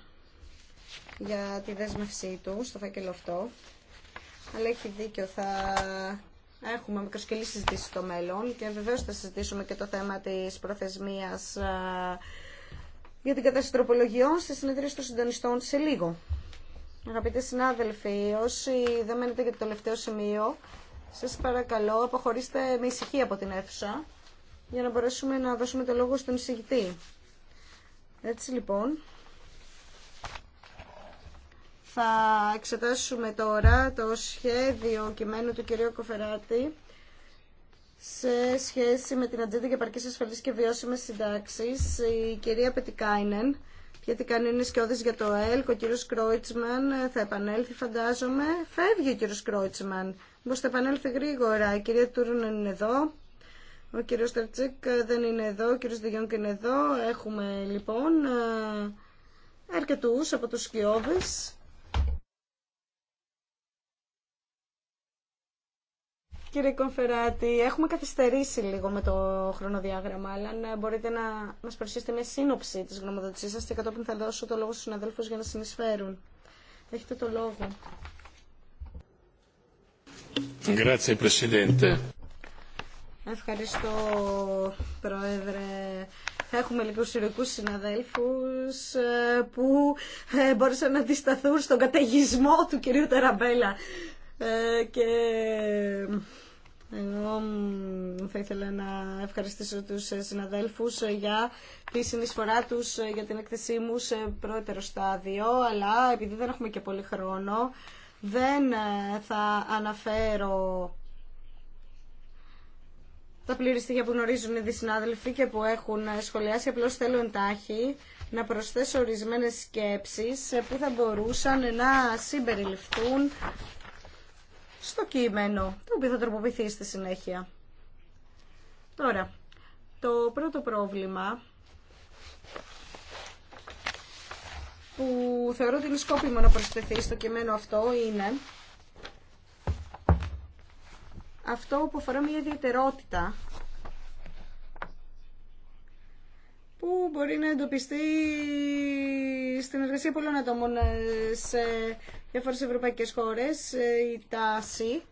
για τη δέσμευσή του στο φάκελο αυτό. Αλλά έχει δίκιο, θα έχουμε μικροσκελή συζήτηση στο μέλλον και βεβαίω θα συζητήσουμε και το θέμα τη προθεσμία ε, για την κατάσταση τροπολογιών στη συνεδρία των συντονιστών σε λίγο. Αγαπητοί συνάδελφοι, όσοι δεν μένετε για το τελευταίο σημείο, σας παρακαλώ αποχωρήστε με ησυχία από την αίθουσα για να μπορέσουμε να δώσουμε το λόγο στον εισηγητή. Έτσι λοιπόν, θα εξετάσουμε τώρα το σχέδιο κειμένου του κυρίου Κοφεράτη σε σχέση με την ατζέντα για παρκής ασφαλής και βιώσιμες συντάξεις. Η κυρία Πετικάινεν γιατί κανεί είναι για το ΕΛΚ, ο κύριο Κρόιτσμαν ε, θα επανέλθει φαντάζομαι. Φεύγει ο κύριο Κρόιτσμαν. Μήπω θα επανέλθει γρήγορα. Η κυρία Τούρνεν είναι εδώ. Ο κύριο Τερτσίκ ε, δεν είναι εδώ, ο κύριος Δεγιόνκ είναι εδώ. Έχουμε λοιπόν ε, αρκετού από του σκιώδες. Κύριε Κονφεράτη, έχουμε καθυστερήσει λίγο με το χρονοδιάγραμμα, αλλά μπορείτε να μα παρουσιάσετε μια σύνοψη τη γνωμοδοτησής σα και κατόπιν θα δώσω το λόγο στου συναδέλφου για να συνεισφέρουν. Έχετε το λόγο. Ευχαριστώ, Πρόεδρε. έχουμε λίγους λοιπόν ηρικούς συναδέλφους ε, που ε, μπορούσαν να αντισταθούν στον καταιγισμό του κυρίου Ταραμπέλα. Ε, και εγώ θα ήθελα να ευχαριστήσω τους ε, συναδέλφους ε, για τη συνεισφορά τους ε, για την εκθεσή μου σε πρώτερο στάδιο, αλλά επειδή δεν έχουμε και πολύ χρόνο, δεν θα αναφέρω τα πλήρη στοιχεία που γνωρίζουν οι συνάδελφοι και που έχουν σχολιάσει. Απλώ θέλω εντάχει να προσθέσω ορισμένες σκέψεις που θα μπορούσαν να συμπεριληφθούν στο κείμενο, το οποίο θα τροποποιηθεί στη συνέχεια. Τώρα, το πρώτο πρόβλημα που θεωρώ ότι είναι σκόπιμο να προσθεθεί στο κείμενο αυτό είναι αυτό που αφορά μια ιδιαιτερότητα που μπορεί να εντοπιστεί στην εργασία πολλών ατόμων ε, σε διάφορες ευρωπαϊκές χώρες, ε, η τάση,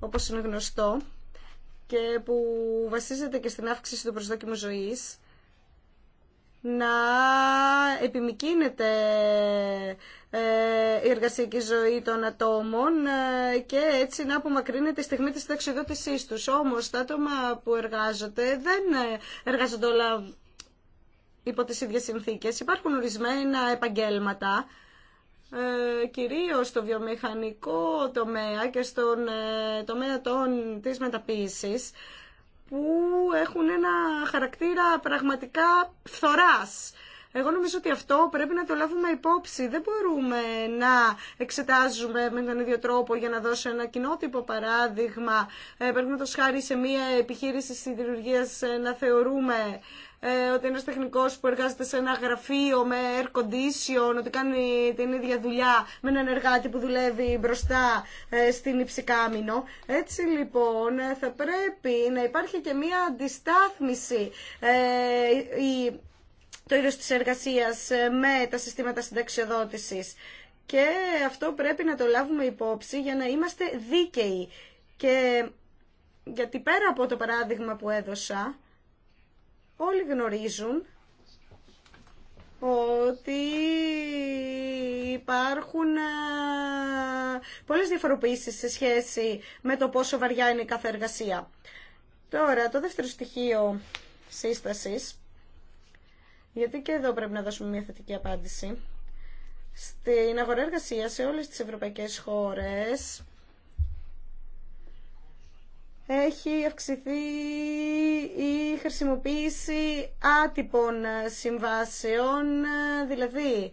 όπως είναι γνωστό, και που βασίζεται και στην αύξηση του προσδόκιμου ζωής, να επιμηκύνεται ε, η εργασιακή ζωή των ατόμων και έτσι να απομακρύνεται η στιγμή της ταξιδότησής τους. Όμως τα άτομα που εργάζονται δεν εργάζονται όλα υπό τις ίδιες συνθήκες. Υπάρχουν ορισμένα επαγγέλματα, ε, κυρίως στο βιομηχανικό τομέα και στον ε, τομέα των, της μεταποίησης, που έχουν ένα χαρακτήρα πραγματικά φθοράς. Εγώ νομίζω ότι αυτό πρέπει να το λάβουμε υπόψη. Δεν μπορούμε να εξετάζουμε με τον ίδιο τρόπο για να δώσω ένα κοινότυπο παράδειγμα. Πρέπει να το σε μια επιχείρηση συντηρουργίας ε, να θεωρούμε ε, ότι ένας τεχνικός που εργάζεται σε ένα γραφείο με air condition, ότι κάνει την ίδια δουλειά με έναν εργάτη που δουλεύει μπροστά ε, στην υψηκάμινο. Έτσι λοιπόν ε, θα πρέπει να υπάρχει και μία αντιστάθμιση η, το είδος της εργασίας με τα συστήματα συνταξιοδότησης. Και αυτό πρέπει να το λάβουμε υπόψη για να είμαστε δίκαιοι. Και γιατί πέρα από το παράδειγμα που έδωσα, Όλοι γνωρίζουν ότι υπάρχουν πολλές διαφοροποιήσεις σε σχέση με το πόσο βαριά είναι η κάθε εργασία. Τώρα, το δεύτερο στοιχείο σύστασης, γιατί και εδώ πρέπει να δώσουμε μια θετική απάντηση, στην αγορά εργασία σε όλες τις ευρωπαϊκές χώρες έχει αυξηθεί η χρησιμοποίηση άτυπων συμβάσεων, δηλαδή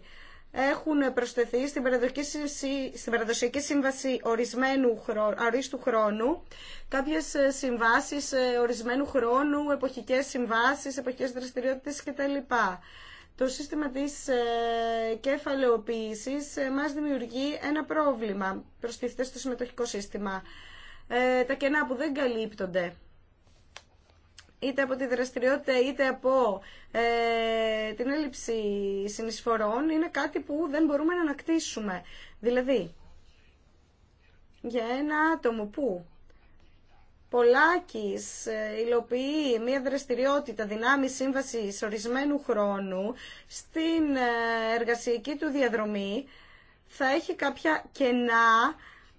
έχουν προσθεθεί στην παραδοσιακή σύμβαση ορισμένου χρόνου, αρίστου χρόνου, κάποιες συμβάσεις ε, ορισμένου χρόνου, εποχικές συμβάσεις, εποχικές δραστηριότητες κτλ. Το σύστημα της ε, κεφαλαιοποίησης ε, μας δημιουργεί ένα πρόβλημα, προστίθεται στο συμμετοχικό σύστημα. Ε, τα κενά που δεν καλύπτονται είτε από τη δραστηριότητα είτε από ε, την έλλειψη συνεισφορών είναι κάτι που δεν μπορούμε να ανακτήσουμε. Δηλαδή, για ένα άτομο που πολλάκις ε, υλοποιεί μια δραστηριότητα δυνάμει σύμβαση ορισμένου χρόνου στην εργασιακή του διαδρομή θα έχει κάποια κενά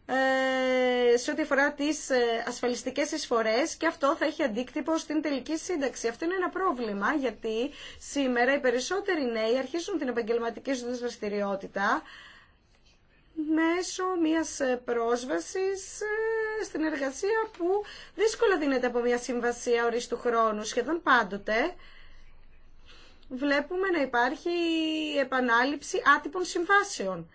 ε, σε ό,τι αφορά τις ε, ασφαλιστικές εισφορές και αυτό θα έχει αντίκτυπο στην τελική σύνταξη. Αυτό είναι ένα πρόβλημα γιατί σήμερα οι περισσότεροι νέοι αρχίζουν την επαγγελματική τους δραστηριότητα μέσω μιας ε, πρόσβασης στην εργασία που δύσκολα δίνεται από μια συμβασία ορίστου χρόνου σχεδόν πάντοτε βλέπουμε να υπάρχει επανάληψη άτυπων συμβάσεων.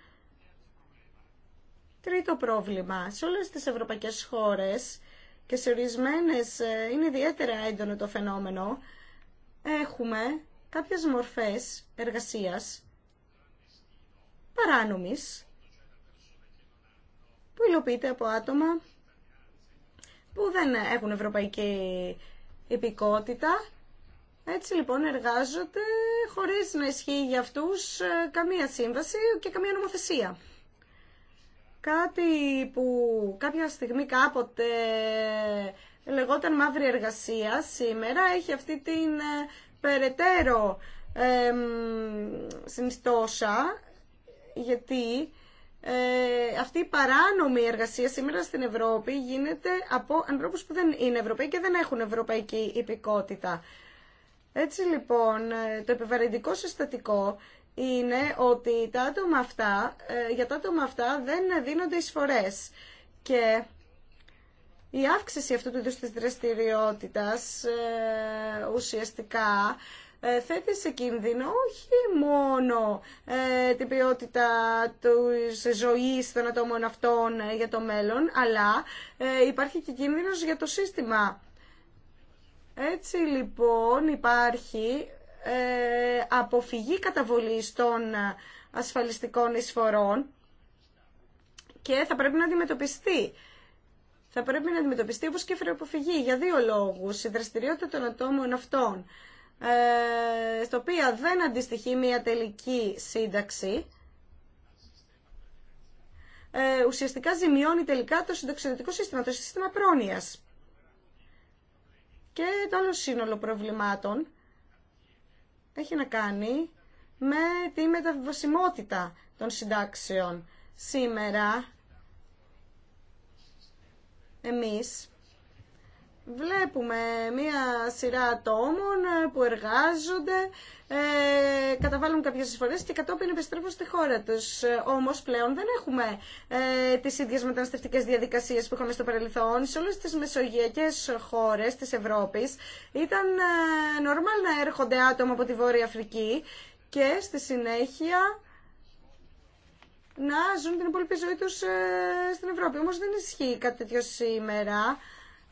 Τρίτο πρόβλημα. Σε όλες τις ευρωπαϊκές χώρες και σε ορισμένε ε, είναι ιδιαίτερα έντονο το φαινόμενο, έχουμε κάποιες μορφές εργασίας παράνομης που υλοποιείται από άτομα που δεν έχουν ευρωπαϊκή υπηκότητα. Έτσι λοιπόν εργάζονται χωρίς να ισχύει για αυτούς ε, καμία σύμβαση και καμία νομοθεσία κάτι που κάποια στιγμή κάποτε λεγόταν μαύρη εργασία, σήμερα έχει αυτή την ε, περαιτέρω ε, συνιστόσα, γιατί ε, αυτή η παράνομη εργασία σήμερα στην Ευρώπη γίνεται από ανθρώπους που δεν είναι Ευρωπαίοι και δεν έχουν ευρωπαϊκή υπηκότητα. Έτσι λοιπόν ε, το επιβαρυντικό συστατικό είναι ότι τα άτομα αυτά, ε, για τα άτομα αυτά δεν δίνονται εισφορές. Και η αύξηση αυτού του είδους της δραστηριότητας ε, ουσιαστικά ε, θέτει σε κίνδυνο όχι μόνο την ποιότητα της ζωής των ατόμων αυτών για το μέλλον, αλλά υπάρχει και κίνδυνος για το σύστημα. Έτσι λοιπόν υπάρχει ε, αποφυγή καταβολής των ασφαλιστικών εισφορών και θα πρέπει να αντιμετωπιστεί. Θα πρέπει να αντιμετωπιστεί όπως και αποφυγή για δύο λόγους. Η δραστηριότητα των ατόμων αυτών, ε, στο οποίο δεν αντιστοιχεί μια τελική σύνταξη, ε, ουσιαστικά ζημιώνει τελικά το συνταξιδετικό σύστημα, το σύστημα πρόνοιας. Και το άλλο σύνολο προβλημάτων έχει να κάνει με τη μεταβιβασιμότητα των συντάξεων. Σήμερα εμείς βλέπουμε μία σειρά ατόμων που εργάζονται, ε, καταβάλουν κάποιες εισφορές και κατόπιν επιστρέφουν στη χώρα τους. Όμως πλέον δεν έχουμε ε, τις ίδιες μεταναστευτικές διαδικασίες που είχαμε στο παρελθόν. Σε όλες τις μεσογειακές χώρες της Ευρώπης ήταν ε, νορμάλ να έρχονται άτομα από τη Βόρεια Αφρική και στη συνέχεια να ζουν την υπόλοιπη ζωή τους ε, στην Ευρώπη. Όμως δεν ισχύει κάτι τέτοιο σήμερα.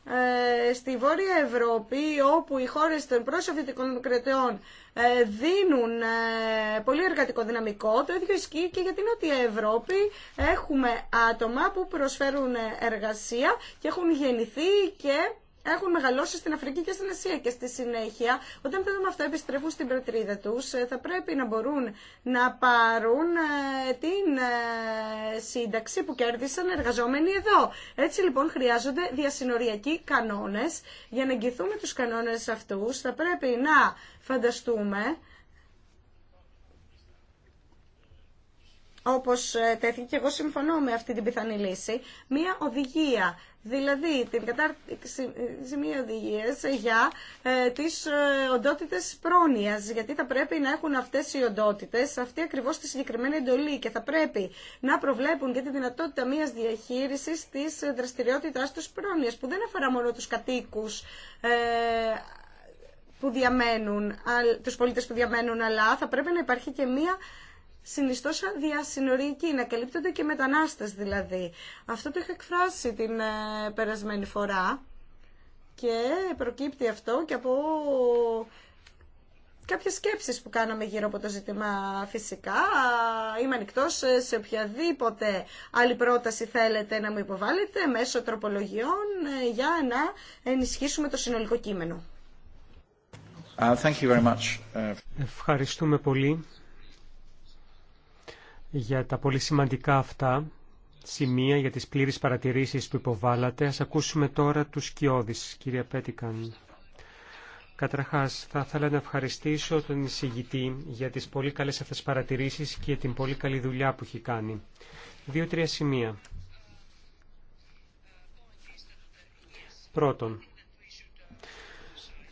Ε, στη Βόρεια Ευρώπη όπου οι χώρες των προσοβητικών κρατεών ε, δίνουν ε, πολύ εργατικό δυναμικό το ίδιο ισχύει και για την Νότια Ευρώπη έχουμε άτομα που προσφέρουν εργασία και έχουν γεννηθεί και έχουν μεγαλώσει στην Αφρική και στην Ασία και στη συνέχεια όταν τα με αυτά επιστρέφουν στην πατρίδα τους ε, θα πρέπει να μπορούν να πάρουν ε, την ε, σύνταξη που κέρδισαν εργαζόμενοι εδώ. Έτσι λοιπόν χρειάζονται διασυνοριακοί κανόνες για να εγγυθούμε τους κανόνες αυτούς θα πρέπει να φανταστούμε όπως ε, τέθηκε και εγώ συμφωνώ με αυτή την πιθανή λύση, μία οδηγία, δηλαδή την κατάρτιση ε, μία οδηγία για ε, τις ε, οντότητες πρόνοιας, γιατί θα πρέπει να έχουν αυτές οι οντότητες, αυτή ακριβώς τη συγκεκριμένη εντολή και θα πρέπει να προβλέπουν και τη δυνατότητα μίας διαχείρισης της δραστηριότητάς τους πρόνοιας, που δεν αφορά μόνο τους κατοίκους, που διαμένουν, τους πολίτες που διαμένουν, αλλά θα πρέπει να υπάρχει και μία συνιστόσα διασυνοριακή, να καλύπτονται και μετανάστες δηλαδή. Αυτό το είχα εκφράσει την ε, περασμένη φορά και προκύπτει αυτό και από κάποιες σκέψεις που κάναμε γύρω από το ζήτημα φυσικά. Είμαι ανοιχτό σε οποιαδήποτε άλλη πρόταση θέλετε να μου υποβάλλετε μέσω τροπολογιών ε, για να ενισχύσουμε το συνολικό κείμενο. Uh, thank you very uh. Ευχαριστούμε πολύ για τα πολύ σημαντικά αυτά σημεία για τις πλήρεις παρατηρήσεις που υποβάλατε. Ας ακούσουμε τώρα τους σκιώδεις, κυρία Πέτικαν. Καταρχάς, θα ήθελα να ευχαριστήσω τον εισηγητή για τις πολύ καλές αυτές παρατηρήσεις και την πολύ καλή δουλειά που έχει κάνει. Δύο-τρία σημεία. Πρώτον,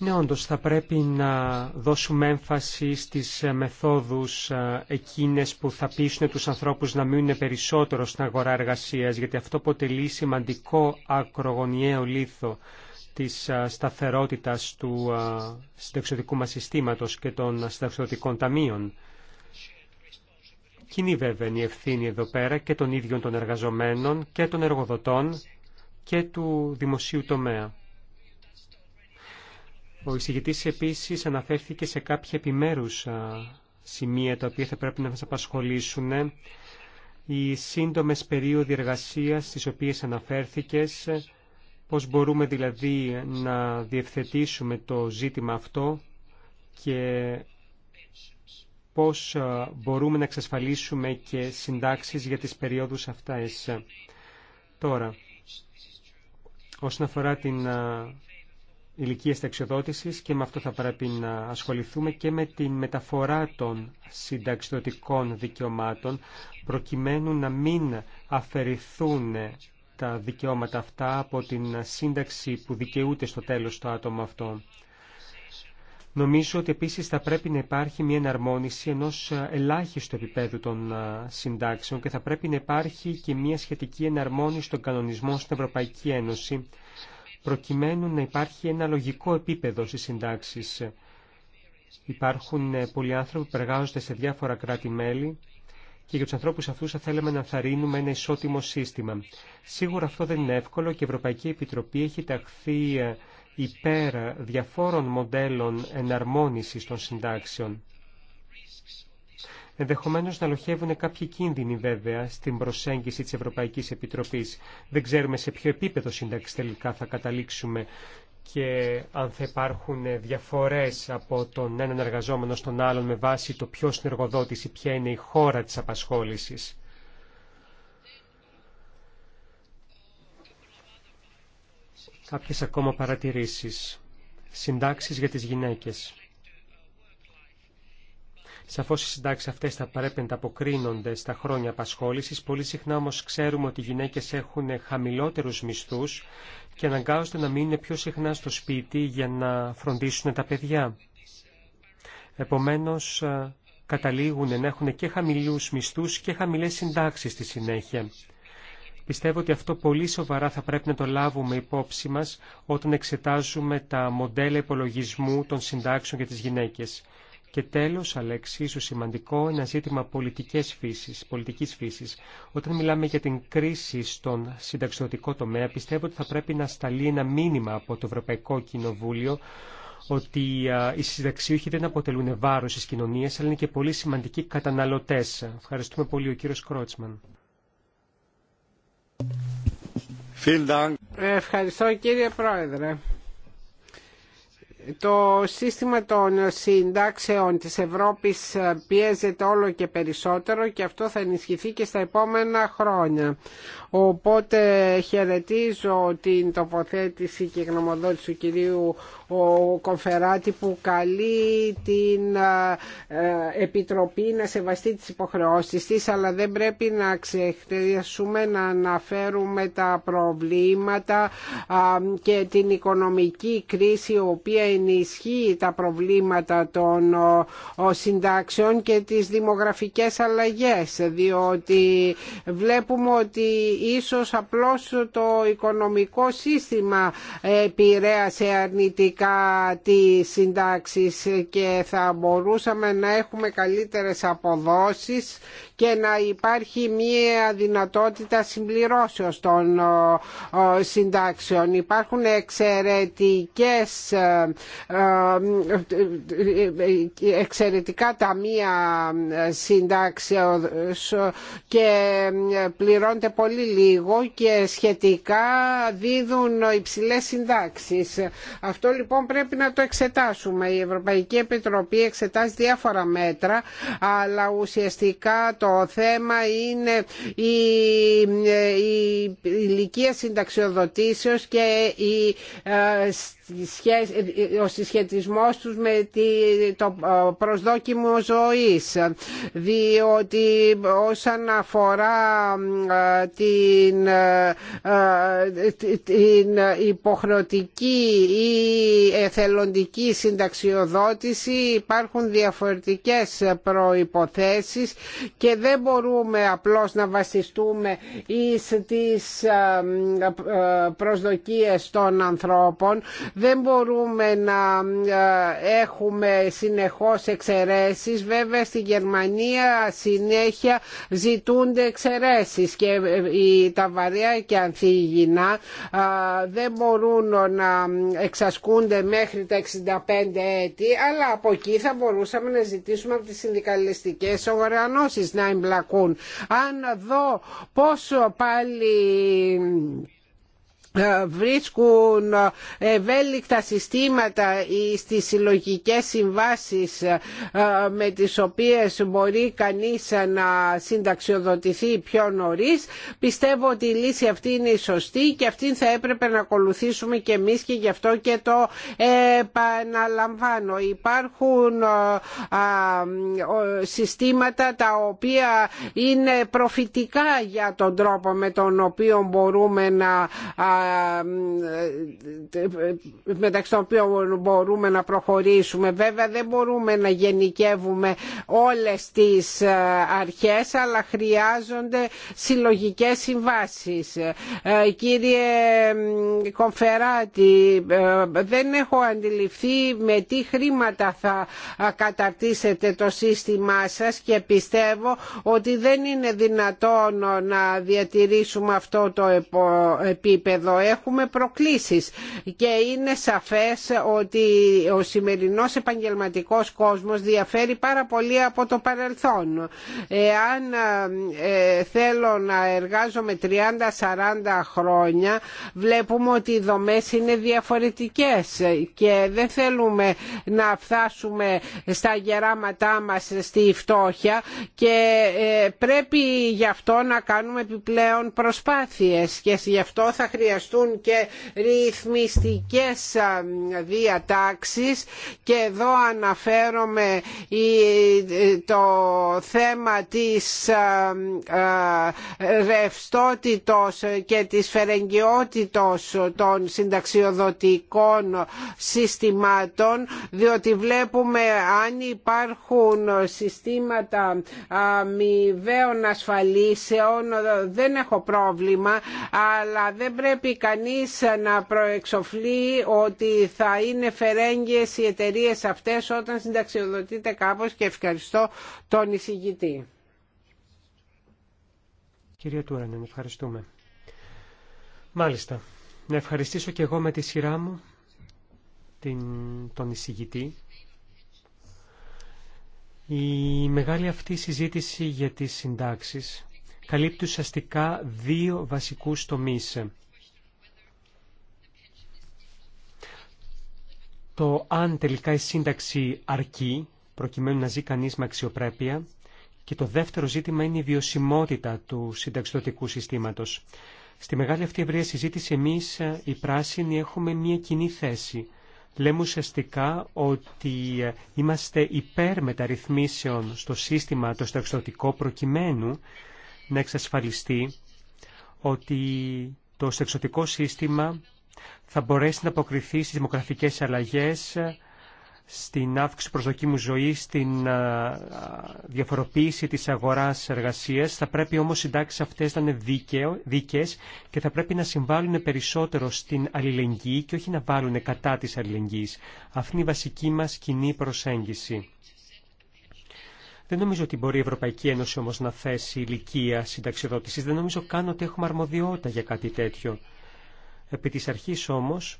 ναι, όντως θα πρέπει να δώσουμε έμφαση στις ε, μεθόδους ε, εκείνες που θα πείσουν τους ανθρώπους να μείνουν περισσότερο στην αγορά εργασίας, γιατί αυτό αποτελεί σημαντικό ακρογωνιαίο λίθο της ε, σταθερότητας του συνταξιωτικού μας συστήματος και των συνταξιωτικών ταμείων. Κοινή βέβαια είναι η ευθύνη εδώ πέρα και των ίδιων των εργαζομένων και των εργοδοτών και του δημοσίου τομέα. Ο εισηγητή επίσης αναφέρθηκε σε κάποια επιμέρους σημεία τα οποία θα πρέπει να μας απασχολήσουν. Οι σύντομε περίοδοι εργασία στι οποίες αναφέρθηκες, πώς μπορούμε δηλαδή να διευθετήσουμε το ζήτημα αυτό και πώς μπορούμε να εξασφαλίσουμε και συντάξεις για τις περιόδους αυτές. Τώρα, όσον αφορά την ηλικία ταξιοδότησης και με αυτό θα πρέπει να ασχοληθούμε και με τη μεταφορά των συνταξιδοτικών δικαιωμάτων προκειμένου να μην αφαιρηθούν τα δικαιώματα αυτά από την σύνταξη που δικαιούται στο τέλος το άτομο αυτό. Νομίζω ότι επίσης θα πρέπει να υπάρχει μια εναρμόνιση ενός ελάχιστου επίπεδου των συντάξεων και θα πρέπει να υπάρχει και μια σχετική εναρμόνιση των κανονισμών στην Ευρωπαϊκή Ένωση προκειμένου να υπάρχει ένα λογικό επίπεδο στις συντάξεις. Υπάρχουν ε, πολλοί άνθρωποι που εργάζονται σε διάφορα κράτη-μέλη και για τους ανθρώπους αυτούς θα θέλαμε να θαρρύνουμε ένα ισότιμο σύστημα. Σίγουρα αυτό δεν είναι εύκολο και η Ευρωπαϊκή Επιτροπή έχει ταχθεί ε, υπέρ διαφόρων μοντέλων εναρμόνισης των συντάξεων. Ενδεχομένως να λοχεύουν κάποιοι κίνδυνοι βέβαια στην προσέγγιση της Ευρωπαϊκής Επιτροπής. Δεν ξέρουμε σε ποιο επίπεδο σύνταξη τελικά θα καταλήξουμε και αν θα υπάρχουν διαφορές από τον έναν εργαζόμενο στον άλλον με βάση το ποιο είναι εργοδότης ή ποια είναι η χώρα της απασχόλησης. Κάποιες ακόμα παρατηρήσεις. Συντάξεις για τις γυναίκες. Σαφώ οι συντάξει αυτέ θα πρέπει να τα αποκρίνονται στα χρόνια απασχόληση. Πολύ συχνά όμω ξέρουμε ότι οι γυναίκε έχουν χαμηλότερου μισθού και αναγκάζονται να μείνουν πιο συχνά στο σπίτι για να φροντίσουν τα παιδιά. Επομένω, καταλήγουν να έχουν και χαμηλού μισθού και χαμηλέ συντάξει στη συνέχεια. Πιστεύω ότι αυτό πολύ σοβαρά θα πρέπει να το λάβουμε υπόψη μας όταν εξετάζουμε τα μοντέλα υπολογισμού των συντάξεων για τις γυναίκες. Και τέλος, Αλέξη, ίσως σημαντικό, ένα ζήτημα πολιτικές φύσης, πολιτικής φύσης. Όταν μιλάμε για την κρίση στον συνταξιδοτικό τομέα, πιστεύω ότι θα πρέπει να σταλεί ένα μήνυμα από το Ευρωπαϊκό Κοινοβούλιο ότι οι συνταξιούχοι δεν αποτελούν βάρος στις κοινωνίες, αλλά είναι και πολύ σημαντικοί καταναλωτές. Ευχαριστούμε πολύ ο κύριος Κρότσμαν. Ευχαριστώ κύριε Πρόεδρε. Το σύστημα των συντάξεων της Ευρώπης πιέζεται όλο και περισσότερο και αυτό θα ενισχυθεί και στα επόμενα χρόνια. Οπότε χαιρετίζω την τοποθέτηση και γνωμοδότηση του κυρίου ο Κοφεράτη που καλεί την ε, Επιτροπή να σεβαστεί τις υποχρεώσεις της αλλά δεν πρέπει να ξεχνήσουμε να αναφέρουμε τα προβλήματα και την οικονομική κρίση η οποία ενισχύει τα προβλήματα των συντάξεων και τις δημογραφικές αλλαγές διότι βλέπουμε ότι ίσως απλώς το οικονομικό σύστημα επηρέασε αρνητικά τη συντάξεις και θα μπορούσαμε να έχουμε καλύτερες αποδόσεις και να υπάρχει μία δυνατότητα συμπληρώσεως των ε, ε, συντάξεων. Υπάρχουν εξαιρετικές, ε, εξαιρετικά ταμεία συντάξεως και πληρώνεται πολύ λίγο και σχετικά δίδουν υψηλές συντάξεις. Αυτό λοιπόν πρέπει να το εξετάσουμε. Η Ευρωπαϊκή Επιτροπή εξετάζει διάφορα μέτρα, αλλά ουσιαστικά το θέμα είναι η, η ηλικία συνταξιοδοτήσεως και η ε, ο συσχετισμός τους με το προσδόκιμο ζωής διότι όσον αφορά την, την υποχρεωτική ή εθελοντική συνταξιοδότηση υπάρχουν διαφορετικές προϋποθέσεις και δεν μπορούμε απλώς να βασιστούμε εις τις προσδοκίες των ανθρώπων δεν μπορούμε να ε, έχουμε συνεχώς εξαιρέσει. Βέβαια στη Γερμανία συνέχεια ζητούνται εξαιρέσει και ε, τα βαρέα και ανθίγυνα ε, δεν μπορούν να εξασκούνται μέχρι τα 65 έτη αλλά από εκεί θα μπορούσαμε να ζητήσουμε από τις συνδικαλιστικές οργανώσεις να εμπλακούν. Αν δω πόσο πάλι ε, βρίσκουν ευέλικτα συστήματα στις συλλογικές συμβάσεις ε, με τις οποίες μπορεί κανείς να συνταξιοδοτηθεί πιο νωρίς πιστεύω ότι η λύση αυτή είναι η σωστή και αυτή θα έπρεπε να ακολουθήσουμε και εμείς και γι' αυτό και το επαναλαμβάνω υπάρχουν ε, συστήματα τα οποία είναι προφητικά για τον τρόπο με τον οποίο μπορούμε να μεταξύ των οποίων μπορούμε να προχωρήσουμε. Βέβαια δεν μπορούμε να γενικεύουμε όλες τις ε, αρχές αλλά χρειάζονται συλλογικές συμβάσεις. Ε, κύριε Κομφεράτη, ε, δεν έχω αντιληφθεί με τι χρήματα θα καταρτήσετε το σύστημά σας και πιστεύω ότι δεν είναι δυνατόν να διατηρήσουμε αυτό το επίπεδο έχουμε προκλήσεις και είναι σαφές ότι ο σημερινός επαγγελματικός κόσμος διαφέρει πάρα πολύ από το παρελθόν. Εάν ε, θέλω να εργάζομαι 30-40 χρόνια βλέπουμε ότι οι δομές είναι διαφορετικές και δεν θέλουμε να φτάσουμε στα γεράματά μας στη φτώχεια και ε, πρέπει γι' αυτό να κάνουμε επιπλέον προσπάθειες και γι' αυτό θα χρειαστούμε χρειαστούν και ρυθμιστικές διατάξεις και εδώ αναφέρομαι το θέμα της ρευστότητος και της φερεγγιότητος των συνταξιοδοτικών συστημάτων διότι βλέπουμε αν υπάρχουν συστήματα αμοιβαίων ασφαλίσεων δεν έχω πρόβλημα αλλά δεν πρέπει πρέπει να προεξοφλεί ότι θα είναι φερέγγιες οι εταιρείε αυτές όταν συνταξιοδοτείται κάπως και ευχαριστώ τον εισηγητή. Κυρία Τούρανεν, ευχαριστούμε. Μάλιστα. Να ευχαριστήσω και εγώ με τη σειρά μου την, τον εισηγητή. Η μεγάλη αυτή συζήτηση για τις συντάξεις καλύπτει ουσιαστικά δύο βασικούς τομείς. το αν τελικά η σύνταξη αρκεί, προκειμένου να ζει κανείς με αξιοπρέπεια, και το δεύτερο ζήτημα είναι η βιωσιμότητα του συνταξιδοτικού συστήματος. Στη μεγάλη αυτή ευρεία συζήτηση εμείς ε, οι πράσινοι έχουμε μία κοινή θέση. Λέμε ουσιαστικά ότι ε, είμαστε υπέρ μεταρρυθμίσεων στο σύστημα το συνταξιδοτικό προκειμένου να εξασφαλιστεί ότι το συνταξιδοτικό σύστημα θα μπορέσει να αποκριθεί στις δημογραφικές αλλαγές, στην αύξηση προσδοκίμου ζωής, στην διαφοροποίηση της αγοράς εργασίας. Θα πρέπει όμως οι συντάξεις αυτές να είναι δίκαιες και θα πρέπει να συμβάλλουν περισσότερο στην αλληλεγγύη και όχι να βάλουν κατά της αλληλεγγύης. Αυτή είναι η βασική μας κοινή προσέγγιση. Δεν νομίζω ότι μπορεί η Ευρωπαϊκή Ένωση όμως να θέσει ηλικία συνταξιοδότησης. Δεν νομίζω καν ότι έχουμε αρμοδιότητα για κάτι τέτοιο. Επί της αρχής όμως,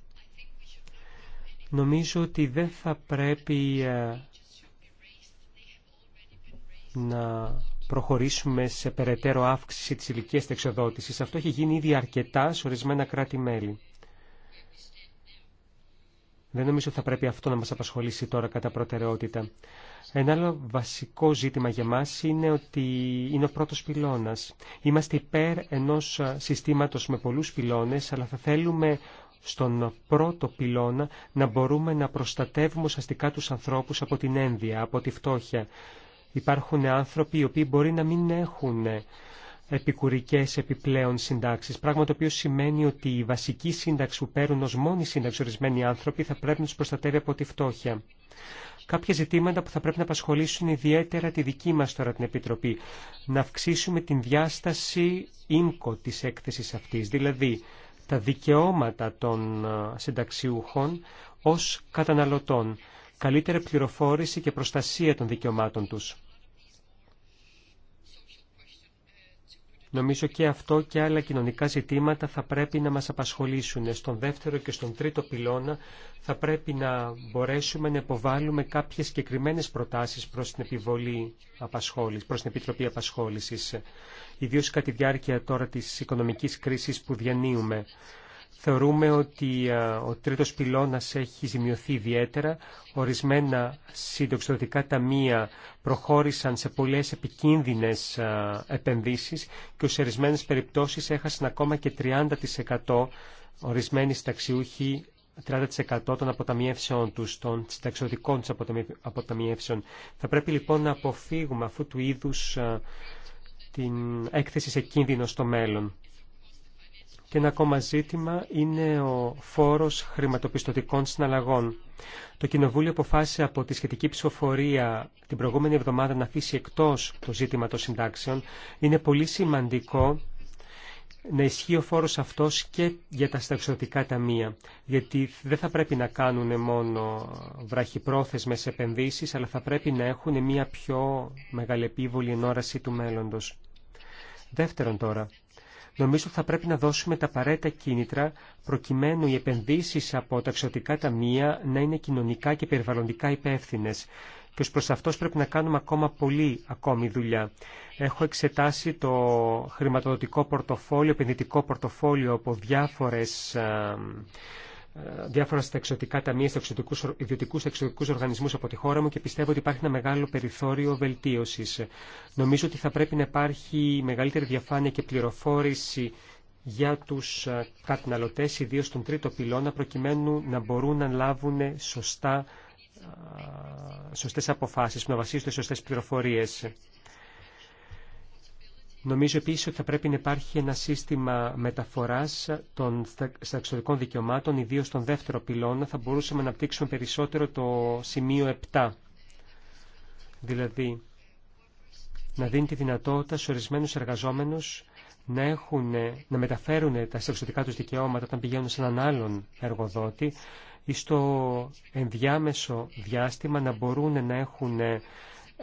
νομίζω ότι δεν θα πρέπει ε, να προχωρήσουμε σε περαιτέρω αύξηση της ηλικίας εξοδότησης. Αυτό έχει γίνει ήδη αρκετά σε ορισμένα κράτη-μέλη. Δεν νομίζω ότι θα πρέπει αυτό να μας απασχολήσει τώρα κατά προτεραιότητα. Ένα άλλο βασικό ζήτημα για μας είναι ότι είναι ο πρώτος πυλώνας. Είμαστε υπέρ ενός συστήματος με πολλούς πυλώνες, αλλά θα θέλουμε στον πρώτο πυλώνα να μπορούμε να προστατεύουμε ουσιαστικά του ανθρώπους από την ένδυα, από τη φτώχεια. Υπάρχουν άνθρωποι οι οποίοι μπορεί να μην έχουν επικουρικές επιπλέον συντάξεις, πράγμα το οποίο σημαίνει ότι η βασική σύνταξη που παίρνουν ως μόνη σύνταξη ορισμένοι άνθρωποι θα πρέπει να τους προστατεύει από τη φτώχεια κάποια ζητήματα που θα πρέπει να απασχολήσουν ιδιαίτερα τη δική μας τώρα την Επιτροπή. Να αυξήσουμε την διάσταση ίνκο της έκθεσης αυτής, δηλαδή τα δικαιώματα των συνταξιούχων ως καταναλωτών, καλύτερη πληροφόρηση και προστασία των δικαιωμάτων τους. Νομίζω και αυτό και άλλα κοινωνικά ζητήματα θα πρέπει να μας απασχολήσουν. Στον δεύτερο και στον τρίτο πυλώνα θα πρέπει να μπορέσουμε να υποβάλουμε κάποιες συγκεκριμένε προτάσεις προς την, επιβολή απασχόλησης, προς την Επιτροπή Απασχόλησης, ιδίως κατά τη διάρκεια τώρα της οικονομικής κρίσης που διανύουμε. Θεωρούμε ότι ε, ο τρίτος πυλώνας έχει ζημιωθεί ιδιαίτερα. Ορισμένα συντοξιδοτικά ταμεία προχώρησαν σε πολλές επικίνδυνες ε, επενδύσεις και σε ορισμένες περιπτώσεις έχασαν ακόμα και 30% ορισμένοι συνταξιούχοι 30% των αποταμιεύσεων τους, των συνταξιδοτικών τους αποταμιεύσεων. Θα πρέπει λοιπόν να αποφύγουμε αυτού του είδους ε, την έκθεση σε κίνδυνο στο μέλλον. Και ένα ακόμα ζήτημα είναι ο φόρος χρηματοπιστωτικών συναλλαγών. Το Κοινοβούλιο αποφάσισε από τη σχετική ψηφοφορία την προηγούμενη εβδομάδα να αφήσει εκτός το ζήτημα των συντάξεων. Είναι πολύ σημαντικό να ισχύει ο φόρος αυτός και για τα συνταξιδοτικά ταμεία, γιατί δεν θα πρέπει να κάνουν μόνο βραχυπρόθεσμες επενδύσεις, αλλά θα πρέπει να έχουν μια πιο μεγαλεπίβολη ενόραση του μέλλοντος. Δεύτερον τώρα, Νομίζω ότι θα πρέπει να δώσουμε τα απαραίτητα κίνητρα προκειμένου οι επενδύσεις από τα εξωτικά ταμεία να είναι κοινωνικά και περιβαλλοντικά υπεύθυνε. Και ως προς αυτός πρέπει να κάνουμε ακόμα πολύ ακόμη δουλειά. Έχω εξετάσει το χρηματοδοτικό πορτοφόλιο, επενδυτικό πορτοφόλιο από διάφορες ε, διάφορα στα εξωτικά ταμεία, ιδιωτικού ιδιωτικούς εξωτικούς οργανισμούς από τη χώρα μου και πιστεύω ότι υπάρχει ένα μεγάλο περιθώριο βελτίωσης. Νομίζω ότι θα πρέπει να υπάρχει μεγαλύτερη διαφάνεια και πληροφόρηση για τους καταναλωτές, ιδίως τον τρίτο πυλώνα, προκειμένου να μπορούν να λάβουν σωστά, σωστές αποφάσεις, να βασίζονται σωστές πληροφορίες. Νομίζω επίσης ότι θα πρέπει να υπάρχει ένα σύστημα μεταφοράς των σταξιδικών δικαιωμάτων, ιδίως στον δεύτερο πυλώνα. Θα μπορούσαμε να απτύξουμε περισσότερο το σημείο 7. Δηλαδή, να δίνει τη δυνατότητα στους ορισμένους εργαζόμενους να, έχουν, να μεταφέρουν τα σταξιδικά τους δικαιώματα όταν πηγαίνουν σε έναν άλλον εργοδότη ή στο ενδιάμεσο διάστημα να μπορούν να έχουν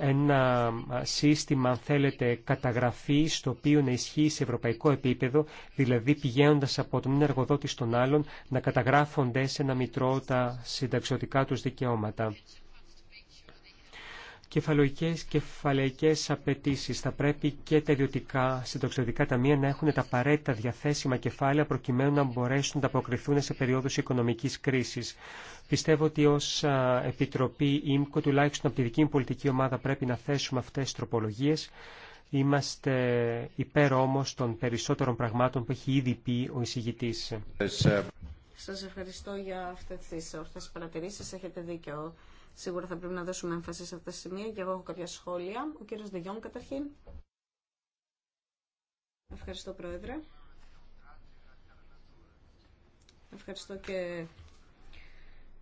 ένα σύστημα, αν θέλετε, καταγραφή το οποίο να ισχύει σε ευρωπαϊκό επίπεδο, δηλαδή πηγαίνοντας από τον εργοδότη στον άλλον να καταγράφονται σε ένα μητρό τα συνταξιωτικά τους δικαιώματα κεφαλαϊκές, κεφαλαϊκές απαιτήσει. Θα πρέπει και τα ιδιωτικά συντοξιδοτικά ταμεία να έχουν τα απαραίτητα διαθέσιμα κεφάλαια προκειμένου να μπορέσουν να αποκριθούν σε περίοδους οικονομικής κρίσης. Πιστεύω ότι ως Επιτροπή ΙΜΚΟ, τουλάχιστον από τη δική μου πολιτική ομάδα, πρέπει να θέσουμε αυτές τις τροπολογίες. Είμαστε υπέρ όμως των περισσότερων πραγμάτων που έχει ήδη πει ο εισηγητής. Σας ευχαριστώ για αυτές τις ορθές παρατηρήσεις. Έχετε δίκιο. Σίγουρα θα πρέπει να δώσουμε έμφαση σε αυτά τα σημεία και εγώ έχω κάποια σχόλια. Ο κύριος Δεγιόν καταρχήν. Ευχαριστώ Πρόεδρε. Ευχαριστώ και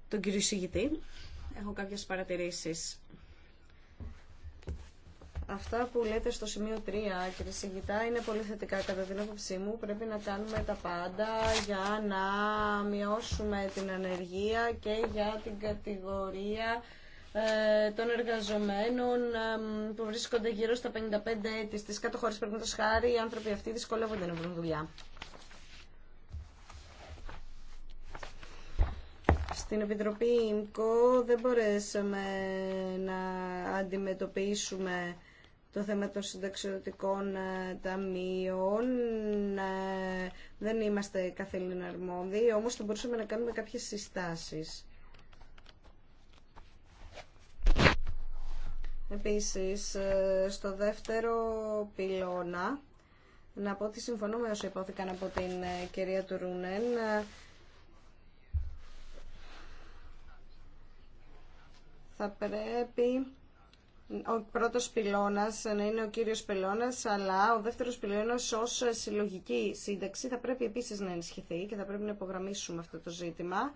τον κύριο Σιγητή. Έχω κάποιες παρατηρήσεις. Αυτά που λέτε στο σημείο 3, κύριε Σιγητά, είναι πολύ θετικά. Κατά την άποψή μου, πρέπει να κάνουμε τα πάντα για να μειώσουμε την ανεργία και για την κατηγορία ε, των εργαζομένων που βρίσκονται γύρω στα 55 έτη Στι κάτω χώρε, πρέπει χάρη οι άνθρωποι αυτοί δυσκολεύονται να βρουν δουλειά. Στην Επιτροπή ΙΜΚΟ δεν μπορέσαμε να αντιμετωπίσουμε το θέμα των συνταξιωτικών ε, ταμείων. Ε, δεν είμαστε καθελήν αρμόδιοι, όμως θα μπορούσαμε να κάνουμε κάποιες συστάσεις. Επίσης, ε, στο δεύτερο πυλώνα, να πω ότι συμφωνώ με όσο υπόθηκαν από την κυρία Τουρούνεν, θα πρέπει ο πρώτος πυλώνας να είναι ο κύριος πυλώνα, αλλά ο δεύτερος πυλώνας ω συλλογική σύνταξη θα πρέπει επίσης να ενισχυθεί και θα πρέπει να υπογραμμίσουμε αυτό το ζήτημα.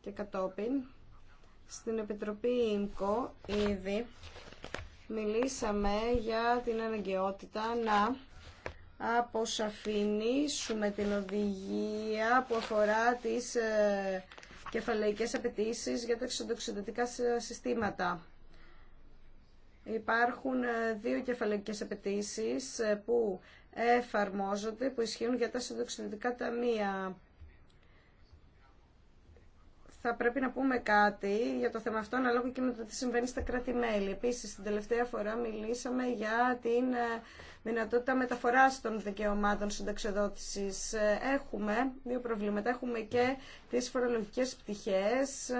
Και κατόπιν, στην Επιτροπή ΙΜΚΟ ήδη μιλήσαμε για την αναγκαιότητα να αποσαφηνίσουμε την οδηγία που αφορά τις ε, κεφαλαϊκές απαιτήσει για τα εξοδοξιδοτικά συστήματα. Υπάρχουν ε, δύο κεφαλαϊκές απαιτήσει ε, που εφαρμόζονται, που ισχύουν για τα εξοδοξιδοτικά ταμεία θα πρέπει να πούμε κάτι για το θέμα αυτό αναλόγω και με το τι συμβαίνει στα κράτη-μέλη. Επίσης, την τελευταία φορά μιλήσαμε για την ε, δυνατότητα μεταφορά των δικαιωμάτων συνταξιοδότησης. Ε, έχουμε δύο προβλήματα. Έχουμε και τις φορολογικές πτυχές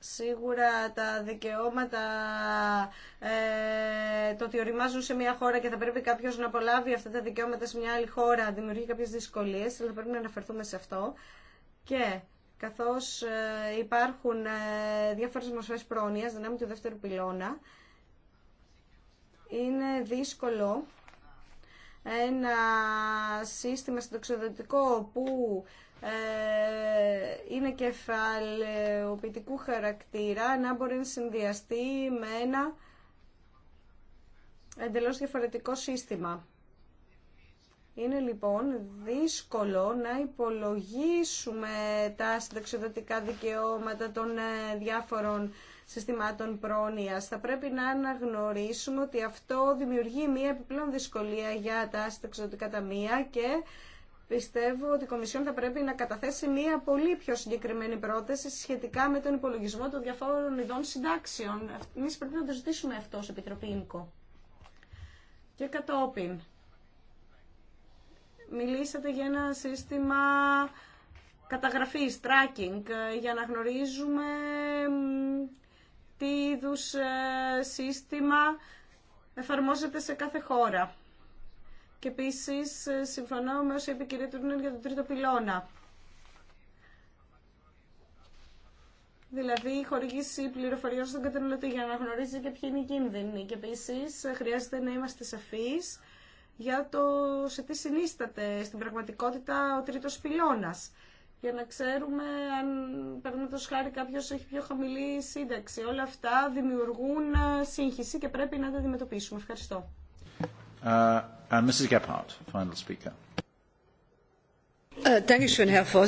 Σίγουρα τα δικαιώματα, ε, το ότι οριμάζουν σε μια χώρα και θα πρέπει κάποιος να απολάβει αυτά τα δικαιώματα σε μια άλλη χώρα δημιουργεί κάποιες δυσκολίες, αλλά θα πρέπει να αναφερθούμε σε αυτό. Και καθώς ε, υπάρχουν ε, διάφορες μορφές πρόνοιας, δυνάμει του δεύτερου πυλώνα, είναι δύσκολο ένα σύστημα συντοξιδοτικό που ε, είναι κεφαλαιοποιητικού χαρακτήρα να μπορεί να συνδυαστεί με ένα εντελώς διαφορετικό σύστημα. Είναι λοιπόν δύσκολο να υπολογίσουμε τα συνταξιδοτικά δικαιώματα των ε, διάφορων συστημάτων πρόνοιας. Θα πρέπει να αναγνωρίσουμε ότι αυτό δημιουργεί μία επιπλέον δυσκολία για τα συνταξιδοτικά ταμεία και πιστεύω ότι η Κομισιόν θα πρέπει να καταθέσει μία πολύ πιο συγκεκριμένη πρόταση σχετικά με τον υπολογισμό των διαφόρων ειδών συντάξεων. Εμεί πρέπει να το ζητήσουμε αυτό σε Επιτροπή ΙΜΚΟ. Και κατόπιν, μιλήσατε για ένα σύστημα καταγραφής, tracking, για να γνωρίζουμε τι είδου ε, σύστημα εφαρμόζεται σε κάθε χώρα. Και επίση ε, συμφωνώ με όσα είπε η κυρία Τουρνέρ για τον τρίτο πυλώνα. Δηλαδή, η χορήγηση πληροφοριών στον καταναλωτή για να γνωρίζει και ποιοι είναι οι κίνδυνοι. Και επίση, ε, χρειάζεται να είμαστε σαφεί για το σε τι συνίσταται στην πραγματικότητα ο τρίτο πυλώνα. Για να ξέρουμε αν, παραδείγματο χάρη, κάποιο έχει πιο χαμηλή σύνταξη. Όλα αυτά δημιουργούν ε, σύγχυση και πρέπει να τα αντιμετωπίσουμε. Ευχαριστώ. Uh, and Mrs. final speaker. Uh,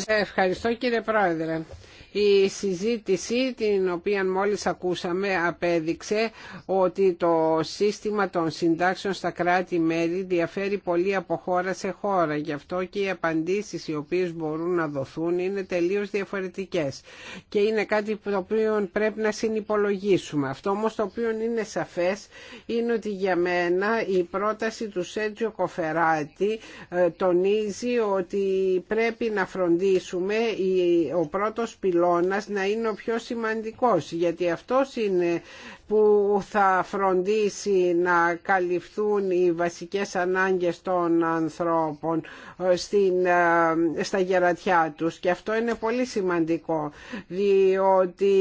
Ευχαριστώ κύριε Πρόεδρε. Η συζήτηση την οποία μόλις ακούσαμε απέδειξε ότι το σύστημα των συντάξεων στα κράτη-μέλη διαφέρει πολύ από χώρα σε χώρα. Γι' αυτό και οι απαντήσεις οι οποίες μπορούν να δοθούν είναι τελείως διαφορετικές. Και είναι κάτι το οποίο πρέπει να συνυπολογίσουμε. Αυτό όμως το οποίο είναι σαφές είναι ότι για μένα η πρόταση του Σέτζιο Κοφεράτη ε, τονίζει ότι πρέπει να φροντίσουμε ο πρώτος πιλότητας να είναι ο πιο σημαντικός γιατί αυτός είναι που θα φροντίσει να καλυφθούν οι βασικές ανάγκες των ανθρώπων ε, στην, ε, στα γερατιά τους. Και αυτό είναι πολύ σημαντικό, διότι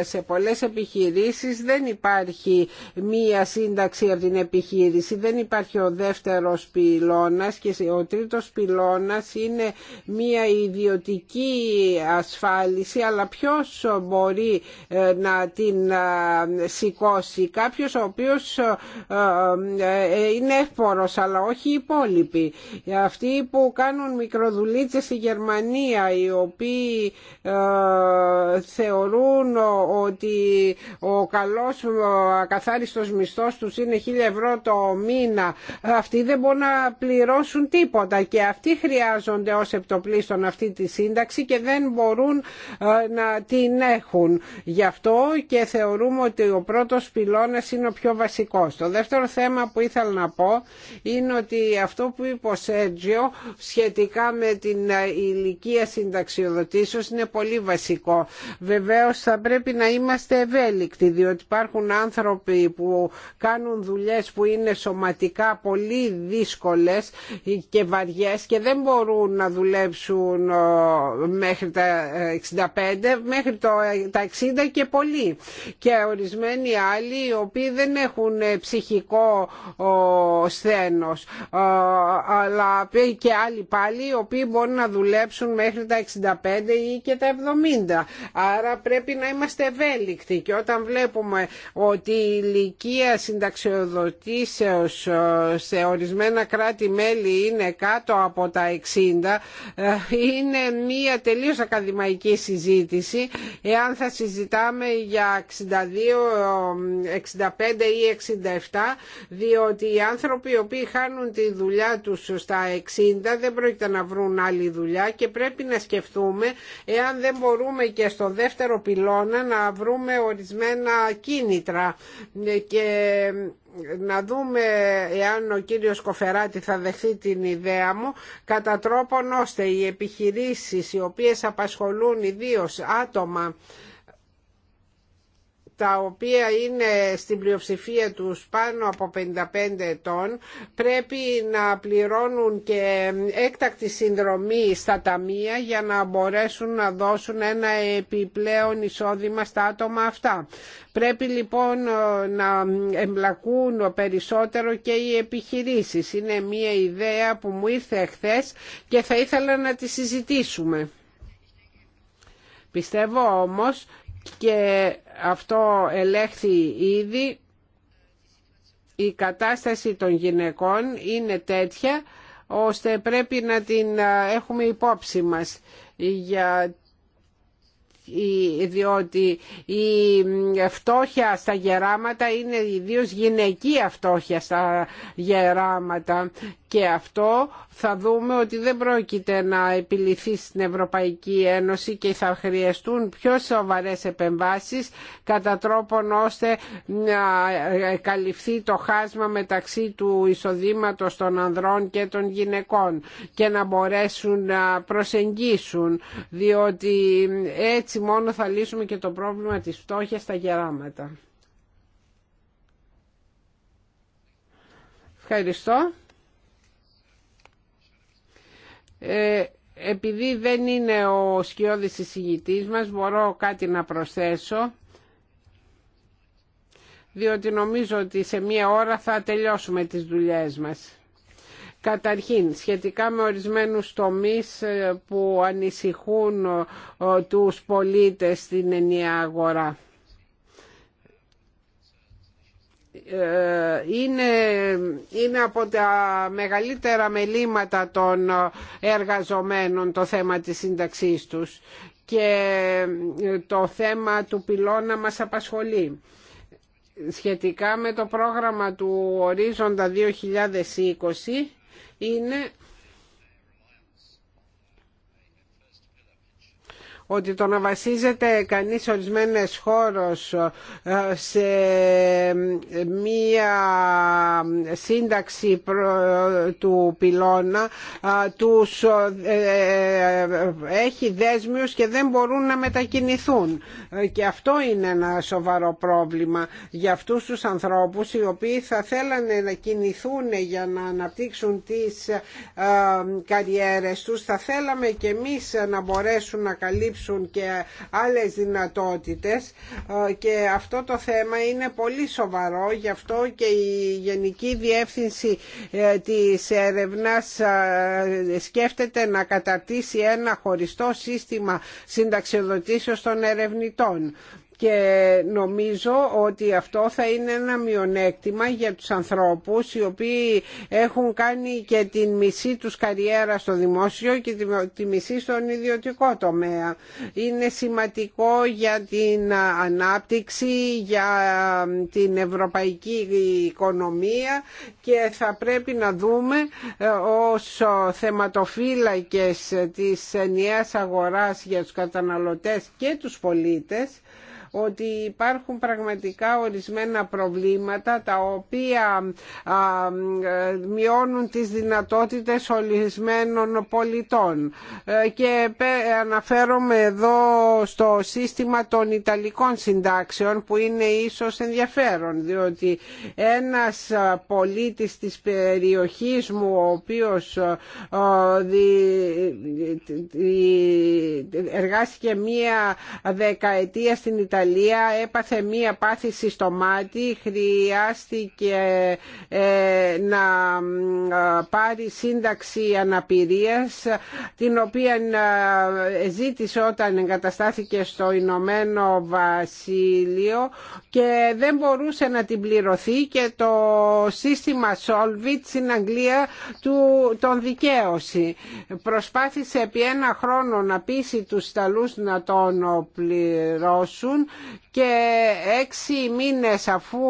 σε πολλές επιχειρήσεις δεν υπάρχει μία σύνταξη από την επιχείρηση, δεν υπάρχει ο δεύτερος πυλώνας και ο τρίτος πυλώνας είναι μία ιδιωτική ασφάλιση, αλλά ποιος μπορεί ε, να την σηκώσει. Κάποιος ο οποίος ε, ε, ε, είναι εύπορος αλλά όχι οι υπόλοιποι. Αυτοί που κάνουν μικροδουλίτσες στη Γερμανία οι οποίοι θεωρούν ότι ο καλός ακαθάριστος μισθός τους είναι 1000 ευρώ το μήνα. Αυτοί δεν μπορούν να πληρώσουν τίποτα και αυτοί χρειάζονται ως επτοπλίστων αυτή τη σύνταξη και δεν μπορούν να την έχουν. Γι' αυτό και θεωρούμε ότι ο πρώτος πυλώνας είναι ο πιο βασικός. Το δεύτερο θέμα που ήθελα να πω είναι ότι αυτό που είπε ο σχετικά με την ηλικία συνταξιοδοτήσεως είναι πολύ βασικό. Βεβαίως θα πρέπει να είμαστε ευέλικτοι διότι υπάρχουν άνθρωποι που κάνουν δουλειές που είναι σωματικά πολύ δύσκολες και βαριές και δεν μπορούν να δουλέψουν ε, μέχρι τα 65, μέχρι ε, τα 60 και πολύ. Και ορισμένοι οι άλλοι οι οποίοι δεν έχουν ε, ψυχικό σθένος ε, αλλά και άλλοι πάλι οι οποίοι μπορούν να δουλέψουν μέχρι τα 65 ή και τα 70 άρα πρέπει να είμαστε ευέλικτοι και όταν βλέπουμε ότι η ηλικία συνταξιοδοτήσεως ε, σε ορισμένα κράτη-μέλη είναι κάτω από τα 60 είναι μια τελείως ακαδημαϊκή συζήτηση εάν θα συζητάμε για 62 65 ή 67 διότι οι άνθρωποι οι οποίοι χάνουν τη δουλειά τους στα 60 δεν πρόκειται να βρουν άλλη δουλειά και πρέπει να σκεφτούμε εάν δεν μπορούμε και στο δεύτερο πυλώνα να βρούμε ορισμένα κίνητρα και να δούμε εάν ο κύριος Κοφεράτη θα δεχθεί την ιδέα μου κατά τρόπον ώστε οι επιχειρήσεις οι οποίες απασχολούν ιδίως άτομα τα οποία είναι στην πλειοψηφία τους πάνω από 55 ετών πρέπει να πληρώνουν και έκτακτη συνδρομή στα ταμεία για να μπορέσουν να δώσουν ένα επιπλέον εισόδημα στα άτομα αυτά. Πρέπει λοιπόν ε, να εμπλακούν περισσότερο και οι επιχειρήσεις. Είναι μια ιδέα που μου ήρθε εχθές και θα ήθελα να τη συζητήσουμε. Πιστεύω όμως και αυτό ελέγχθη ήδη, η κατάσταση των γυναικών είναι τέτοια ώστε πρέπει να την έχουμε υπόψη μας για διότι η φτώχεια στα γεράματα είναι ιδίως γυναικεία φτώχεια στα γεράματα και αυτό θα δούμε ότι δεν πρόκειται να επιληθεί στην Ευρωπαϊκή Ένωση και θα χρειαστούν πιο σοβαρές επεμβάσεις κατά τρόπον ώστε να καλυφθεί το χάσμα μεταξύ του εισοδήματος των ανδρών και των γυναικών και να μπορέσουν να προσεγγίσουν διότι έτσι μόνο θα λύσουμε και το πρόβλημα της φτώχειας στα γεράματα. Ευχαριστώ. Ε, επειδή δεν είναι ο σκιώδης εισηγητής μας μπορώ κάτι να προσθέσω διότι νομίζω ότι σε μία ώρα θα τελειώσουμε τις δουλειές μας. Καταρχήν, σχετικά με ορισμένους τομείς ε, που ανησυχούν ε, τους πολίτες στην ενιαία αγορά. Ε, είναι, είναι από τα μεγαλύτερα μελήματα των εργαζομένων το θέμα της σύνταξής τους και ε, το θέμα του πυλώνα μας απασχολεί. Σχετικά με το πρόγραμμα του Ορίζοντα 2020 είναι ότι το να βασίζεται κανείς ορισμένες χώρος ε, σε μία σύνταξη του πυλώνα ε, τους ε, έχει δέσμιους και δεν μπορούν να μετακινηθούν και αυτό είναι ένα σοβαρό πρόβλημα για αυτούς τους ανθρώπους οι οποίοι θα θέλανε να κινηθούν για να αναπτύξουν τις καριέρες τους θα θέλαμε και εμείς να μπορέσουν να καλύψουν και άλλες δυνατότητες ε, και αυτό το θέμα είναι πολύ σοβαρό γι' αυτό και η Γενική Διεύθυνση ε, της Ερευνάς ε, σκέφτεται να καταρτήσει ένα χωριστό σύστημα συνταξιοδοτήσεως των ερευνητών και νομίζω ότι αυτό θα είναι ένα μειονέκτημα για τους ανθρώπους οι οποίοι έχουν κάνει και την μισή τους καριέρα στο δημόσιο και τη μισή στον ιδιωτικό τομέα. Είναι σημαντικό για την ανάπτυξη, για την ευρωπαϊκή οικονομία και θα πρέπει να δούμε ε, ως θεματοφύλακες της ενιαίας αγοράς για τους καταναλωτές και τους πολίτες ότι υπάρχουν πραγματικά ορισμένα προβλήματα τα οποία μειώνουν τις δυνατότητες ορισμένων πολιτών ε, και αναφέρομαι εδώ στο σύστημα των Ιταλικών συντάξεων που είναι ίσως ενδιαφέρον διότι ένας πολίτης της περιοχής μου ο οποίος εργάστηκε μία δεκαετία στην Ιταλία έπαθε μία πάθηση στο μάτι, χρειάστηκε ε, να πάρει σύνταξη αναπηρίας την οποία ε, ζήτησε όταν εγκαταστάθηκε στο Ηνωμένο Βασίλειο και δεν μπορούσε να την πληρωθεί και το σύστημα Solvit στην Αγγλία του, τον δικαίωση. Προσπάθησε επί ένα χρόνο να πείσει τους Ιταλούς να τον πληρώσουν και έξι μήνες αφού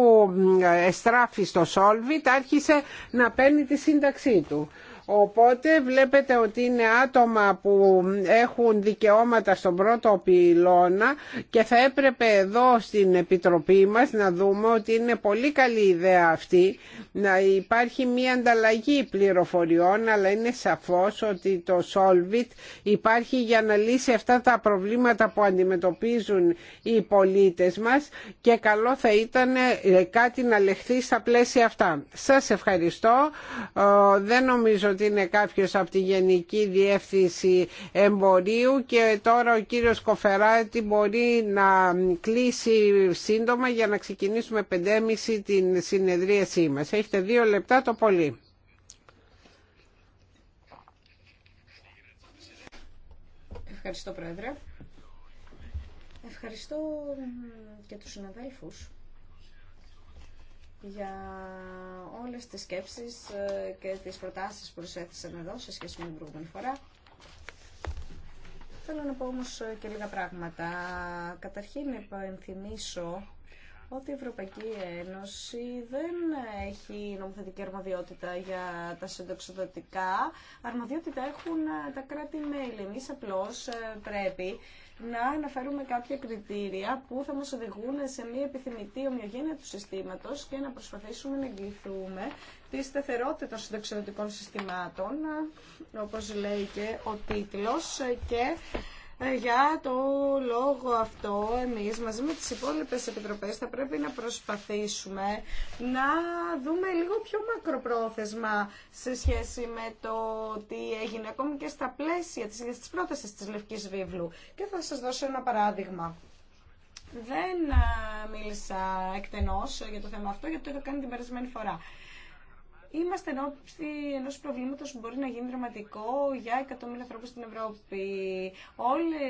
εστράφει στο Σόλβιτ άρχισε να παίρνει τη σύνταξή του. Οπότε βλέπετε ότι είναι άτομα που έχουν δικαιώματα στον πρώτο πυλώνα και θα έπρεπε εδώ στην Επιτροπή μας να δούμε ότι είναι πολύ καλή ιδέα αυτή να υπάρχει μια ανταλλαγή πληροφοριών αλλά είναι σαφώς ότι το Solvit υπάρχει για να λύσει αυτά τα προβλήματα που αντιμετωπίζουν οι πολίτες μας και καλό θα ήταν ε, κάτι να λεχθεί στα πλαίσια αυτά. Σας ευχαριστώ. Ε, δεν νομίζω ότι είναι κάποιος από τη Γενική Διεύθυνση Εμπορίου και τώρα ο κύριος Κοφεράτη μπορεί να κλείσει σύντομα για να ξεκινήσουμε 5.30 την συνεδρίασή μας. Έχετε δύο λεπτά το πολύ. Ευχαριστώ Πρόεδρε. Ευχαριστώ και τους συναδέλφους για όλες τις σκέψεις ε, και τις προτάσεις που προσέθησαν εδώ σε σχέση με την προηγούμενη φορά. Θέλω να πω όμως ε, και λίγα πράγματα. Καταρχήν να υπενθυμίσω ότι η Ευρωπαϊκή Ένωση δεν έχει νομοθετική αρμοδιότητα για τα συνταξιδοτικά. Αρμοδιότητα έχουν ε, τα κράτη-μέλη. Εμείς απλώς πρέπει να αναφέρουμε κάποια κριτήρια που θα μας οδηγούν σε μια επιθυμητή ομοιογένεια του συστήματος και να προσπαθήσουμε να εγγυηθούμε τη σταθερότητα των συνταξιδοτικών συστημάτων, όπως λέει και ο τίτλος, και ε, για το λόγο αυτό εμείς μαζί με τις υπόλοιπες επιτροπές θα πρέπει να προσπαθήσουμε να δούμε λίγο πιο μακροπρόθεσμα σε σχέση με το τι έγινε ακόμη και στα πλαίσια της, της πρότασης της Λευκής Βίβλου. Και θα σας δώσω ένα παράδειγμα. Δεν ε, μίλησα εκτενώς για το θέμα αυτό γιατί το είχα την περασμένη φορά. Είμαστε ενώπιοι ενό προβλήματο που μπορεί να γίνει δραματικό για εκατομμύρια ανθρώπου στην Ευρώπη. Όλε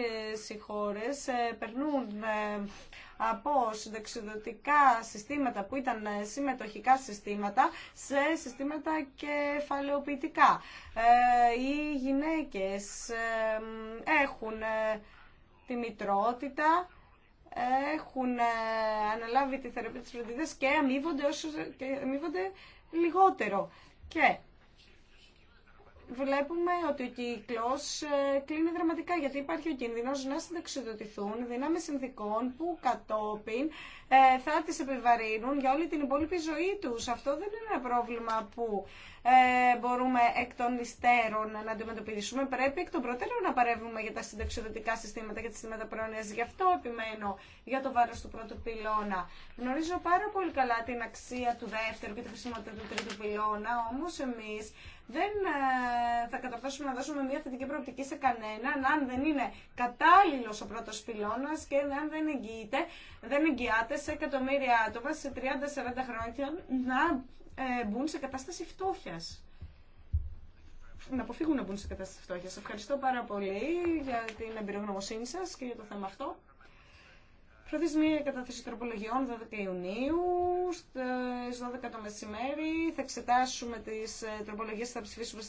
οι χώρε ε, περνούν ε, από συνταξιδοτικά συστήματα που ήταν ε, συμμετοχικά συστήματα σε συστήματα κεφαλαιοποιητικά. Οι γυναίκες έχουν τη μητρότητα, έχουν αναλάβει τη θεραπεία της φροντίδα και αμείβονται, όσο, και αμείβονται λιγότερο. Και βλέπουμε ότι ο κυκλό ε, κλείνει δραματικά γιατί υπάρχει ο κίνδυνο να συνταξιδοτηθούν δυνάμει συνθήκων που κατόπιν ε, θα τι επιβαρύνουν για όλη την υπόλοιπη ζωή του. Αυτό δεν είναι ένα πρόβλημα που ε, μπορούμε εκ των υστέρων να αντιμετωπίσουμε. Πρέπει εκ των προτέρων να παρεύουμε για τα συνταξιδοτικά συστήματα και τα συστήματα Γι' αυτό επιμένω για το βάρο του πρώτου πυλώνα. Γνωρίζω πάρα πολύ καλά την αξία του δεύτερου και τη χρησιμότητα του τρίτου πυλώνα, όμω εμεί δεν ε, θα κατορθώσουμε να δώσουμε μια θετική προοπτική σε κανέναν αν δεν είναι κατάλληλος ο πρώτος πυλώνας και αν δεν εγγυείται, δεν εγγυάται σε εκατομμύρια άτομα σε 30-40 χρόνια να ε, μπουν σε κατάσταση φτώχεια. να αποφύγουν να μπουν σε κατάσταση φτώχεια. Ευχαριστώ πάρα πολύ για την εμπειρογνωμοσύνη σα και για το θέμα αυτό. Προθεσμία κατάθεση τροπολογιών 12 Ιουνίου στι 12 το μεσημέρι. Θα εξετάσουμε τι ε, τροπολογίε, θα ψηφίσουμε